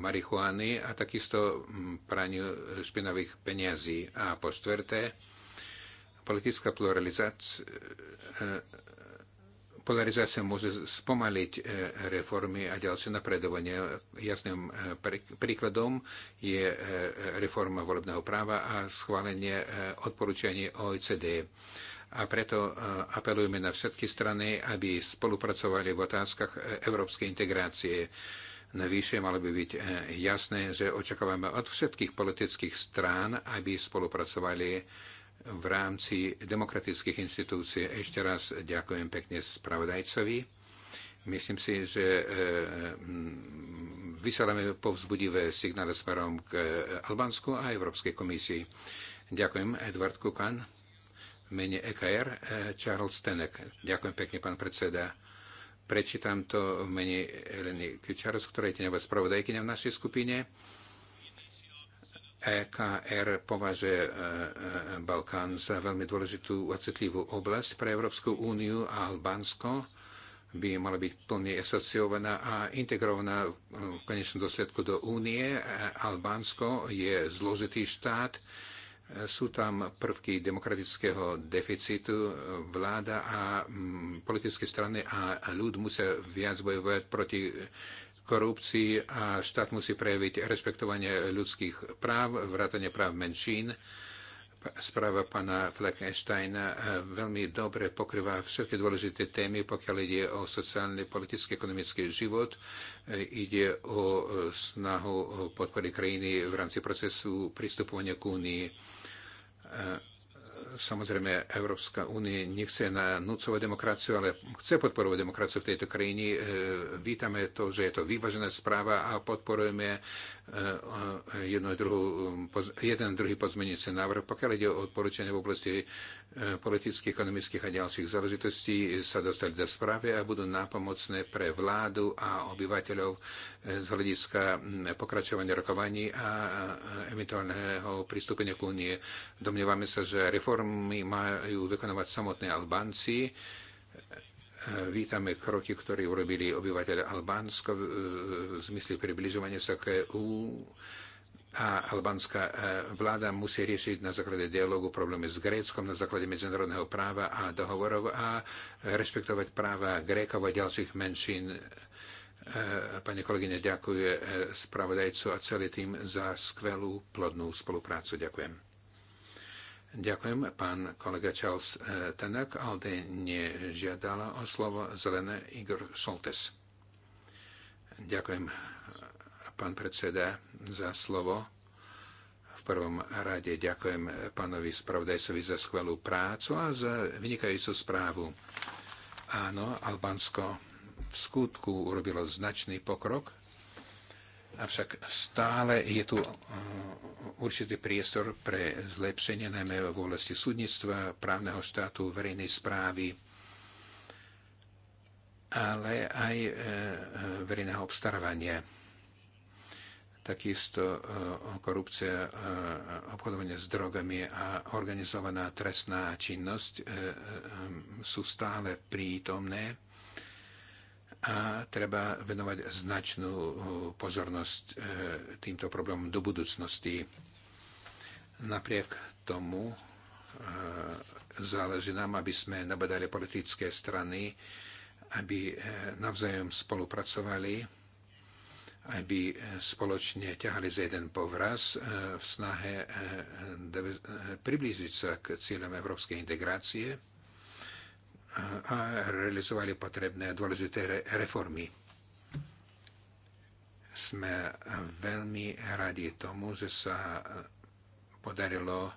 marihuany a takisto praniu špinavých peniazí. A po štvrté, politická pluralizácia polarizácia môže spomaliť e, reformy a ďalšie napredovanie. Jasným e, príkladom je e, reforma volebného práva a schválenie odporúčaní OECD. A preto apelujeme na všetky strany, aby spolupracovali v otázkach európskej integrácie. Navyše malo by byť jasné, že očakávame od všetkých politických strán, aby spolupracovali v rámci demokratických inštitúcií. Ešte raz ďakujem pekne spravodajcovi. Myslím si, že e, mm, vysielame povzbudivé signály smerom k Albánsku a Európskej komisii. Ďakujem, Edward Kukan, mene EKR, e, Charles Tenek. Ďakujem pekne, pán predseda. Prečítam to v mene Eleny Kučaros, ktorá je teňová spravodajkyňa v našej skupine EKR považuje e, e, Balkán za veľmi dôležitú a citlivú oblasť pre Európsku úniu a Albánsko by mala byť plne asociovaná a integrovaná v konečnom dôsledku do únie. E, Albánsko je zložitý štát, sú tam prvky demokratického deficitu, vláda a politické strany a ľud musia viac bojovať proti korupcii a štát musí prejaviť rešpektovanie ľudských práv, vrátanie práv menšín. Správa pána Fleckensteina eh, veľmi dobre pokrýva všetky dôležité témy, pokiaľ ide o sociálny, politický, ekonomický život. Eh, ide o eh, snahu podpory krajiny v rámci procesu pristupovania k únii Samozrejme, Európska únie nechce nanúcovať demokraciu, ale chce podporovať demokraciu v tejto krajine. E, vítame to, že je to vyvážená správa a podporujeme e, e, jedno, druhú, jeden druhý pozmenujúci návrh. Pokiaľ ide o odporúčanie v oblasti politických, ekonomických a ďalších záležitostí sa dostali do správy a budú nápomocné pre vládu a obyvateľov eh, z hľadiska mm, pokračovania rokovaní a eh, eventuálneho pristúpenia k únie. Domnievame sa, že reformy majú vykonovať samotné Albánci. Eh, vítame kroky, ktoré urobili obyvateľe Albánska v zmysle približovania sa k EU a albanská e, vláda musí riešiť na základe dialogu problémy s Gréckom, na základe medzinárodného práva a dohovorov a rešpektovať práva Grékov a ďalších menšín. E, pani kolegyne, ďakujem e, spravodajcu a celý tým za skvelú plodnú spoluprácu. Ďakujem. Ďakujem. Pán kolega Charles Tenak, Alde nežiadala o slovo zelené Igor Šoltes. Ďakujem pán predseda, za slovo. V prvom rade ďakujem pánovi spravodajcovi za skvelú prácu a za vynikajúcu správu. Áno, Albánsko v skutku urobilo značný pokrok, avšak stále je tu eh, určitý priestor pre zlepšenie, najmä v oblasti súdnictva, právneho štátu, verejnej správy, ale aj eh, verejného obstarávania takisto e, korupcia, e, obchodovanie s drogami a organizovaná trestná činnosť e, sú stále prítomné a treba venovať značnú pozornosť týmto problémom do budúcnosti. Napriek tomu záleží nám, aby sme nabadali politické strany, aby navzájom spolupracovali aby eh, spoločne ťahali za jeden povraz eh, v snahe eh, priblížiť sa k cieľom európskej integrácie a realizovali potrebné dôležité reformy. Sme veľmi radi tomu, že sa podarilo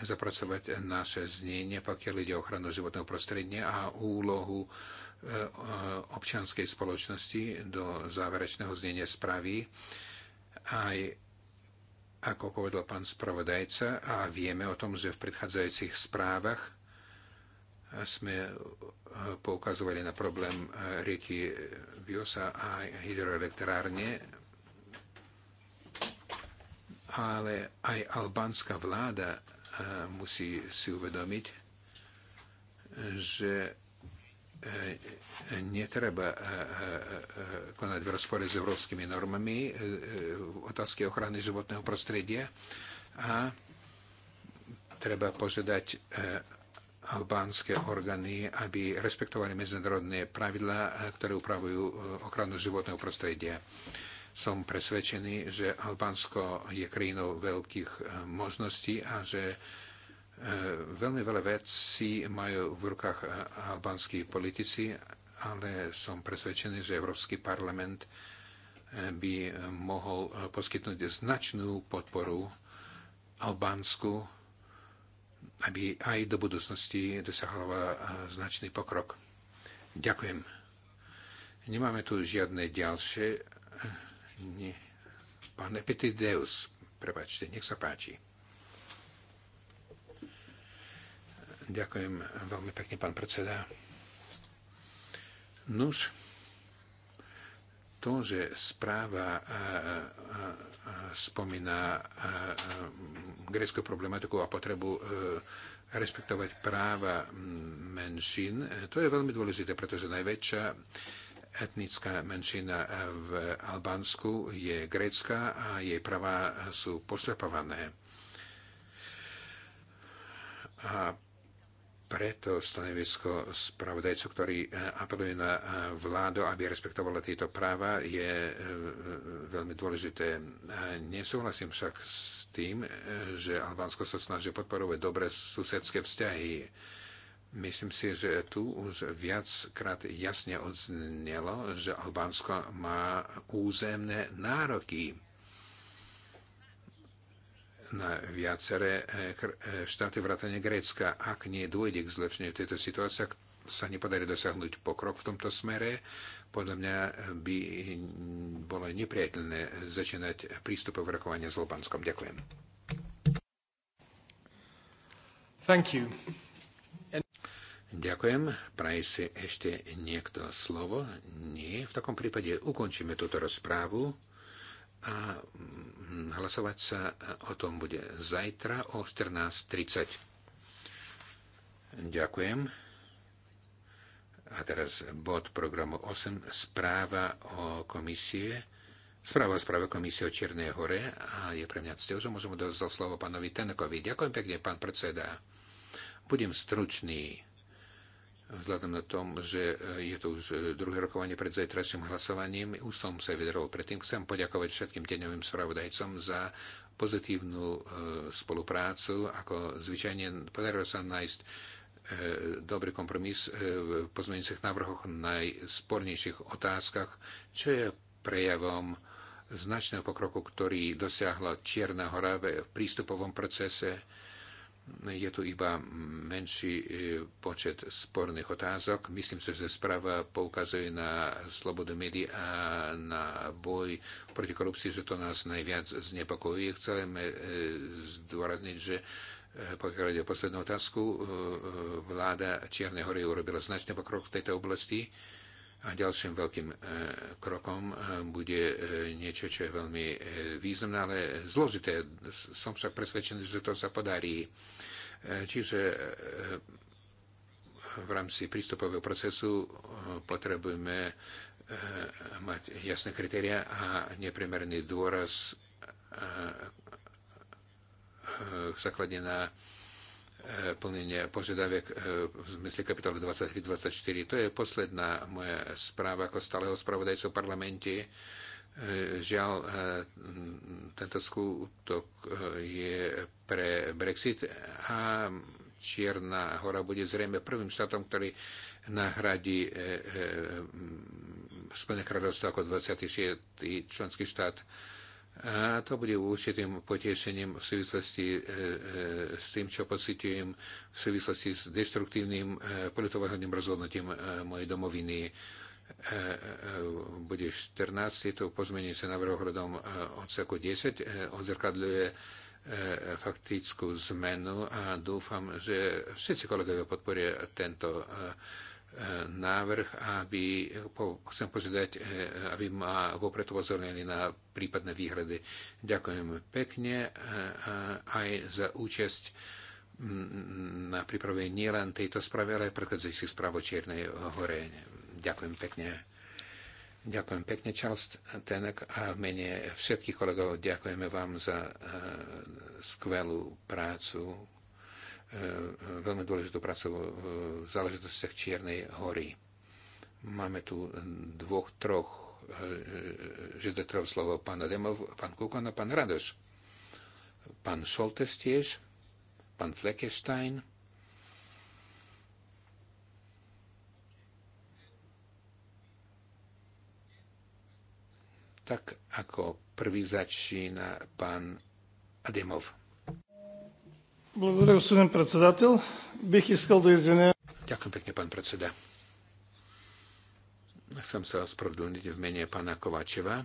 zapracovať naše znenie, pokiaľ ide o ochranu životného prostredia a úlohu E, občianskej spoločnosti do záverečného znenia správy. Aj ako povedal pán spravodajca, a vieme o tom, že v predchádzajúcich správach sme e, poukazovali na problém e, rieky Viosa a hydroelektrárne, ale aj albánska vláda musí si uvedomiť, že E, e, netreba e, konať v rozpore s európskymi normami v otázke ochrany životného prostredia a treba požiadať albánske orgány, aby respektovali medzinárodné pravidlá, ktoré upravujú ochranu životného prostredia. Som presvedčený, že Albánsko je krajinou veľkých možností a že Eh, veľmi veľa vecí majú v rukách albanskí politici, ale som presvedčený, že Európsky parlament eh, by mohol eh, poskytnúť značnú podporu Albánsku, aby aj do budúcnosti dosahoval značný pokrok. Ďakujem. Nemáme tu žiadne ďalšie. Nie. Pán Epitideus, prepačte, nech sa páči. Ďakujem veľmi pekne, pán predseda. Nuž, to, že správa spomína grécku problematiku a potrebu e, rešpektovať práva menšín, to je veľmi dôležité, pretože najväčšia etnická menšina v Albánsku je grécka a jej práva sú pošlepované. A preto stanovisko spravodajcu, ktorý e, apeluje na e, vládu, aby respektovala tieto práva, je e, veľmi dôležité. Nesúhlasím však s tým, že Albánsko sa snaží podporovať dobré susedské vzťahy. Myslím si, že tu už viackrát jasne odznelo, že Albánsko má územné nároky na viaceré e, e, štáty vrátane Grécka. Ak nie dôjde k zlepšeniu tejto situácie, ak sa nepodarí dosiahnuť pokrok v tomto smere, podľa mňa by bolo nepriateľné začínať prístupy v rokovania s Lobanskom. Ďakujem. Thank you. Ďakujem. Praje si ešte niekto slovo? Nie. V takom prípade ukončíme túto rozprávu a hm, hlasovať sa o tom bude zajtra o 14.30. Ďakujem. A teraz bod programu 8, správa o komisie, správa o správe komisie o Čiernej hore a je pre mňa cťou, že môžem dať slovo pánovi Tenekovi. Ďakujem pekne, pán predseda. Budem stručný vzhľadom na tom, že e, je to už e, druhé rokovanie pred zajtrajším hlasovaním. Už som sa vyjadril predtým. Chcem poďakovať všetkým deňovým spravodajcom za pozitívnu e, spoluprácu. Ako zvyčajne podarilo sa nájsť dobrý kompromis v pozmeňujúcich návrhoch najspornejších otázkach, čo je prejavom značného pokroku, ktorý dosiahla Čierna hora v prístupovom procese je tu iba menší e, počet sporných otázok. Myslím si, že správa poukazuje na slobodu médií a na boj proti korupcii, že to nás najviac znepokojuje. Chceme e, zdôrazniť, že e, pokiaľ ide o poslednú otázku, vláda Čiernej hory urobila značný pokrok v tejto oblasti a ďalším veľkým e, krokom e, bude e, niečo, čo je veľmi významné, ale zložité. Som však presvedčený, že to sa podarí. Čiže v rámci prístupového procesu potrebujeme mať jasné kritéria a neprimerný dôraz v na plnenie požiadaviek e, v zmysle kapitoly 23-24. To je posledná moja správa ako stáleho spravodajcu v parlamente. E, žiaľ, e, tento skutok je pre Brexit a Čierna hora bude zrejme prvým štátom, ktorý nahradí Spojené kráľovstvo ako 26. členský štát a to bude určitým potešením v súvislosti e, e, s tým, čo pocitujem v súvislosti s destruktívnym e, politováhodným rozhodnutím mojej domoviny. Bude 14, je to pozmenujúce návrh hľadom odseku 10, odzrkadľuje faktickú zmenu a dúfam, že všetci kolegovia podporia tento návrh, aby po, chcem požiadať, e, aby ma vopred upozornili na prípadné výhrady. Ďakujem pekne e, e, aj za účasť mm, na príprave nielen tejto správy, ale aj predchádzajúcich správ o Čiernej hore. Ďakujem pekne. Ďakujem pekne, Charles Tenek, a v mene všetkých kolegov ďakujeme vám za skvelú prácu, E, veľmi dôležitú prácu v záležitostiach Čiernej hory. Máme tu dvoch, troch e, e, židotrov slova, pán Ademov, pán Kukon a pán Radoš. Pán Šoltes tiež, pán Fleckestein. Tak ako prvý začína pán Ademov. Благодаря, господин председател. Бих искал да извиня. Ďakujem pekne, pán predseda. Chcem sa ospravedlniť v mene pána Kovačeva.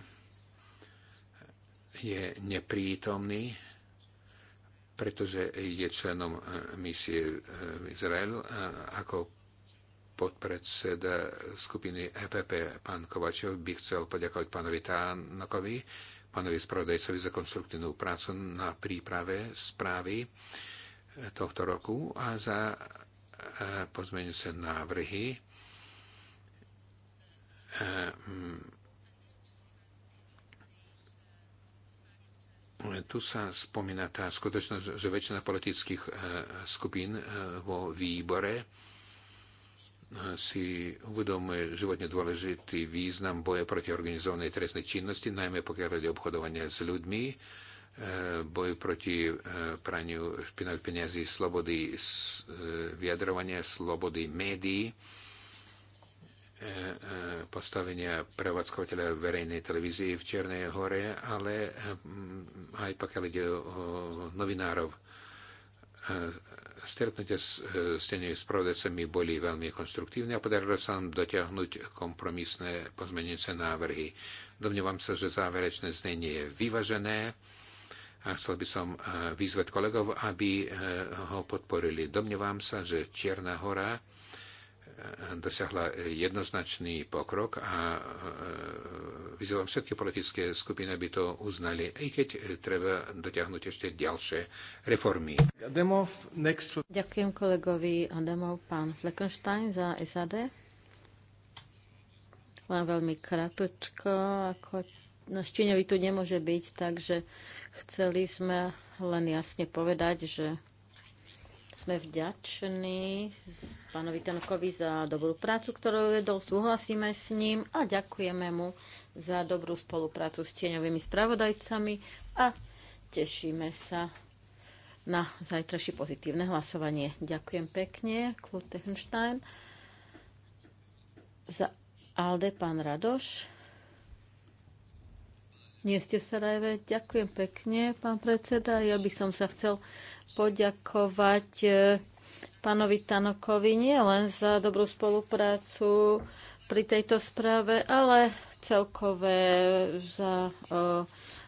Je neprítomný, pretože je členom eh, misie v eh, Izrael eh, ako podpredseda skupiny EPP, pán Kovačev, by chcel poďakovať pánovi Tánokovi, pánovi spravodajcovi za konstruktívnu prácu na príprave správy tohto roku a za e, pozmeňujúce návrhy e, tu sa spomína tá skutočnosť, že väčšina politických e, skupín vo výbore si uvedomuje životne dôležitý význam boja proti organizovanej trestnej činnosti, najmä pokiaľ ide obchodovanie s ľuďmi E, boju proti e, praniu špinavých peniazí, slobody e, vyjadrovania, slobody médií, postavenia prevádzkovateľa verejnej televízie v Černej hore, ale aj pokiaľ ide o novinárov. Stretnutia s, s tými spravodajcami boli veľmi konstruktívne a podarilo sa nám dotiahnuť kompromisné pozmenujúce návrhy. Domnievam sa, že záverečné znenie je vyvažené a chcel by som e, vyzvať kolegov, aby e, ho podporili. Domnievam sa, že Čierna hora e, dosiahla jednoznačný pokrok a vyzývam všetky politické skupiny, aby to uznali, aj keď treba dotiahnuť ešte ďalšie reformy. Ďakujem kolegovi Adamov, pán Fleckenstein za SAD. Len veľmi kratočko, ako no, Číňovi tu nemôže byť, takže Chceli sme len jasne povedať, že sme vďační pánovi Tenkovi za dobrú prácu, ktorú vedol, súhlasíme s ním a ďakujeme mu za dobrú spoluprácu s tieňovými spravodajcami a tešíme sa na zajtrajšie pozitívne hlasovanie. Ďakujem pekne, Klud Techenstein. Za Alde, pán Radoš. Nie ste sa rajve. Ďakujem pekne, pán predseda. Ja by som sa chcel poďakovať e, pánovi Tanokovi nie len za dobrú spoluprácu pri tejto správe, ale celkové za e,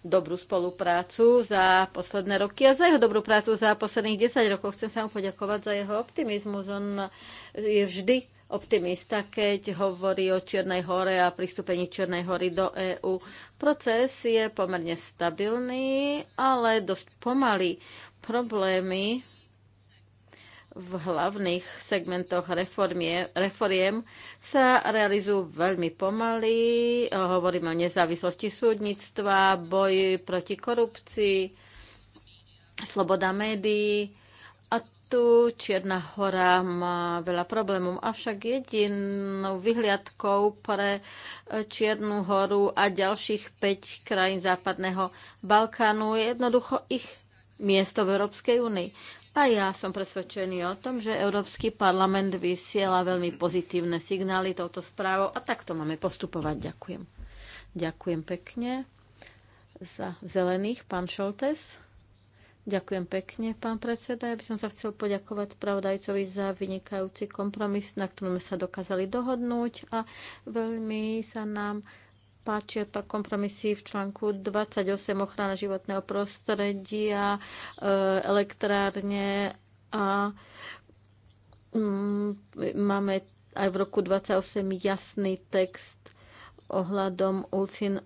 dobrú spoluprácu za posledné roky a za jeho dobrú prácu za posledných 10 rokov. Chcem sa mu poďakovať za jeho optimizmus. On je vždy optimista, keď hovorí o Čiernej hore a pristúpení Čiernej hory do EÚ. Proces je pomerne stabilný, ale dosť pomalý. Problémy v hlavných segmentoch reforiem sa realizujú veľmi pomaly. Hovoríme o nezávislosti súdnictva, boji proti korupcii, sloboda médií. A tu Čierna hora má veľa problémov. Avšak jedinou vyhliadkou pre Čiernu horu a ďalších 5 krajín západného Balkánu je jednoducho ich miesto v Európskej únii. A ja som presvedčený o tom, že Európsky parlament vysiela veľmi pozitívne signály touto správou a takto máme postupovať. Ďakujem. Ďakujem pekne za zelených, pán Šoltes. Ďakujem pekne, pán predseda. Ja by som sa chcel poďakovať spravodajcovi za vynikajúci kompromis, na ktorom sme sa dokázali dohodnúť a veľmi sa nám páči to kompromisy v článku 28 ochrana životného prostredia, e, elektrárne a mm, máme aj v roku 28 jasný text ohľadom ulcin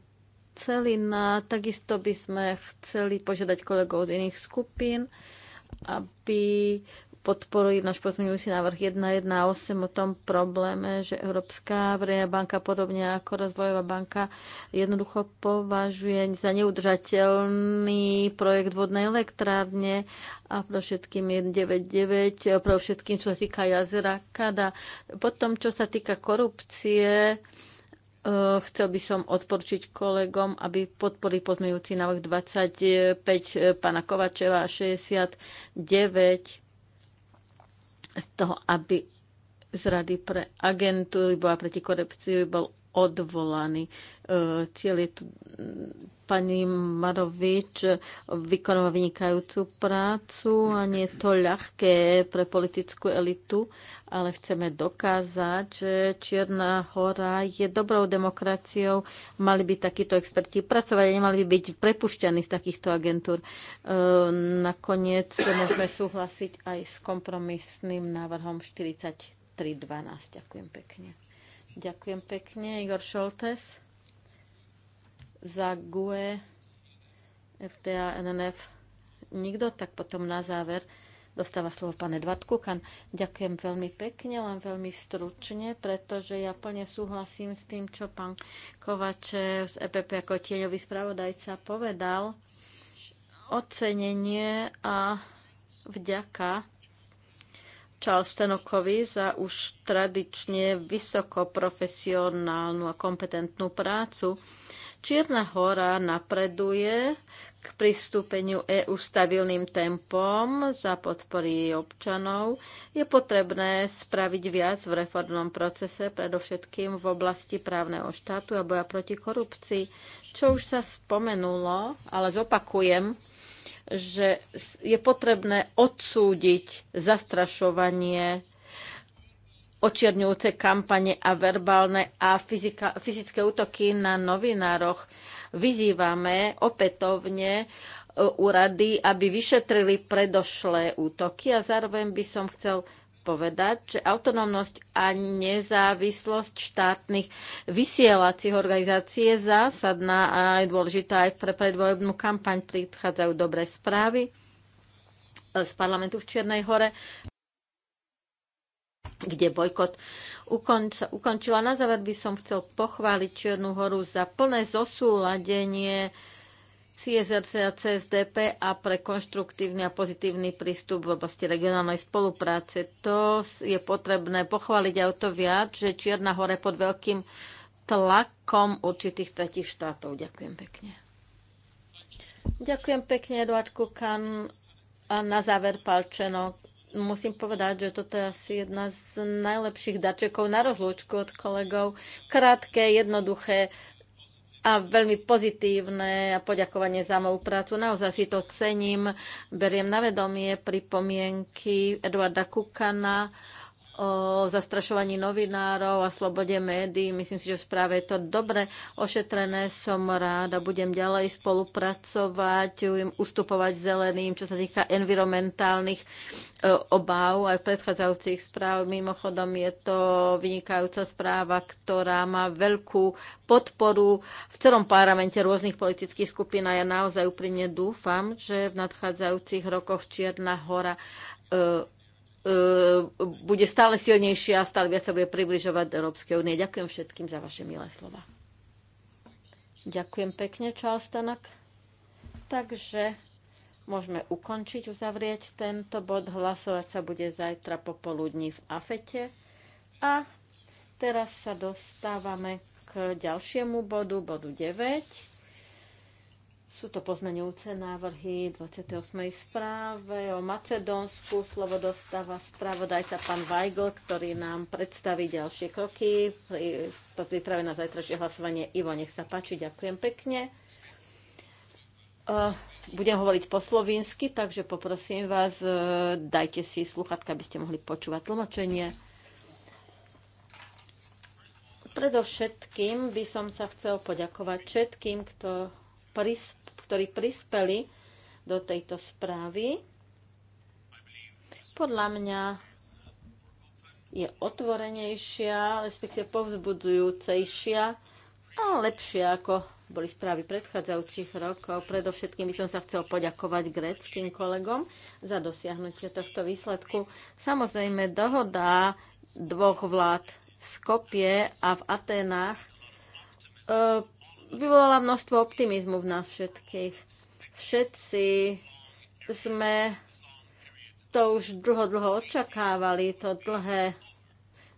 celina. Takisto by sme chceli požiadať kolegov z iných skupín, aby podporili náš pozmeňujúci návrh 1.1.8 o tom probléme, že Európska verejná banka, podobne ako rozvojová banka, jednoducho považuje za neudržateľný projekt vodnej elektrárne a pro všetkým 1.9.9, pro všetkým, čo sa týka jazera Kada. Potom, čo sa týka korupcie, e, chcel by som odporučiť kolegom, aby podporili pozmeňujúci návrh 25 e, pána Kovačeva a 69 z toho, aby z Rady pre agentúry boja proti korupcii bol odvolaný. E, cieľ je tu pani Marovič vykonáva vynikajúcu prácu a nie je to ľahké pre politickú elitu, ale chceme dokázať, že Čierna hora je dobrou demokraciou, mali by takíto experti pracovať a nemali by byť prepušťaní z takýchto agentúr. E, nakoniec môžeme súhlasiť aj s kompromisným návrhom 43.12. Ďakujem pekne. Ďakujem pekne. Igor Šoltes za GUE, FTA NNF. Nikto? Tak potom na záver dostáva slovo pán Edvard Kukan. Ďakujem veľmi pekne, len veľmi stručne, pretože ja plne súhlasím s tým, čo pán Kovače z EPP ako tieňový spravodajca povedal. Ocenenie a vďaka Charles Tenokovi za už tradične vysoko profesionálnu a kompetentnú prácu. Čierna hora napreduje k pristúpeniu EU stabilným tempom za podpory jej občanov. Je potrebné spraviť viac v reformnom procese, predovšetkým v oblasti právneho štátu a boja proti korupcii, čo už sa spomenulo, ale zopakujem že je potrebné odsúdiť zastrašovanie, očierňujúce kampane a verbálne a fyzika, fyzické útoky na novinároch. Vyzývame opätovne e, úrady, aby vyšetrili predošlé útoky a zároveň by som chcel povedať, že autonómnosť a nezávislosť štátnych vysielacích organizácií je zásadná a je dôležitá aj pre predvojebnú kampaň. Prichádzajú dobré správy z parlamentu v Čiernej hore kde bojkot sa ukončila. Na záver by som chcel pochváliť Čiernu horu za plné zosúladenie CSRC a CSDP a pre konštruktívny a pozitívny prístup v oblasti regionálnej spolupráce. To je potrebné pochváliť aj o to viac, že Čierna hore pod veľkým tlakom určitých tretich štátov. Ďakujem pekne. Ďakujem pekne, Eduard Kukan. A na záver Palčeno. Musím povedať, že toto je asi jedna z najlepších dačekov na rozlúčku od kolegov. Krátke, jednoduché, a veľmi pozitívne a poďakovanie za moju prácu. Naozaj si to cením, beriem na vedomie pripomienky Eduarda Kukana o zastrašovaní novinárov a slobode médií. Myslím si, že v správe je to dobre ošetrené. Som ráda, budem ďalej spolupracovať, ustupovať zeleným, čo sa týka environmentálnych e, obáv aj v predchádzajúcich správ. Mimochodom je to vynikajúca správa, ktorá má veľkú podporu v celom parlamente rôznych politických skupín a ja naozaj úprimne dúfam, že v nadchádzajúcich rokoch Čierna hora e, bude stále silnejšia a stále viac sa bude približovať Európskej únie. Ďakujem všetkým za vaše milé slova. Ďakujem pekne, Charles Tanak. Takže môžeme ukončiť, uzavrieť tento bod. Hlasovať sa bude zajtra popoludní v AFETE. A teraz sa dostávame k ďalšiemu bodu, bodu 9 sú to pozmeňujúce návrhy 28. správe o Macedónsku. Slovo dostáva spravodajca pán Weigl, ktorý nám predstaví ďalšie kroky. To pripraví na zajtrajšie hlasovanie. Ivo, nech sa páči, ďakujem pekne. Budem hovoriť po slovinsky, takže poprosím vás, dajte si sluchatka, aby ste mohli počúvať tlmočenie. Predovšetkým by som sa chcel poďakovať všetkým, kto ktorí prispeli do tejto správy. Podľa mňa je otvorenejšia, respektíve povzbudzujúcejšia a lepšia ako boli správy predchádzajúcich rokov. Predovšetkým by som sa chcel poďakovať gréckým kolegom za dosiahnutie tohto výsledku. Samozrejme, dohoda dvoch vlád v Skopie a v Atenách e, vyvolala množstvo optimizmu v nás všetkých. Všetci sme to už dlho, dlho očakávali, to dlhé...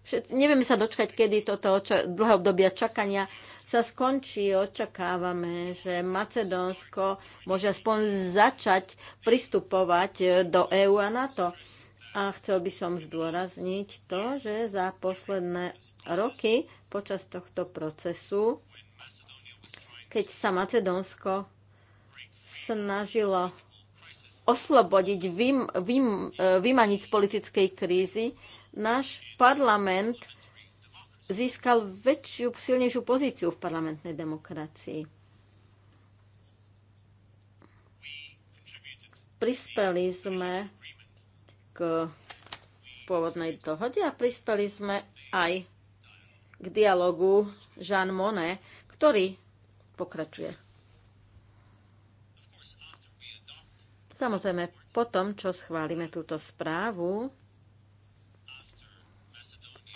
Všetci, Nevieme sa dočkať, kedy toto oča... dlhé obdobia čakania sa skončí. Očakávame, že Macedónsko môže aspoň začať pristupovať do EÚ a NATO. A chcel by som zdôrazniť to, že za posledné roky počas tohto procesu keď sa Macedónsko snažilo oslobodiť, vym, vym, e, vymaniť z politickej krízy, náš parlament získal väčšiu, silnejšiu pozíciu v parlamentnej demokracii. Prispeli sme k pôvodnej dohode a prispeli sme aj k dialogu Jean Monnet, ktorý pokračuje. Samozrejme, po tom, čo schválime túto správu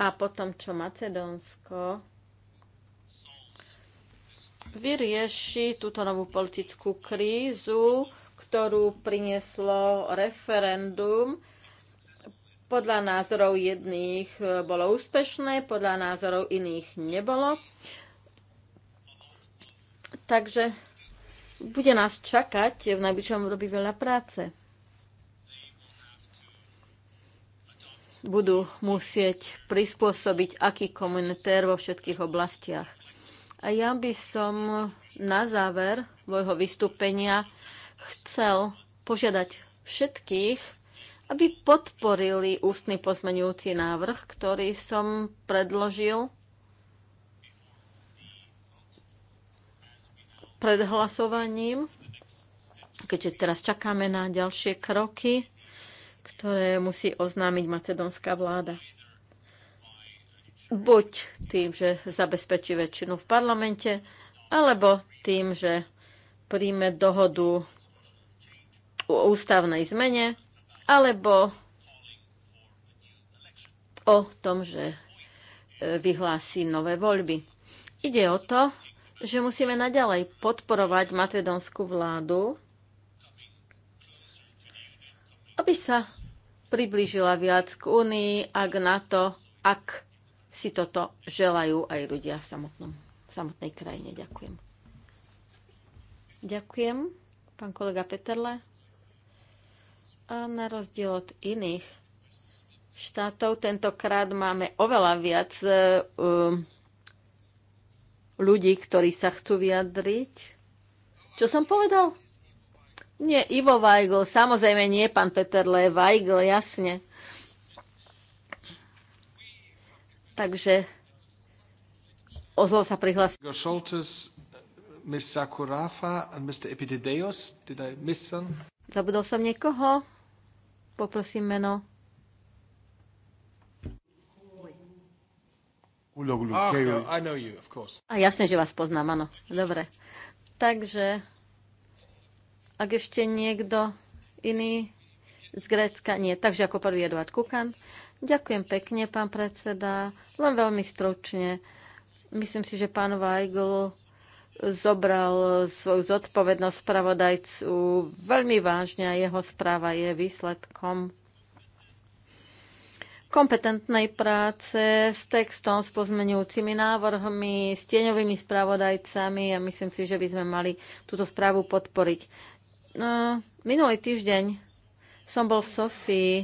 a po tom, čo Macedónsko vyrieši túto novú politickú krízu, ktorú prinieslo referendum, podľa názorov jedných bolo úspešné, podľa názorov iných nebolo. Takže bude nás čakať v najbližšom období veľa práce. Budú musieť prispôsobiť aký komunitér vo všetkých oblastiach. A ja by som na záver svojho vystúpenia chcel požiadať všetkých, aby podporili ústny pozmenujúci návrh, ktorý som predložil pred hlasovaním, keďže teraz čakáme na ďalšie kroky, ktoré musí oznámiť macedónska vláda. Buď tým, že zabezpečí väčšinu v parlamente, alebo tým, že príjme dohodu o ústavnej zmene, alebo o tom, že e, vyhlási nové voľby. Ide o to, že musíme naďalej podporovať macedónsku vládu, aby sa priblížila viac k Únii a k NATO, ak si toto želajú aj ľudia v, samotnom, v samotnej krajine. Ďakujem. Ďakujem, pán kolega Peterle. A na rozdiel od iných štátov, tentokrát máme oveľa viac uh, ľudí, ktorí sa chcú vyjadriť. Čo som povedal? Nie, Ivo Weigl, samozrejme nie pán Peter Le Weigl, jasne. Takže ozlo sa prihlásil. Miss Sakurafa and Mr. Epidideos. Did I miss some? Zabudol som niekoho? Poprosím meno. Ah, a jasne, že vás poznám, áno. Dobre. Takže, ak ešte niekto iný z Grécka, nie. Takže ako prvý Eduard Kukan. Ďakujem pekne, pán predseda. Len veľmi stručne. Myslím si, že pán Weigl zobral svoju zodpovednosť spravodajcu veľmi vážne a jeho správa je výsledkom kompetentnej práce s textom, s pozmenujúcimi návrhmi, s tieňovými spravodajcami a myslím si, že by sme mali túto správu podporiť. No, minulý týždeň som bol v Sofii,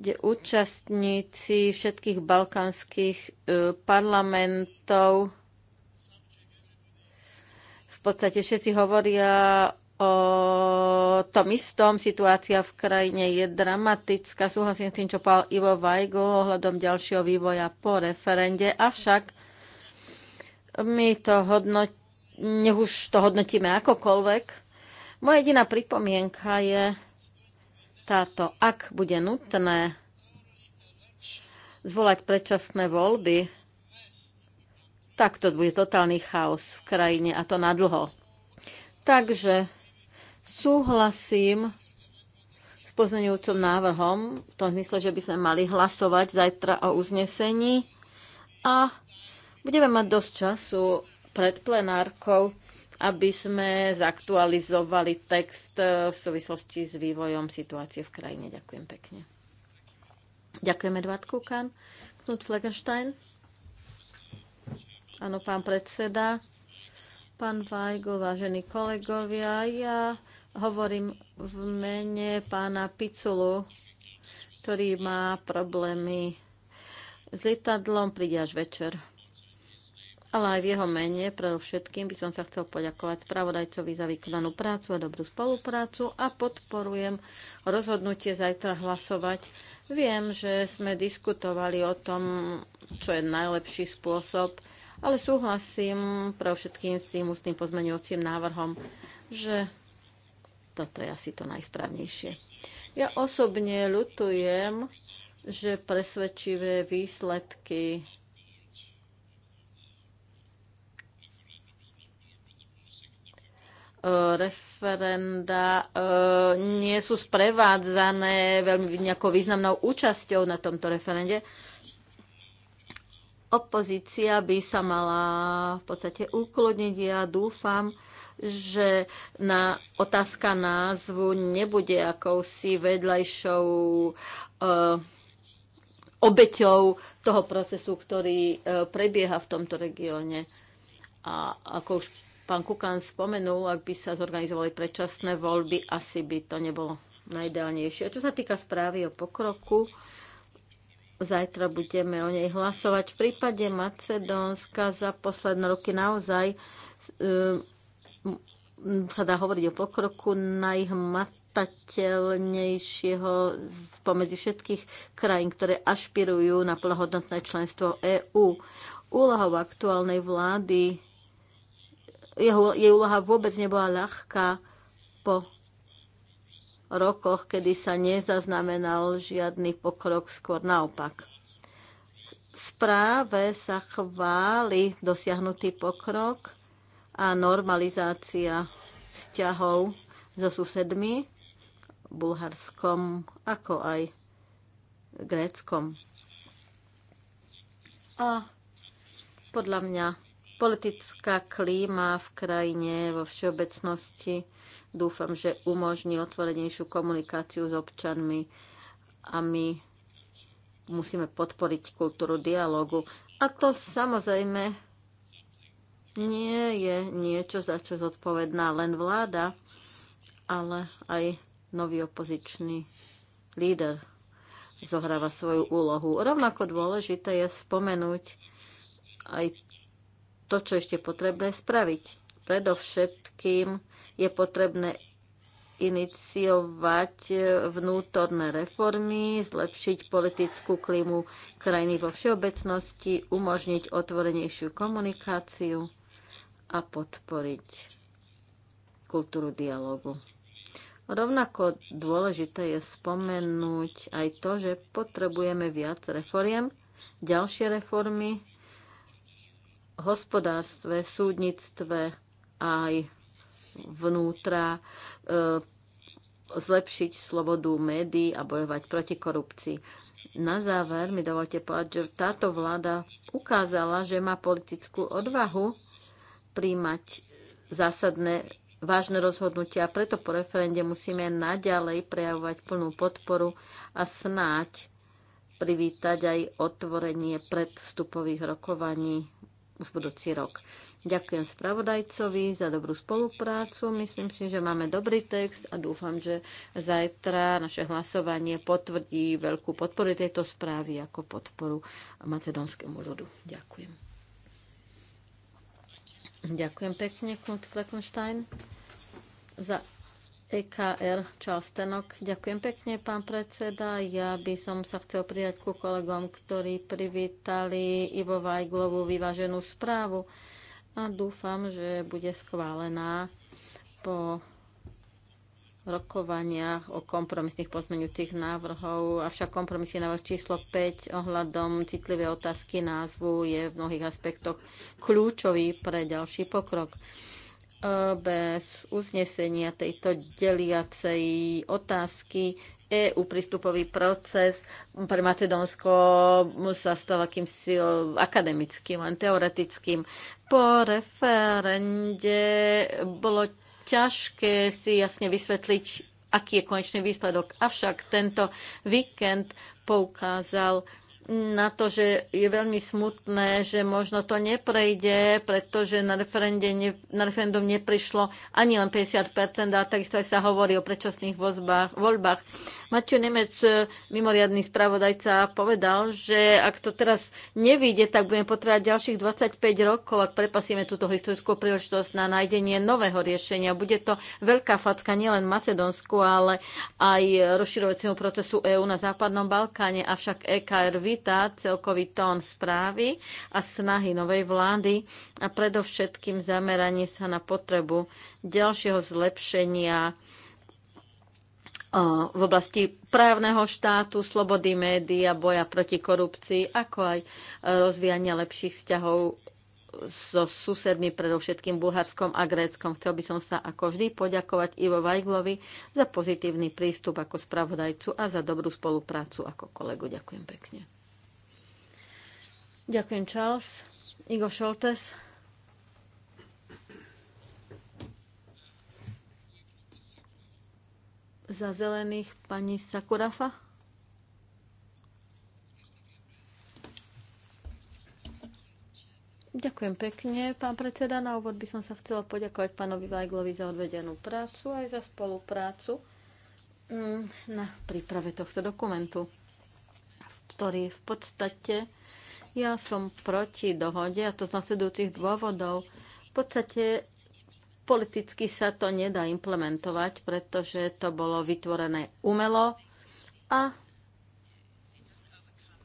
kde účastníci všetkých balkánskych e, parlamentov v podstate všetci hovoria o tom istom. Situácia v krajine je dramatická. Súhlasím s tým, čo povedal Ivo Vajgo ohľadom ďalšieho vývoja po referende. Avšak my to hodnotíme, nech už to hodnotíme akokoľvek. Moja jediná pripomienka je táto. Ak bude nutné zvolať predčasné voľby, tak to bude totálny chaos v krajine a to na dlho. Takže Súhlasím s pozmeňujúcim návrhom, v tom zmysle, že by sme mali hlasovať zajtra o uznesení a budeme mať dosť času pred plenárkou, aby sme zaktualizovali text eh, v súvislosti s vývojom situácie v krajine. Ďakujem pekne. Ďakujem Edward Kukan. Knut Flegenstein. Áno, pán predseda, pán Vajgo, vážení kolegovia, ja Hovorím v mene pána Piculu, ktorý má problémy s lietadlom, príde až večer. Ale aj v jeho mene, pre všetkým by som sa chcel poďakovať spravodajcovi za vykonanú prácu a dobrú spoluprácu a podporujem rozhodnutie zajtra hlasovať. Viem, že sme diskutovali o tom, čo je najlepší spôsob, ale súhlasím pre všetkým s tým ústnym pozmeňujúcim návrhom, že toto je asi to najstravnejšie. Ja osobne ľutujem, že presvedčivé výsledky referenda eh, nie sú sprevádzané veľmi nejakou významnou účasťou na tomto referende. Opozícia by sa mala v podstate ukludniť. Ja dúfam, že na otázka názvu nebude akousi vedľajšou e, obeťou toho procesu, ktorý e, prebieha v tomto regióne. A ako už pán Kukan spomenul, ak by sa zorganizovali predčasné voľby, asi by to nebolo najideálnejšie. A čo sa týka správy o pokroku, zajtra budeme o nej hlasovať. V prípade Macedónska za posledné roky naozaj eh, sa dá hovoriť o pokroku najhmatateľnejšieho spomedzi všetkých krajín, ktoré ašpirujú na plnohodnotné členstvo EÚ. Úlohou aktuálnej vlády, jeho, jej úloha vôbec nebola ľahká po rokoch, kedy sa nezaznamenal žiadny pokrok, skôr naopak. V správe sa chváli dosiahnutý pokrok a normalizácia vzťahov so susedmi, Bulharskom, ako aj Gréckom. A podľa mňa politická klíma v krajine vo všeobecnosti dúfam, že umožní otvorenejšiu komunikáciu s občanmi a my musíme podporiť kultúru dialogu. A to samozrejme nie je niečo, za čo zodpovedná len vláda, ale aj nový opozičný líder zohráva svoju úlohu. Rovnako dôležité je spomenúť aj to, čo ešte potrebné spraviť. Predovšetkým je potrebné iniciovať vnútorné reformy, zlepšiť politickú klimu krajiny vo všeobecnosti, umožniť otvorenejšiu komunikáciu a podporiť kultúru dialogu. Rovnako dôležité je spomenúť aj to, že potrebujeme viac reforiem, ďalšie reformy v hospodárstve, súdnictve, aj vnútra, e, zlepšiť slobodu médií a bojovať proti korupcii. Na záver mi dovolte povedať, že táto vláda ukázala, že má politickú odvahu príjmať zásadné vážne rozhodnutia a preto po referende musíme naďalej prejavovať plnú podporu a snáď privítať aj otvorenie predvstupových rokovaní v budúci rok. Ďakujem spravodajcovi za dobrú spoluprácu. Myslím si, že máme dobrý text a dúfam, že zajtra naše hlasovanie potvrdí veľkú podporu tejto správy ako podporu Macedonskému ľudu. Ďakujem. Ďakujem pekne, Knut Fleckenstein. Za EKR Charles Tenok. Ďakujem pekne, pán predseda. Ja by som sa chcel prijať ku kolegom, ktorí privítali Ivo Vajglovú vyváženú správu a dúfam, že bude schválená po rokovaniach o kompromisných pozmeňujúcich návrhov, avšak kompromisný návrh číslo 5 ohľadom citlivé otázky názvu je v mnohých aspektoch kľúčový pre ďalší pokrok. Bez uznesenia tejto deliacej otázky EU prístupový proces pre Macedónsko sa stal akýmsi akademickým, len teoretickým. Po referende bolo ťažké si jasne vysvetliť, aký je konečný výsledok. Avšak tento víkend poukázal na to, že je veľmi smutné, že možno to neprejde, pretože na, referende, ne, na referendum neprišlo ani len 50%, a takisto aj sa hovorí o predčasných vozbách, voľbách. Maťo Nemec, e, mimoriadný spravodajca, povedal, že ak to teraz nevíde, tak budeme potrebovať ďalších 25 rokov, ak prepasíme túto historickú príležitosť na nájdenie nového riešenia. Bude to veľká facka nielen Macedónsku, ale aj rozširovaciemu procesu EÚ na Západnom Balkáne. Avšak EKR vy kvalita, celkový tón správy a snahy novej vlády a predovšetkým zameranie sa na potrebu ďalšieho zlepšenia v oblasti právneho štátu, slobody médií a boja proti korupcii, ako aj e, rozvíjania lepších vzťahov so susedmi, predovšetkým Bulharskom a Gréckom. Chcel by som sa ako vždy poďakovať Ivo Vajglovi za pozitívny prístup ako spravodajcu a za dobrú spoluprácu ako kolegu. Ďakujem pekne. Ďakujem, Charles. Igo Šoltes. Za zelených pani Sakurafa. Ďakujem pekne, pán predseda. Na úvod by som sa chcela poďakovať pánovi Vajglovi za odvedenú prácu aj za spoluprácu mm, na príprave tohto dokumentu, ktorý v podstate ja som proti dohode a to z nasledujúcich dôvodov. V podstate politicky sa to nedá implementovať, pretože to bolo vytvorené umelo a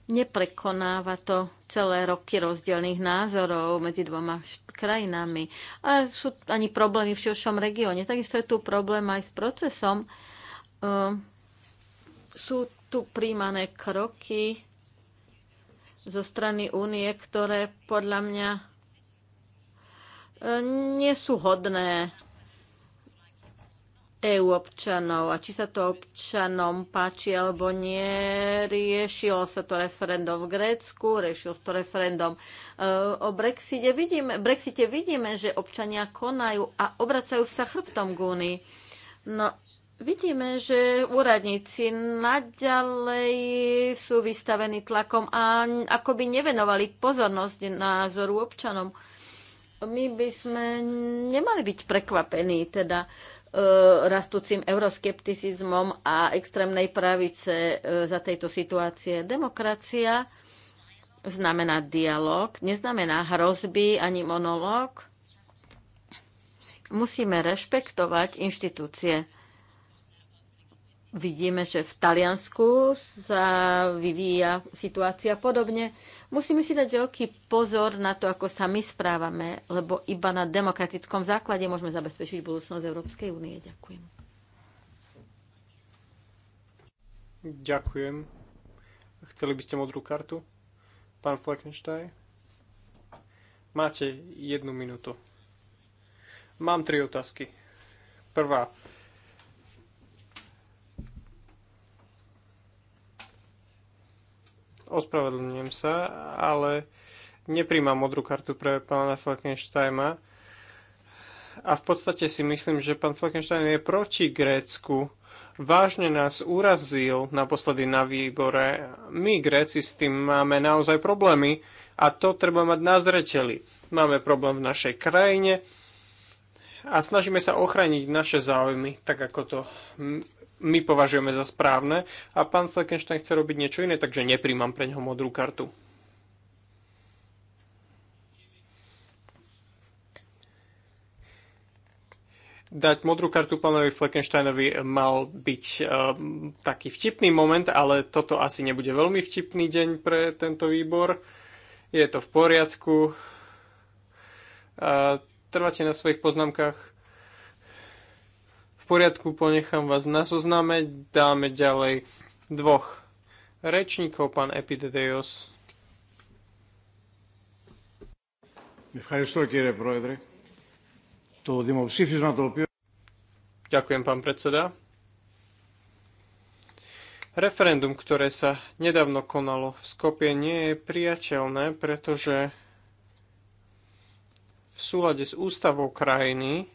neprekonáva to celé roky rozdielných názorov medzi dvoma krajinami. A sú ani problémy v širšom regióne. Takisto je tu problém aj s procesom. Ehm, sú tu príjmané kroky, zo strany únie, ktoré podľa mňa e, nie sú hodné EU občanov. A či sa to občanom páči alebo nie, riešilo sa to referendum v Grécku, riešilo sa to referendum e, o Brexite. Vidíme, Brexite vidíme, že občania konajú a obracajú sa chrbtom k únii. No Vidíme, že úradníci naďalej sú vystavení tlakom a akoby nevenovali pozornosť názoru občanom. My by sme nemali byť prekvapení teda e, rastúcim euroskepticizmom a extrémnej pravice e, za tejto situácie. Demokracia znamená dialog, neznamená hrozby ani monológ. Musíme rešpektovať inštitúcie vidíme, že v Taliansku sa vyvíja situácia podobne. Musíme si dať veľký pozor na to, ako sa my správame, lebo iba na demokratickom základe môžeme zabezpečiť budúcnosť Európskej únie. Ďakujem. Ďakujem. Chceli by ste modrú kartu? Pán Fleckenstein? Máte jednu minútu. Mám tri otázky. Prvá Ospravedlňujem sa, ale nepríjmam modrú kartu pre pána Falkensteina. A v podstate si myslím, že pán Falkenstein je proti Grécku. Vážne nás urazil naposledy na výbore. My, Gréci, s tým máme naozaj problémy a to treba mať na zreteli. Máme problém v našej krajine, a snažíme sa ochrániť naše záujmy, tak ako to my považujeme za správne a pán Fleckenstein chce robiť niečo iné, takže nepríjmam pre neho modrú kartu. Dať modrú kartu pánovi Fleckensteinovi mal byť um, taký vtipný moment, ale toto asi nebude veľmi vtipný deň pre tento výbor. Je to v poriadku. Uh, trvate na svojich poznámkach? poriadku, ponechám vás na zozname, dáme ďalej dvoch rečníkov, pán Epidedeus. Ďakujem, pán predseda. Referendum, ktoré sa nedávno konalo v Skopie, nie je priateľné, pretože v súlade s ústavou krajiny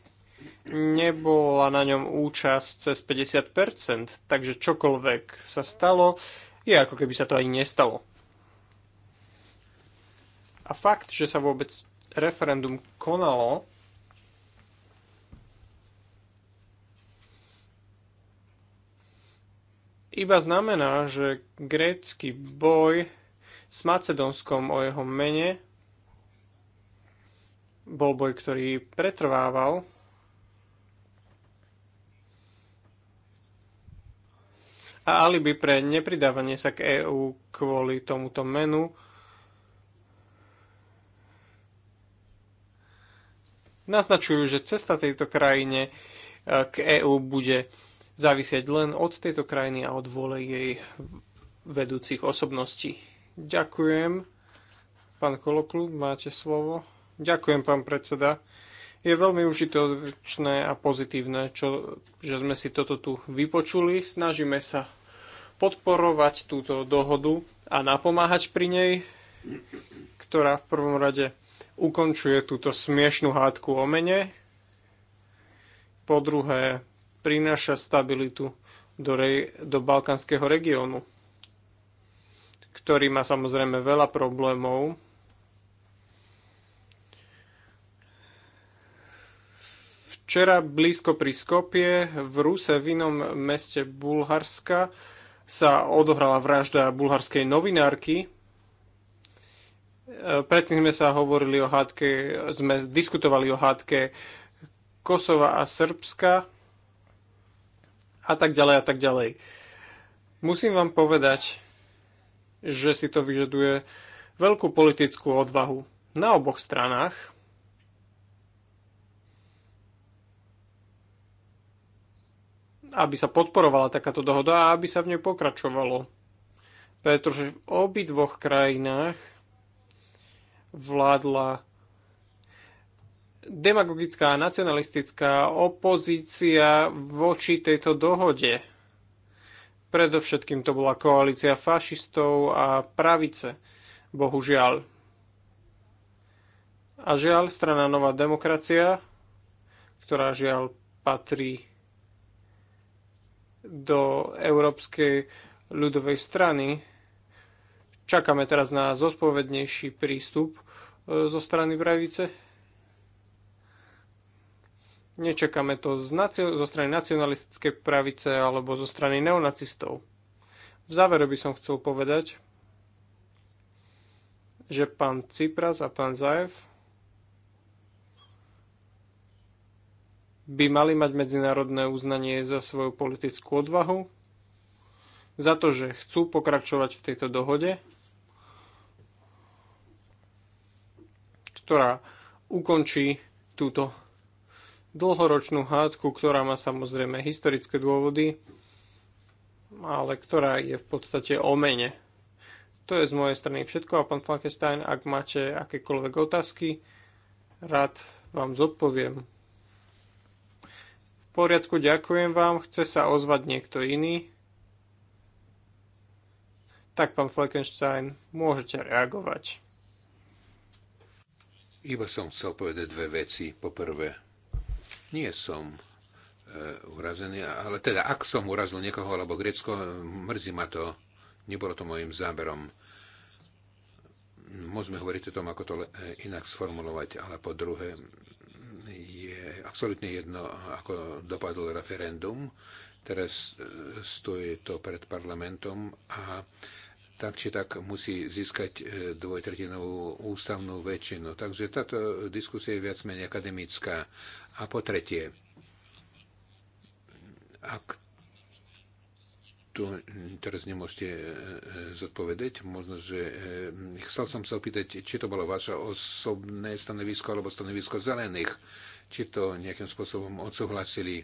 nebola na ňom účasť cez 50%, takže čokoľvek sa stalo, je ako keby sa to ani nestalo. A fakt, že sa vôbec referendum konalo, iba znamená, že grécky boj s Macedónskom o jeho mene bol boj, ktorý pretrvával a alibi pre nepridávanie sa k EÚ kvôli tomuto menu. Naznačujú, že cesta tejto krajine e, k EÚ bude závisieť len od tejto krajiny a od vôle jej vedúcich osobností. Ďakujem. Pán Koloklu, máte slovo. Ďakujem, pán predseda. Je veľmi užitočné a pozitívne, čo, že sme si toto tu vypočuli. Snažíme sa podporovať túto dohodu a napomáhať pri nej, ktorá v prvom rade ukončuje túto smiešnú hádku o mene, po druhé prináša stabilitu do, re- do balkánskeho regiónu, ktorý má samozrejme veľa problémov. Včera blízko pri Skopie v Ruse v inom meste Bulharska sa odohrala vražda bulharskej novinárky. E, predtým sme sa hovorili o hádke, sme diskutovali o hádke Kosova a Srbska a tak ďalej a tak ďalej. Musím vám povedať, že si to vyžaduje veľkú politickú odvahu na oboch stranách, aby sa podporovala takáto dohoda a aby sa v nej pokračovalo. Pretože v obidvoch krajinách vládla demagogická a nacionalistická opozícia voči tejto dohode. Predovšetkým to bola koalícia fašistov a pravice, bohužiaľ. A žiaľ, strana Nová demokracia, ktorá žiaľ patrí do Európskej ľudovej strany. Čakáme teraz na zodpovednejší prístup e, zo strany pravice. Nečakáme to z zo strany nacionalistickej pravice alebo zo strany neonacistov. V závere by som chcel povedať, že pán Cipras a pán Zaev by mali mať medzinárodné uznanie za svoju politickú odvahu, za to, že chcú pokračovať v tejto dohode, ktorá ukončí túto dlhoročnú hádku, ktorá má samozrejme historické dôvody, ale ktorá je v podstate o mene. To je z mojej strany všetko a pán Falkenstein, ak máte akékoľvek otázky, rád vám zodpoviem poriadku, ďakujem vám. Chce sa ozvať niekto iný? Tak, pán Fleckenstein, môžete reagovať. Iba som chcel povedať dve veci. Poprvé, nie som e, urazený, ale teda ak som urazil niekoho alebo grecko mrzí ma to. Nebolo to môjim záberom. Môžeme hovoriť o tom, ako to e, inak sformulovať, ale po druhé, absolútne jedno, ako dopadlo referendum. Teraz e, stojí to pred parlamentom a tak či tak musí získať e, dvojtretinovú ústavnú väčšinu. Takže táto diskusia je viac menej akademická. A po tretie, ak tu teraz nemôžete e, e, zodpovedať. Možno, že e, chcel som sa opýtať, či to bolo vaše osobné stanovisko alebo stanovisko zelených, či to nejakým spôsobom odsúhlasili.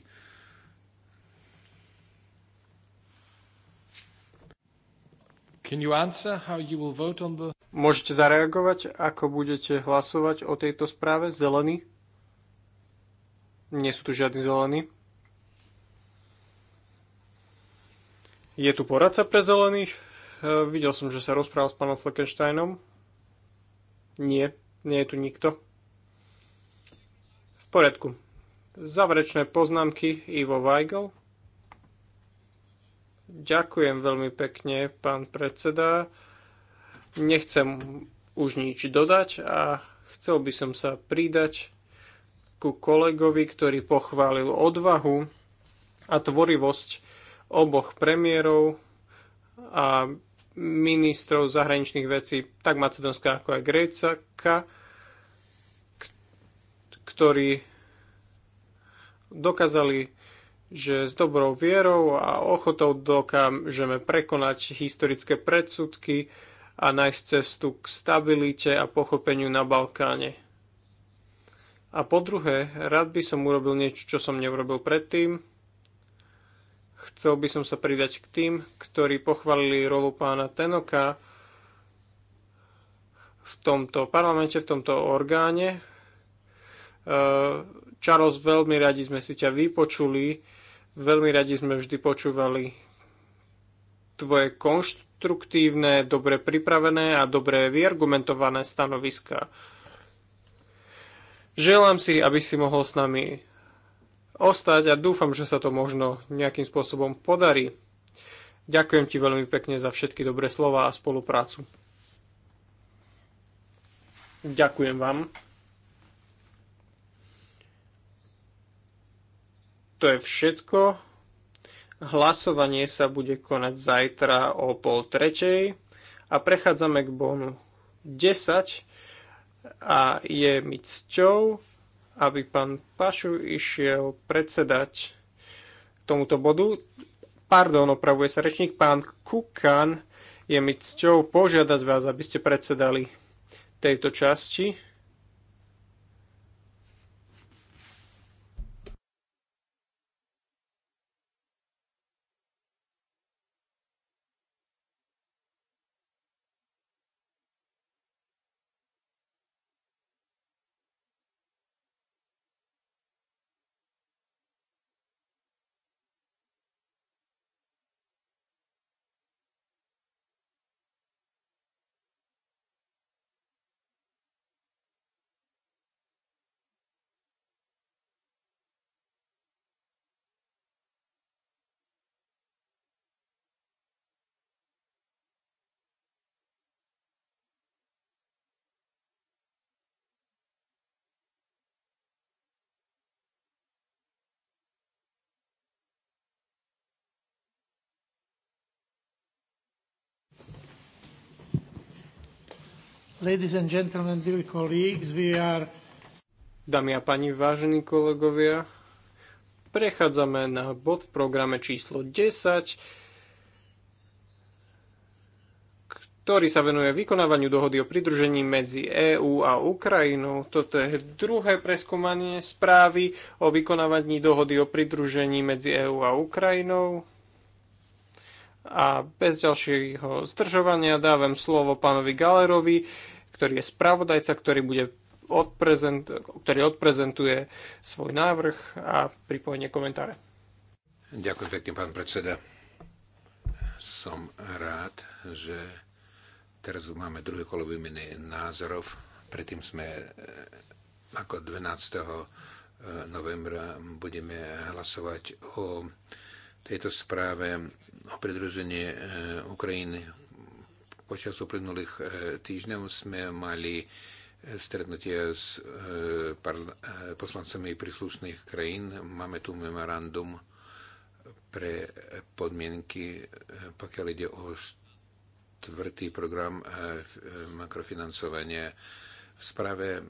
Can you answer how you will vote on the... Môžete zareagovať, ako budete hlasovať o tejto správe? Zelený? Nie sú tu žiadni zelení. Je tu poradca pre zelených? E, videl som, že sa rozprával s pánom Fleckensteinom. Nie, nie je tu nikto. V poriadku. Záverečné poznámky Ivo Weigel. Ďakujem veľmi pekne, pán predseda. Nechcem už nič dodať a chcel by som sa pridať ku kolegovi, ktorý pochválil odvahu a tvorivosť oboch premiérov a ministrov zahraničných vecí, tak Macedónska ako aj Grécka, ktorí dokázali, že s dobrou vierou a ochotou dokážeme prekonať historické predsudky a nájsť cestu k stabilite a pochopeniu na Balkáne. A po druhé, rád by som urobil niečo, čo som neurobil predtým, Chcel by som sa pridať k tým, ktorí pochválili rolu pána Tenoka v tomto parlamente, v tomto orgáne. E, Charles, veľmi radi sme si ťa vypočuli, veľmi radi sme vždy počúvali tvoje konštruktívne, dobre pripravené a dobre vyargumentované stanoviská. Želám si, aby si mohol s nami ostať a dúfam, že sa to možno nejakým spôsobom podarí. Ďakujem ti veľmi pekne za všetky dobré slova a spoluprácu. Ďakujem vám. To je všetko. Hlasovanie sa bude konať zajtra o pol tretej a prechádzame k bónu 10 a je mi cťou aby pán Pašu išiel predsedať tomuto bodu. Pardon, opravuje sa rečník, pán Kukan, je mi cťou požiadať vás, aby ste predsedali tejto časti. Ladies and gentlemen, dear colleagues, we are... Dámy a páni, vážení kolegovia, prechádzame na bod v programe číslo 10, ktorý sa venuje vykonávaniu dohody o pridružení medzi EÚ a Ukrajinou. Toto je druhé preskúmanie správy o vykonávaní dohody o pridružení medzi EÚ a Ukrajinou. A bez ďalšieho zdržovania dávam slovo pánovi Galerovi, ktorý je spravodajca, ktorý bude odprezent, ktorý odprezentuje svoj návrh a pripojenie komentáre. Ďakujem pekne, pán predseda. Som rád, že teraz máme druhé kolo výmeny názorov. Predtým sme e, ako 12. E, novembra budeme hlasovať o tejto správe o pridružení e, Ukrajiny Počas uplynulých e, týždňov sme mali e, stretnutie s e, poslancami príslušných krajín. Máme tu memorandum pre podmienky, pokiaľ ide o štvrtý program makrofinancovania. V správe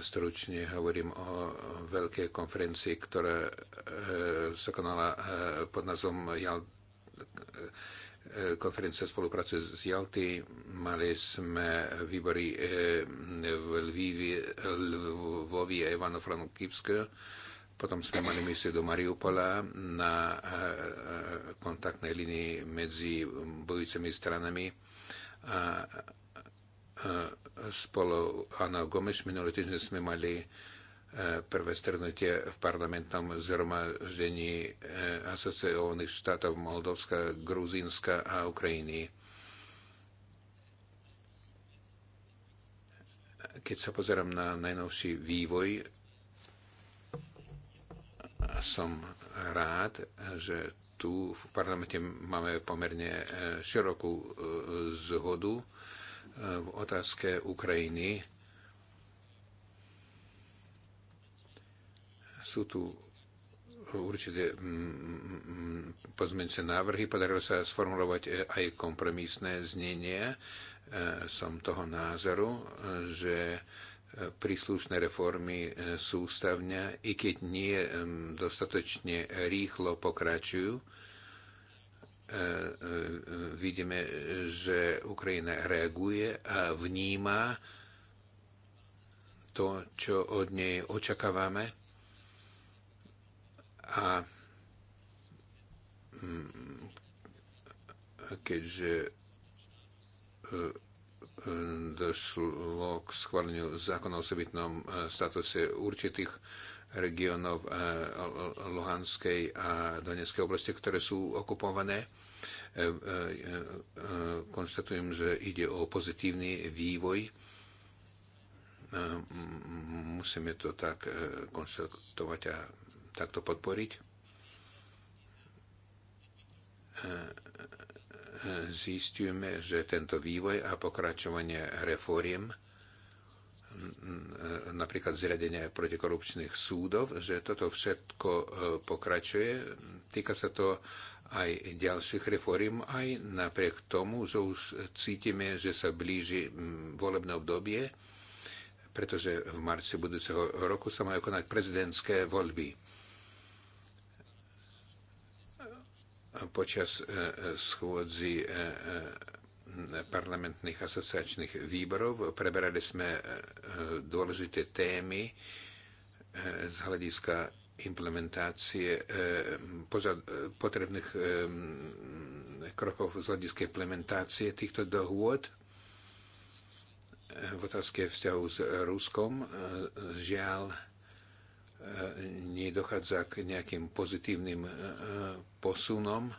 stručne hovorím o veľkej konferencii, ktorá sa konala pod názvom E, konferencia spolupráce z Jalty. Mali sme výbory e, v Lvivi, Lvovi a Ivano-Frankivsku. Potom sme mali misiu do Mariupola na e, kontaktnej linii medzi bojúcimi stranami. A spolu Ana Gomes minulý týždeň sme mali Eh, prvé stretnutie v parlamentnom zhromaždení eh, asociovaných štátov Moldovska, Gruzínska a Ukrajiny. Keď sa pozerám na najnovší vývoj, som rád, že tu v parlamente máme pomerne eh, širokú zhodu v otázke Ukrajiny Sú tu určité mm, mm, pozmeňujúce návrhy. Podarilo sa sformulovať e, aj kompromisné znenie. E, som toho názoru, e, že príslušné reformy sústavne, i keď nie dostatočne rýchlo pokračujú, vidíme, že Ukrajina reaguje a vníma to, čo od nej očakávame a mm, keďže e, e, došlo k schváleniu zákona o osobitnom e, statuse určitých regionov Luhanskej a Donetskej oblasti, ktoré sú okupované. Konštatujem, že ide o pozitívny vývoj. Musíme to tak konštatovať a takto podporiť zistujeme, že tento vývoj a pokračovanie reforiem, napríklad zriadenie protikorupčných súdov, že toto všetko e, pokračuje. Týka sa to aj ďalších reforiem, aj napriek tomu, že už cítime, že sa blíži volebné obdobie, pretože v marci budúceho roku sa majú konať prezidentské voľby počas e, e, schôdzi e, parlamentných asociačných výborov. Preberali sme dôležité témy z hľadiska implementácie potrebných krokov z hľadiska implementácie týchto dohôd v otázke vzťahu s Ruskom. Žiaľ, E, nedochádza k nejakým pozitívnym e, e, posunom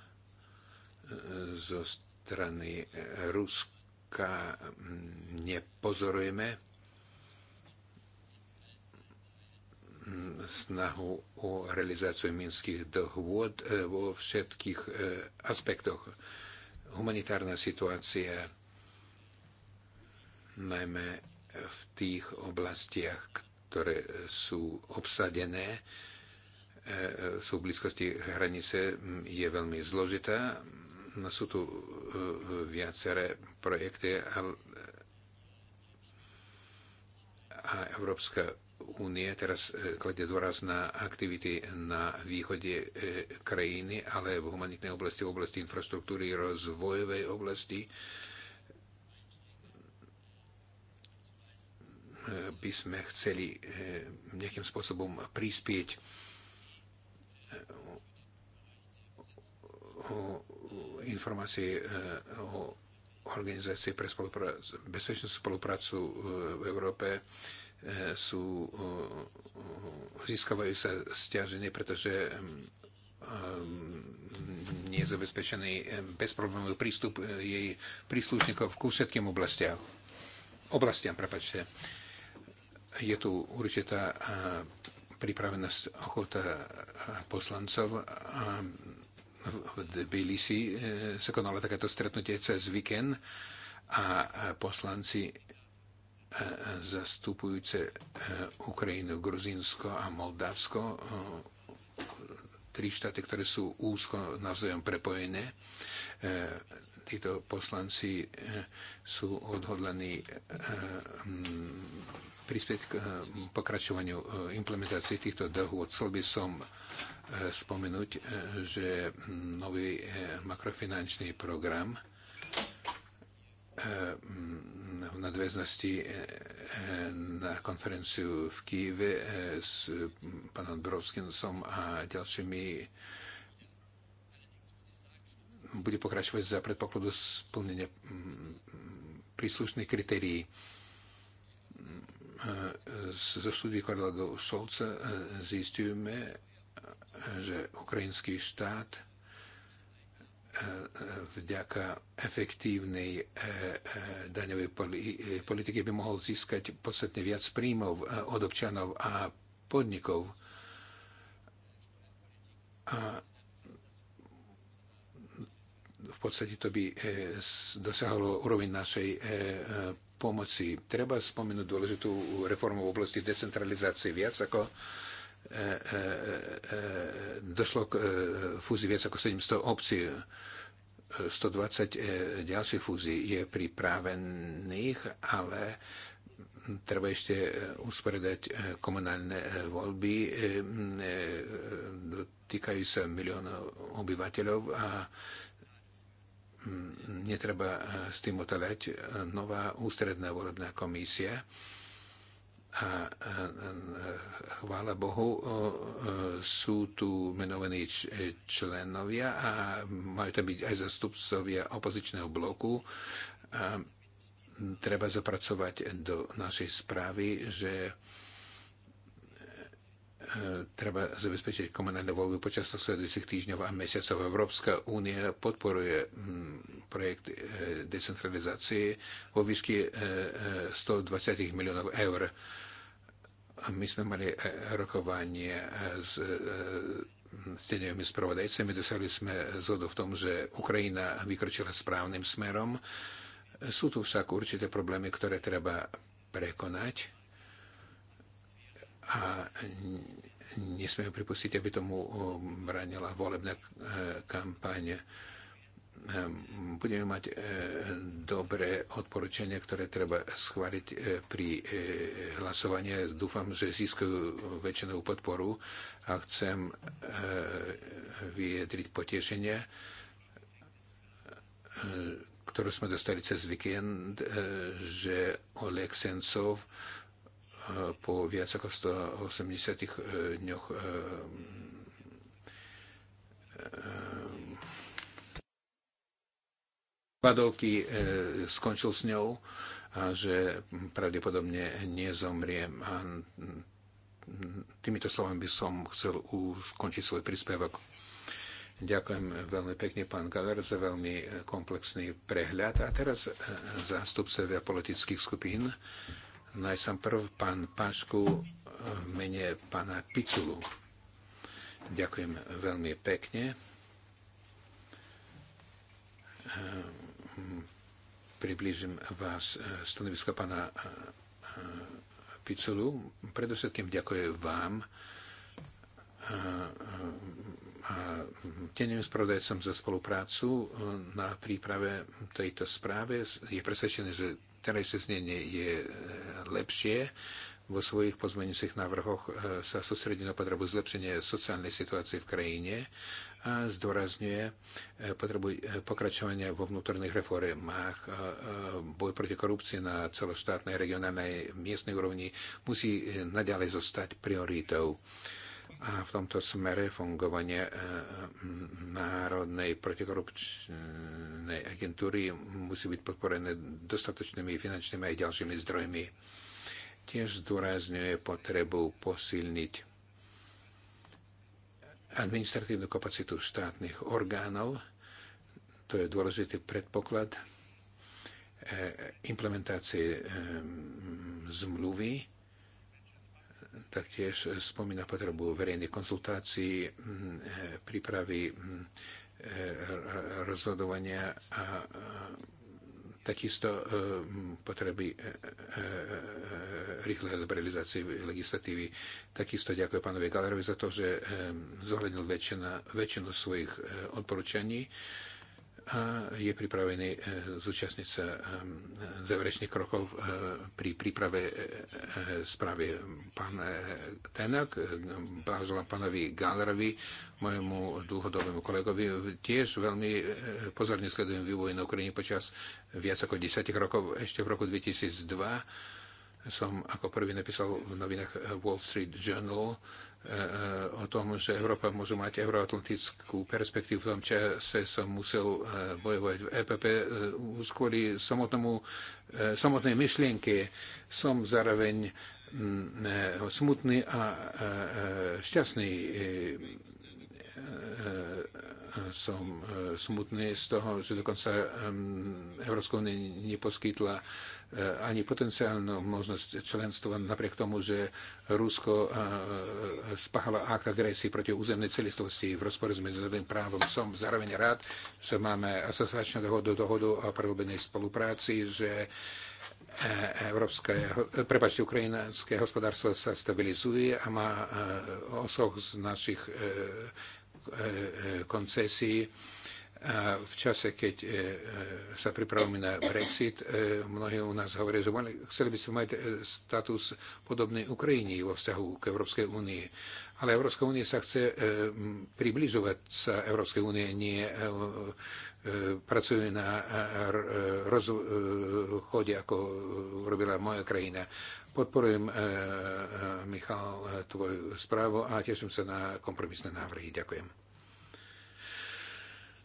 zo strany Ruska nepozorujeme snahu o realizáciu minských dohôd vo všetkých aspektoch. Humanitárna situácia najmä v tých oblastiach, ktoré sú obsadené, e, sú v blízkosti hranice, je veľmi zložitá. No, sú tu e, viaceré projekty a Európska únie teraz e, kladie dôraz na aktivity na východe krajiny, ale v humanitnej oblasti, v oblasti infraštruktúry, rozvojovej oblasti by sme chceli eh, nejakým spôsobom prispieť eh, o informácie eh, o organizácie pre spoluprácu, bezpečnú spoluprácu v Európe sú, získavajú sa stiaženie, pretože nie je zabezpečený bezproblémový prístup jej príslušníkov ku všetkým oblastiam. Oblastiam, prepačte. Je tu určitá pripravenosť ochota poslancov v Tbilisi e, sa konalo takéto stretnutie cez víkend a poslanci e, zastupujúce e, Ukrajinu, Gruzinsko a Moldavsko, tri štáty, ktoré sú úzko navzájom prepojené. Títo poslanci sú odhodlení prispieť k eh, pokračovaniu eh, implementácie týchto dohôd. Chcel by som eh, spomenúť, že hm, nový makrofinančný program hm, v nadväznosti na konferenciu v Kýve s hm, pánom Brovskinsom a ďalšími bude pokračovať za predpokladu splnenia príslušných kritérií zo štúdie kolegov Šolca e, zistujeme, že ukrajinský štát e, e, vďaka efektívnej daňovej politike by mohol získať podstatne viac príjmov od občanov a podnikov. A v podstate to by dosiahlo úroveň našej pomoci. Treba spomenúť dôležitú reformu v oblasti decentralizácie viac ako e, e, e, došlo k fúzii viac ako 700 obcí. 120 ďalších fúzií je pripravených, ale treba ešte usporiadať komunálne voľby. Týkajú sa miliónov obyvateľov a netreba eh, s tým oteľať. Eh, nová ústredná volebná komisia a eh, chvála Bohu, sú tu menovaní členovia a majú to byť aj zastupcovia opozičného bloku. A treba zapracovať do našej správy, že E, treba zabezpečiť komunálne voľby počas sledujúcich týždňov a mesiacov. Európska únia podporuje mm, projekt e, decentralizácie vo výške 120 e, miliónov eur. My sme mali rokovanie s steňovými spravodajcami. Dosiahli sme zhodu v tom, že Ukrajina vykročila správnym smerom. Sú tu však určité problémy, ktoré treba prekonať a nesmieme pripustiť, aby tomu eh, bránila volebná eh, kampaň. Eh, budeme mať dobré odporúčania, ktoré treba schváliť pri hlasovaní. Dúfam, že získajú väčšinou podporu a chcem vyjadriť potešenie, ktorú sme dostali cez víkend, že Oleg Sencov po viac ako 180 e, dňoch e, e, padolky, skončil s ňou a že pravdepodobne nezomriem. A týmito slovami by som chcel skončiť svoj príspevok. Ďakujem veľmi pekne, pán Galer, za veľmi komplexný prehľad. A teraz zástupcovia politických skupín. Najsamprv no pán Pašku eh, v mene pána Piculu. Ďakujem veľmi pekne. Eh, Priblížim vás eh, stanovisko pána Piculu. Predovšetkým ďakujem vám a teným spravodajcom za spoluprácu na príprave tejto správy. Je presvedčené, že terajšie znenie je e, lepšie. Vo svojich pozmeňujúcich návrhoch e, sa sústredí na potrebu zlepšenia sociálnej situácie v krajine a zdôrazňuje e, potrebu pokračovania vo vnútorných reformách. Boj proti korupcii na celoštátnej, regionálnej, miestnej úrovni musí naďalej zostať prioritou a v tomto smere fungovanie e, e, Národnej protikorupčnej agentúry musí byť podporené dostatočnými finančnými a ďalšími zdrojmi. Tiež zdôrazňuje potrebu posilniť administratívnu kapacitu štátnych orgánov. To je dôležitý predpoklad e, implementácie zmluvy taktiež spomína potrebu verejnej konzultácii, e, prípravy e, rozhodovania a takisto e, potreby rýchlej liberalizácie legislatívy. Takisto ďakujem pánovi Galerovi za to, že zohľadil väčšinu svojich odporúčaní a je pripravený e, zúčastniť sa e, záverečných krokov e, pri príprave správy. Pán Tenak. blahoželám pánovi Galerovi, mojemu dlhodobému kolegovi, tiež veľmi pozorne sledujem vývoj na Ukrajine počas viac ako desiatich rokov. Ešte v roku 2002 som ako prvý napísal v novinách Wall Street Journal Eh, o tom, že Európa môže mať euroatlantickú perspektívu. V tom čase som musel eh, bojovať v EPP eh, už kvôli samotnému, samotnej myšlienke. Som zároveň mm, smutný a šťastný som e, smutný z toho, že dokonca e, Európska únia neposkytla e, ani potenciálnu možnosť členstva, napriek tomu, že Rusko spáchalo akt agresie proti územnej celistvosti v rozpore s medzinárodným právom. Som zároveň rád, že máme asociačnú dohodu, dohodu o prehlbenej spolupráci, že Európske, prepačte, ukrajinské hospodárstvo sa stabilizuje a má osoch z našich E, e, koncesií A v čase, keď e, sa pripravujeme na Brexit, mnohí u nás hovoria, že chceli by sme mať status podobný Ukrajine vo vzťahu k Európskej únii. Ale Európska únia sa chce približovať sa Európskej únie, nie E, pracujú na e, e, rozchode, ako robila moja krajina. Podporujem, Michal, tvoju správu a teším sa na kompromisné návrhy. Ďakujem.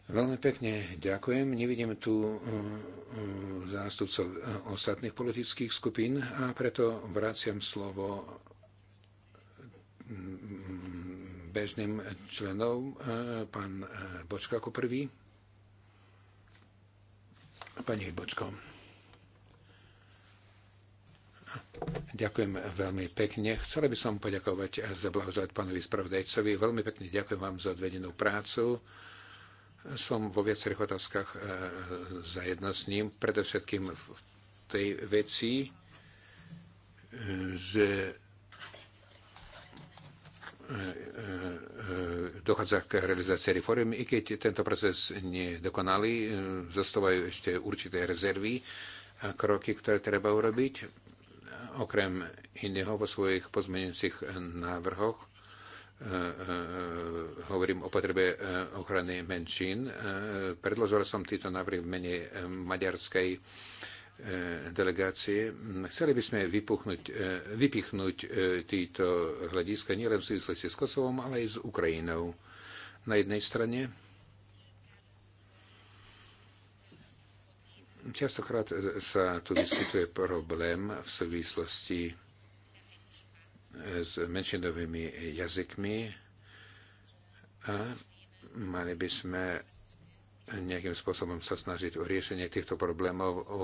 Veľmi pekne ďakujem. Nevidím tu zástupcov ostatných politických skupín a preto vraciam slovo bežným členom, pán Bočka ako prvý. Pani Hybočko. Ďakujem veľmi pekne. Chcel by som poďakovať a zablahozovať pánovi spravodajcovi. Veľmi pekne ďakujem vám za odvedenú prácu. Som vo viacerých otázkach e, za jedno s ním, predovšetkým v tej veci, e, že E, e, dochádza k realizácii reformy, i keď tento proces nie je dokonalý, e, zostávajú ešte určité rezervy a kroky, ktoré treba urobiť. Okrem iného vo svojich pozmeňujúcich návrhoch hovorím o potrebe ochrany menšín. Predložil som tieto návrhy v mene maďarskej E, delegácie. Chceli by sme vypuchnúť, e, vypichnúť e, títo hľadiska nielen v súvislosti s Kosovom, ale aj s Ukrajinou. Na jednej strane častokrát sa tu diskutuje problém v súvislosti s menšinovými jazykmi a mali by sme nejakým spôsobom sa snažiť o riešenie týchto problémov, o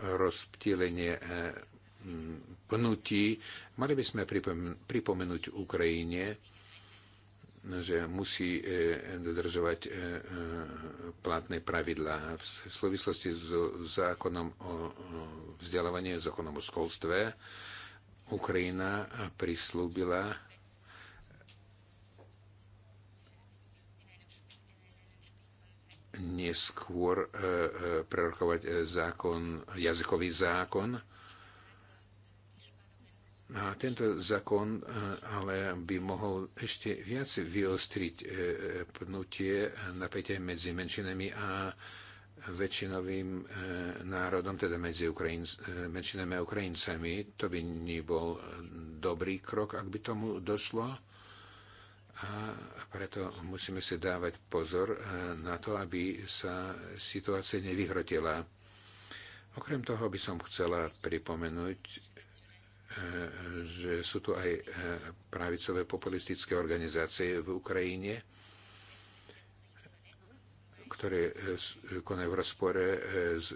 rozptýlenie eh, pnutí. Mali by sme pripomenúť Ukrajine, že musí eh, dodržovať eh, platné pravidlá v súvislosti s zákonom o vzdelávaní, zákonom o školstve. Ukrajina prislúbila neskôr e, e, prerokovať e, zákon, jazykový zákon. A tento zákon ale by mohol ešte viac vyostriť pnutie napätie medzi menšinami a väčšinovým národom, teda medzi Ukrajinc- menšinami a Ukrajincami. To by nebol dobrý krok, ak by tomu došlo. A preto musíme si dávať pozor e, na to, aby sa situácia nevyhrotila. Okrem toho by som chcela pripomenúť, e, že sú tu aj e, pravicové populistické organizácie v Ukrajine, ktoré konajú v rozpore s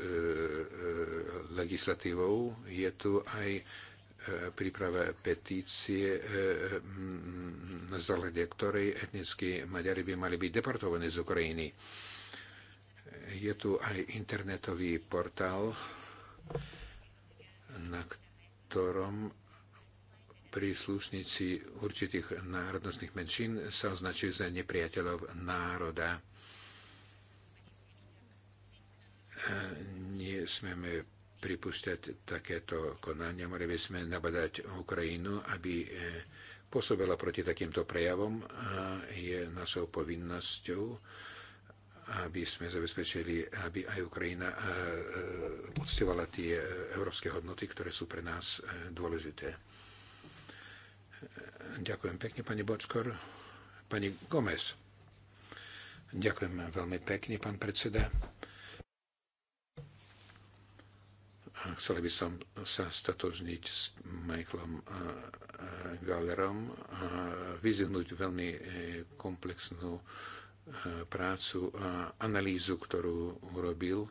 legislatívou. Je tu aj príprave petície, e, na základe ktorej etnickí Maďari by mali byť deportovaní z Ukrajiny. Je tu aj internetový portál, na ktorom príslušníci určitých národnostných menšín sa označujú za nepriateľov národa. Nie smieme pripúšťať takéto konania. Mali by sme nabadať Ukrajinu, aby eh, pôsobila proti takýmto prejavom. A je našou povinnosťou, aby sme zabezpečili, aby aj Ukrajina eh, eh, uctievala tie európske hodnoty, ktoré sú pre nás dôležité. Ďakujem pekne, pani Bočkor. Pani Gomez. Ďakujem veľmi pekne, pán predseda. chcel by som sa statožniť s Michaelom eh, eh, Gallerom a vyzvihnúť veľmi eh, komplexnú prácu a analýzu, ktorú urobil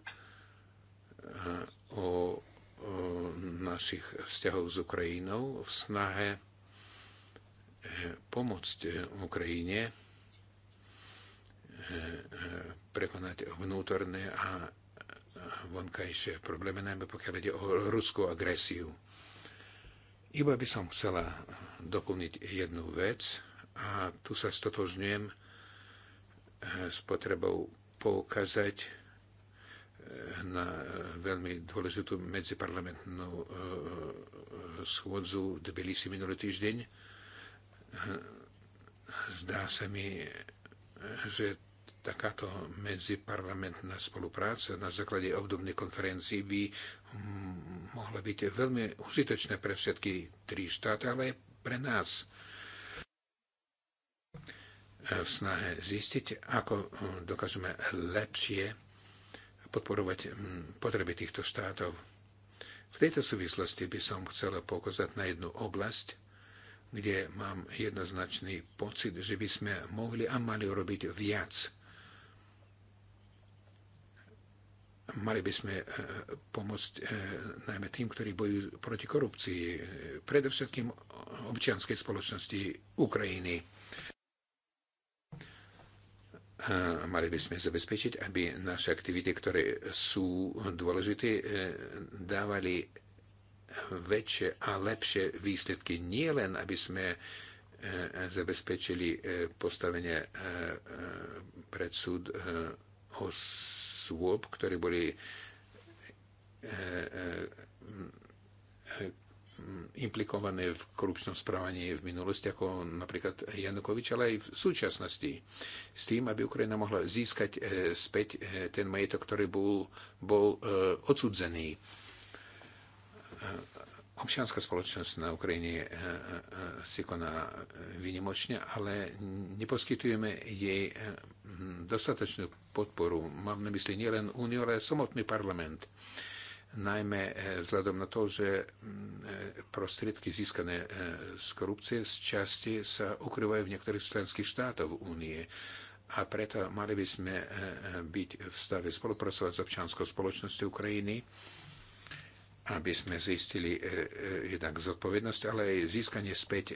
o našich vzťahov s Ukrajinou v snahe pomôcť Ukrajine prekonať vnútorné a vonkajšie problémy, najmä pokiaľ ide o ruskú agresiu. Iba by som chcela doplniť jednu vec a tu sa stotožňujem eh, s potrebou poukázať eh, na veľmi dôležitú medziparlamentnú eh, schôdzu v Tbilisi minulý týždeň. Zdá sa mi, že takáto medziparlamentná spolupráca na základe obdobnej konferencií by mohla byť veľmi užitočná pre všetky tri štáty, ale aj pre nás v snahe zistiť, ako dokážeme lepšie podporovať potreby týchto štátov. V tejto súvislosti by som chcel poukázať na jednu oblasť, kde mám jednoznačný pocit, že by sme mohli a mali urobiť viac Mali by sme e, pomôcť e, najmä tým, ktorí bojujú proti korupcii, e, predovšetkým občianskej spoločnosti Ukrajiny. Mali by sme zabezpečiť, aby naše aktivity, ktoré sú dôležité, dávali väčšie a lepšie výsledky. Nie len, aby sme zabezpečili postavenie pred súd os osôb, ktoré boli e, e, e, implikované v korupčnom správaní v minulosti, ako napríklad Janukovič, ale aj v súčasnosti. S tým, aby Ukrajina mohla získať späť ten majetok, ktorý bol, bol odsudzený Občianská spoločnosť na Ukrajine eh, eh, eh, si koná vynimočne, ale neposkytujeme jej dostatočnú podporu. Mám na mysli nielen Úniu, ale samotný parlament. Najmä vzhľadom na to, že mm, prostriedky získané z korupcie z časti sa ukrývajú v niektorých členských štátoch Únie a preto mali by sme byť v stave spolupracovať s občianskou spoločnosťou Ukrajiny aby sme zistili e, e, jednak zodpovednosť, ale aj získanie späť e,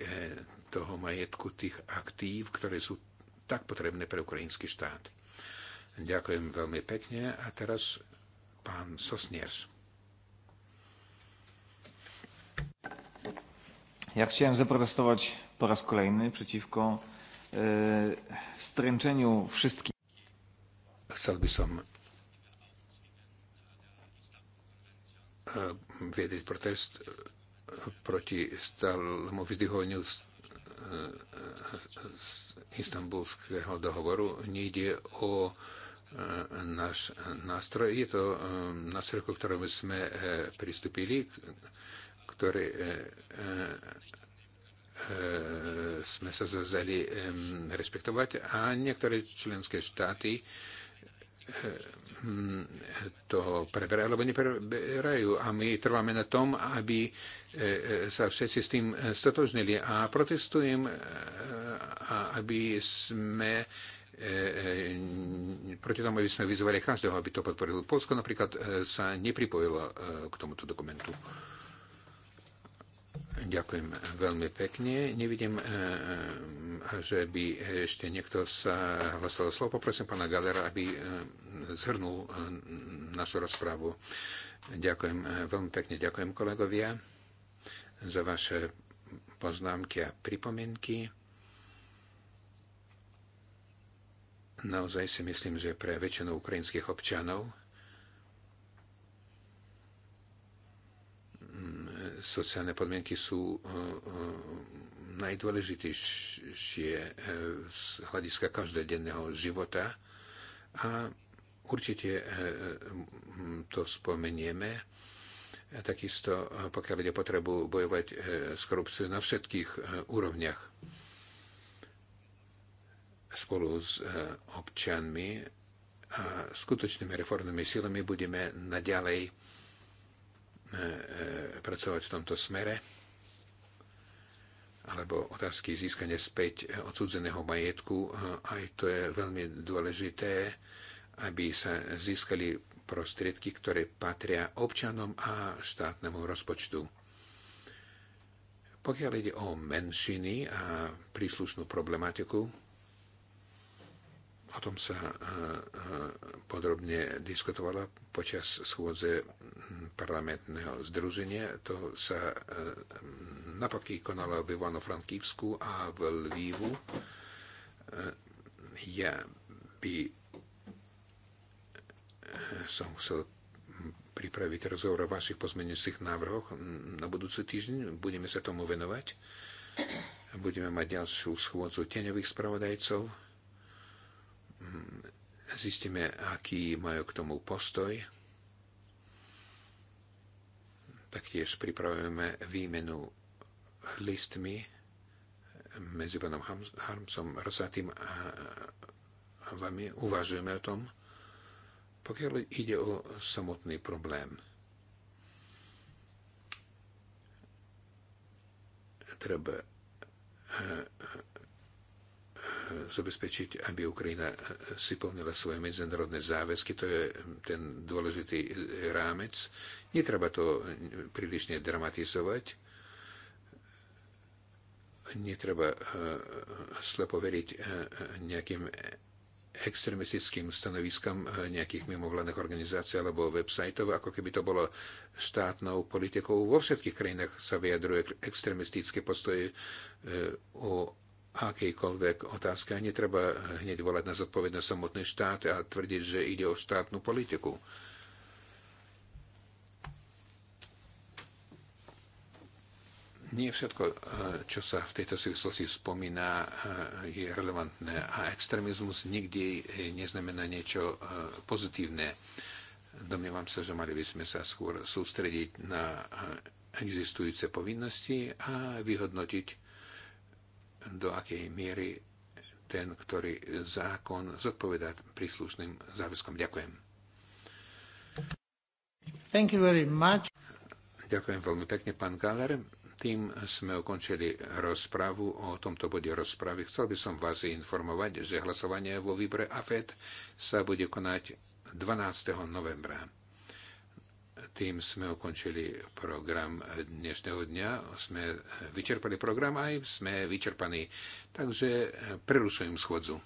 toho majetku, tých aktív, ktoré sú tak potrebné pre ukrajinský štát. Ďakujem veľmi pekne a teraz pán Sosniers. Ja chciałem zaprotestować po raz kolejny przeciwko e, stręczeniu wszystkich. Chcel by som Eh, viedriť protest eh, proti stálemu eh, z istambulského dohovoru. Nejde o náš nástroj. Je to nástroj, ku ktorému sme pristúpili, ktorý sme sa zavezali rešpektovať a niektoré členské štáty Hm, to preberajú alebo nepreberajú. A my trváme na tom, aby e, e, sa všetci s tým e, stotožnili. A protestujem, aby sme proti tomu, aby sme vyzvali každého, aby to podporilo. Polsko napríklad sa nepripojilo k tomuto dokumentu. Ďakujem veľmi pekne. Nevidím, e, e, že by ešte niekto sa hlasil o slovo. Poprosím pána Galera, aby e, zhrnul našu rozprávu. Ďakujem veľmi pekne. Ďakujem kolegovia za vaše poznámky a pripomienky. Naozaj si myslím, že pre väčšinu ukrajinských občanov sociálne podmienky sú e, e, najdôležitejšie e, z hľadiska každodenného života a určite to spomenieme. Takisto, pokiaľ ide potrebu bojovať s korupciou na všetkých úrovniach spolu s občanmi a skutočnými reformnými silami budeme naďalej E, e, pracovať v tomto smere, alebo otázky získania späť odsudzeného majetku, e, aj to je veľmi dôležité, aby sa získali prostriedky, ktoré patria občanom a štátnemu rozpočtu. Pokiaľ ide o menšiny a príslušnú problematiku, O tom sa eh, eh, podrobne diskutovala počas schôdze hm, parlamentného združenia. To sa eh, napaky konalo v Ivano-Frankivsku a v Lvivu. Ja by som chcel pripraviť rozhovor o vašich pozmeňujúcich návrhoch hm, na budúci týždeň. Budeme sa tomu venovať. Budeme mať ďalšiu schôdzu teňových spravodajcov Mm, zistíme, aký majú k tomu postoj. Taktiež pripravujeme výmenu listmi medzi pánom Harmsom Rosatým a vami. Uvažujeme o tom, pokiaľ ide o samotný problém. Treba e, e, zabezpečiť, aby Ukrajina si plnila svoje medzinárodné záväzky. To je ten dôležitý rámec. Netreba to príliš dramatizovať netreba eh, slepo veriť eh, nejakým extremistickým stanoviskom eh, nejakých mimovládnych organizácií alebo websajtov, ako keby to bolo štátnou politikou. Vo všetkých krajinách sa vyjadruje extremistické postoje o akejkoľvek otázke a netreba hneď volať na zodpovednosť samotný štát a tvrdiť, že ide o štátnu politiku. Nie všetko, eh, čo sa v tejto súvislosti spomína, eh, je relevantné a extrémizmus nikdy eh, neznamená niečo pozitívne. Domnievam sa, že mali by sme sa skôr sústrediť na existujúce povinnosti a vyhodnotiť do akej miery ten, ktorý zákon zodpovedá príslušným záväzkom. Ďakujem. Thank you very much. Ďakujem veľmi pekne, pán Galer. Tým sme ukončili rozpravu o tomto bode rozpravy. Chcel by som vás informovať, že hlasovanie vo výbore AFED sa bude konať 12. novembra. Tým sme ukončili program dnešného dňa. Sme eh, vyčerpali program aj sme vyčerpaní. Takže eh, prerušujem schodzu.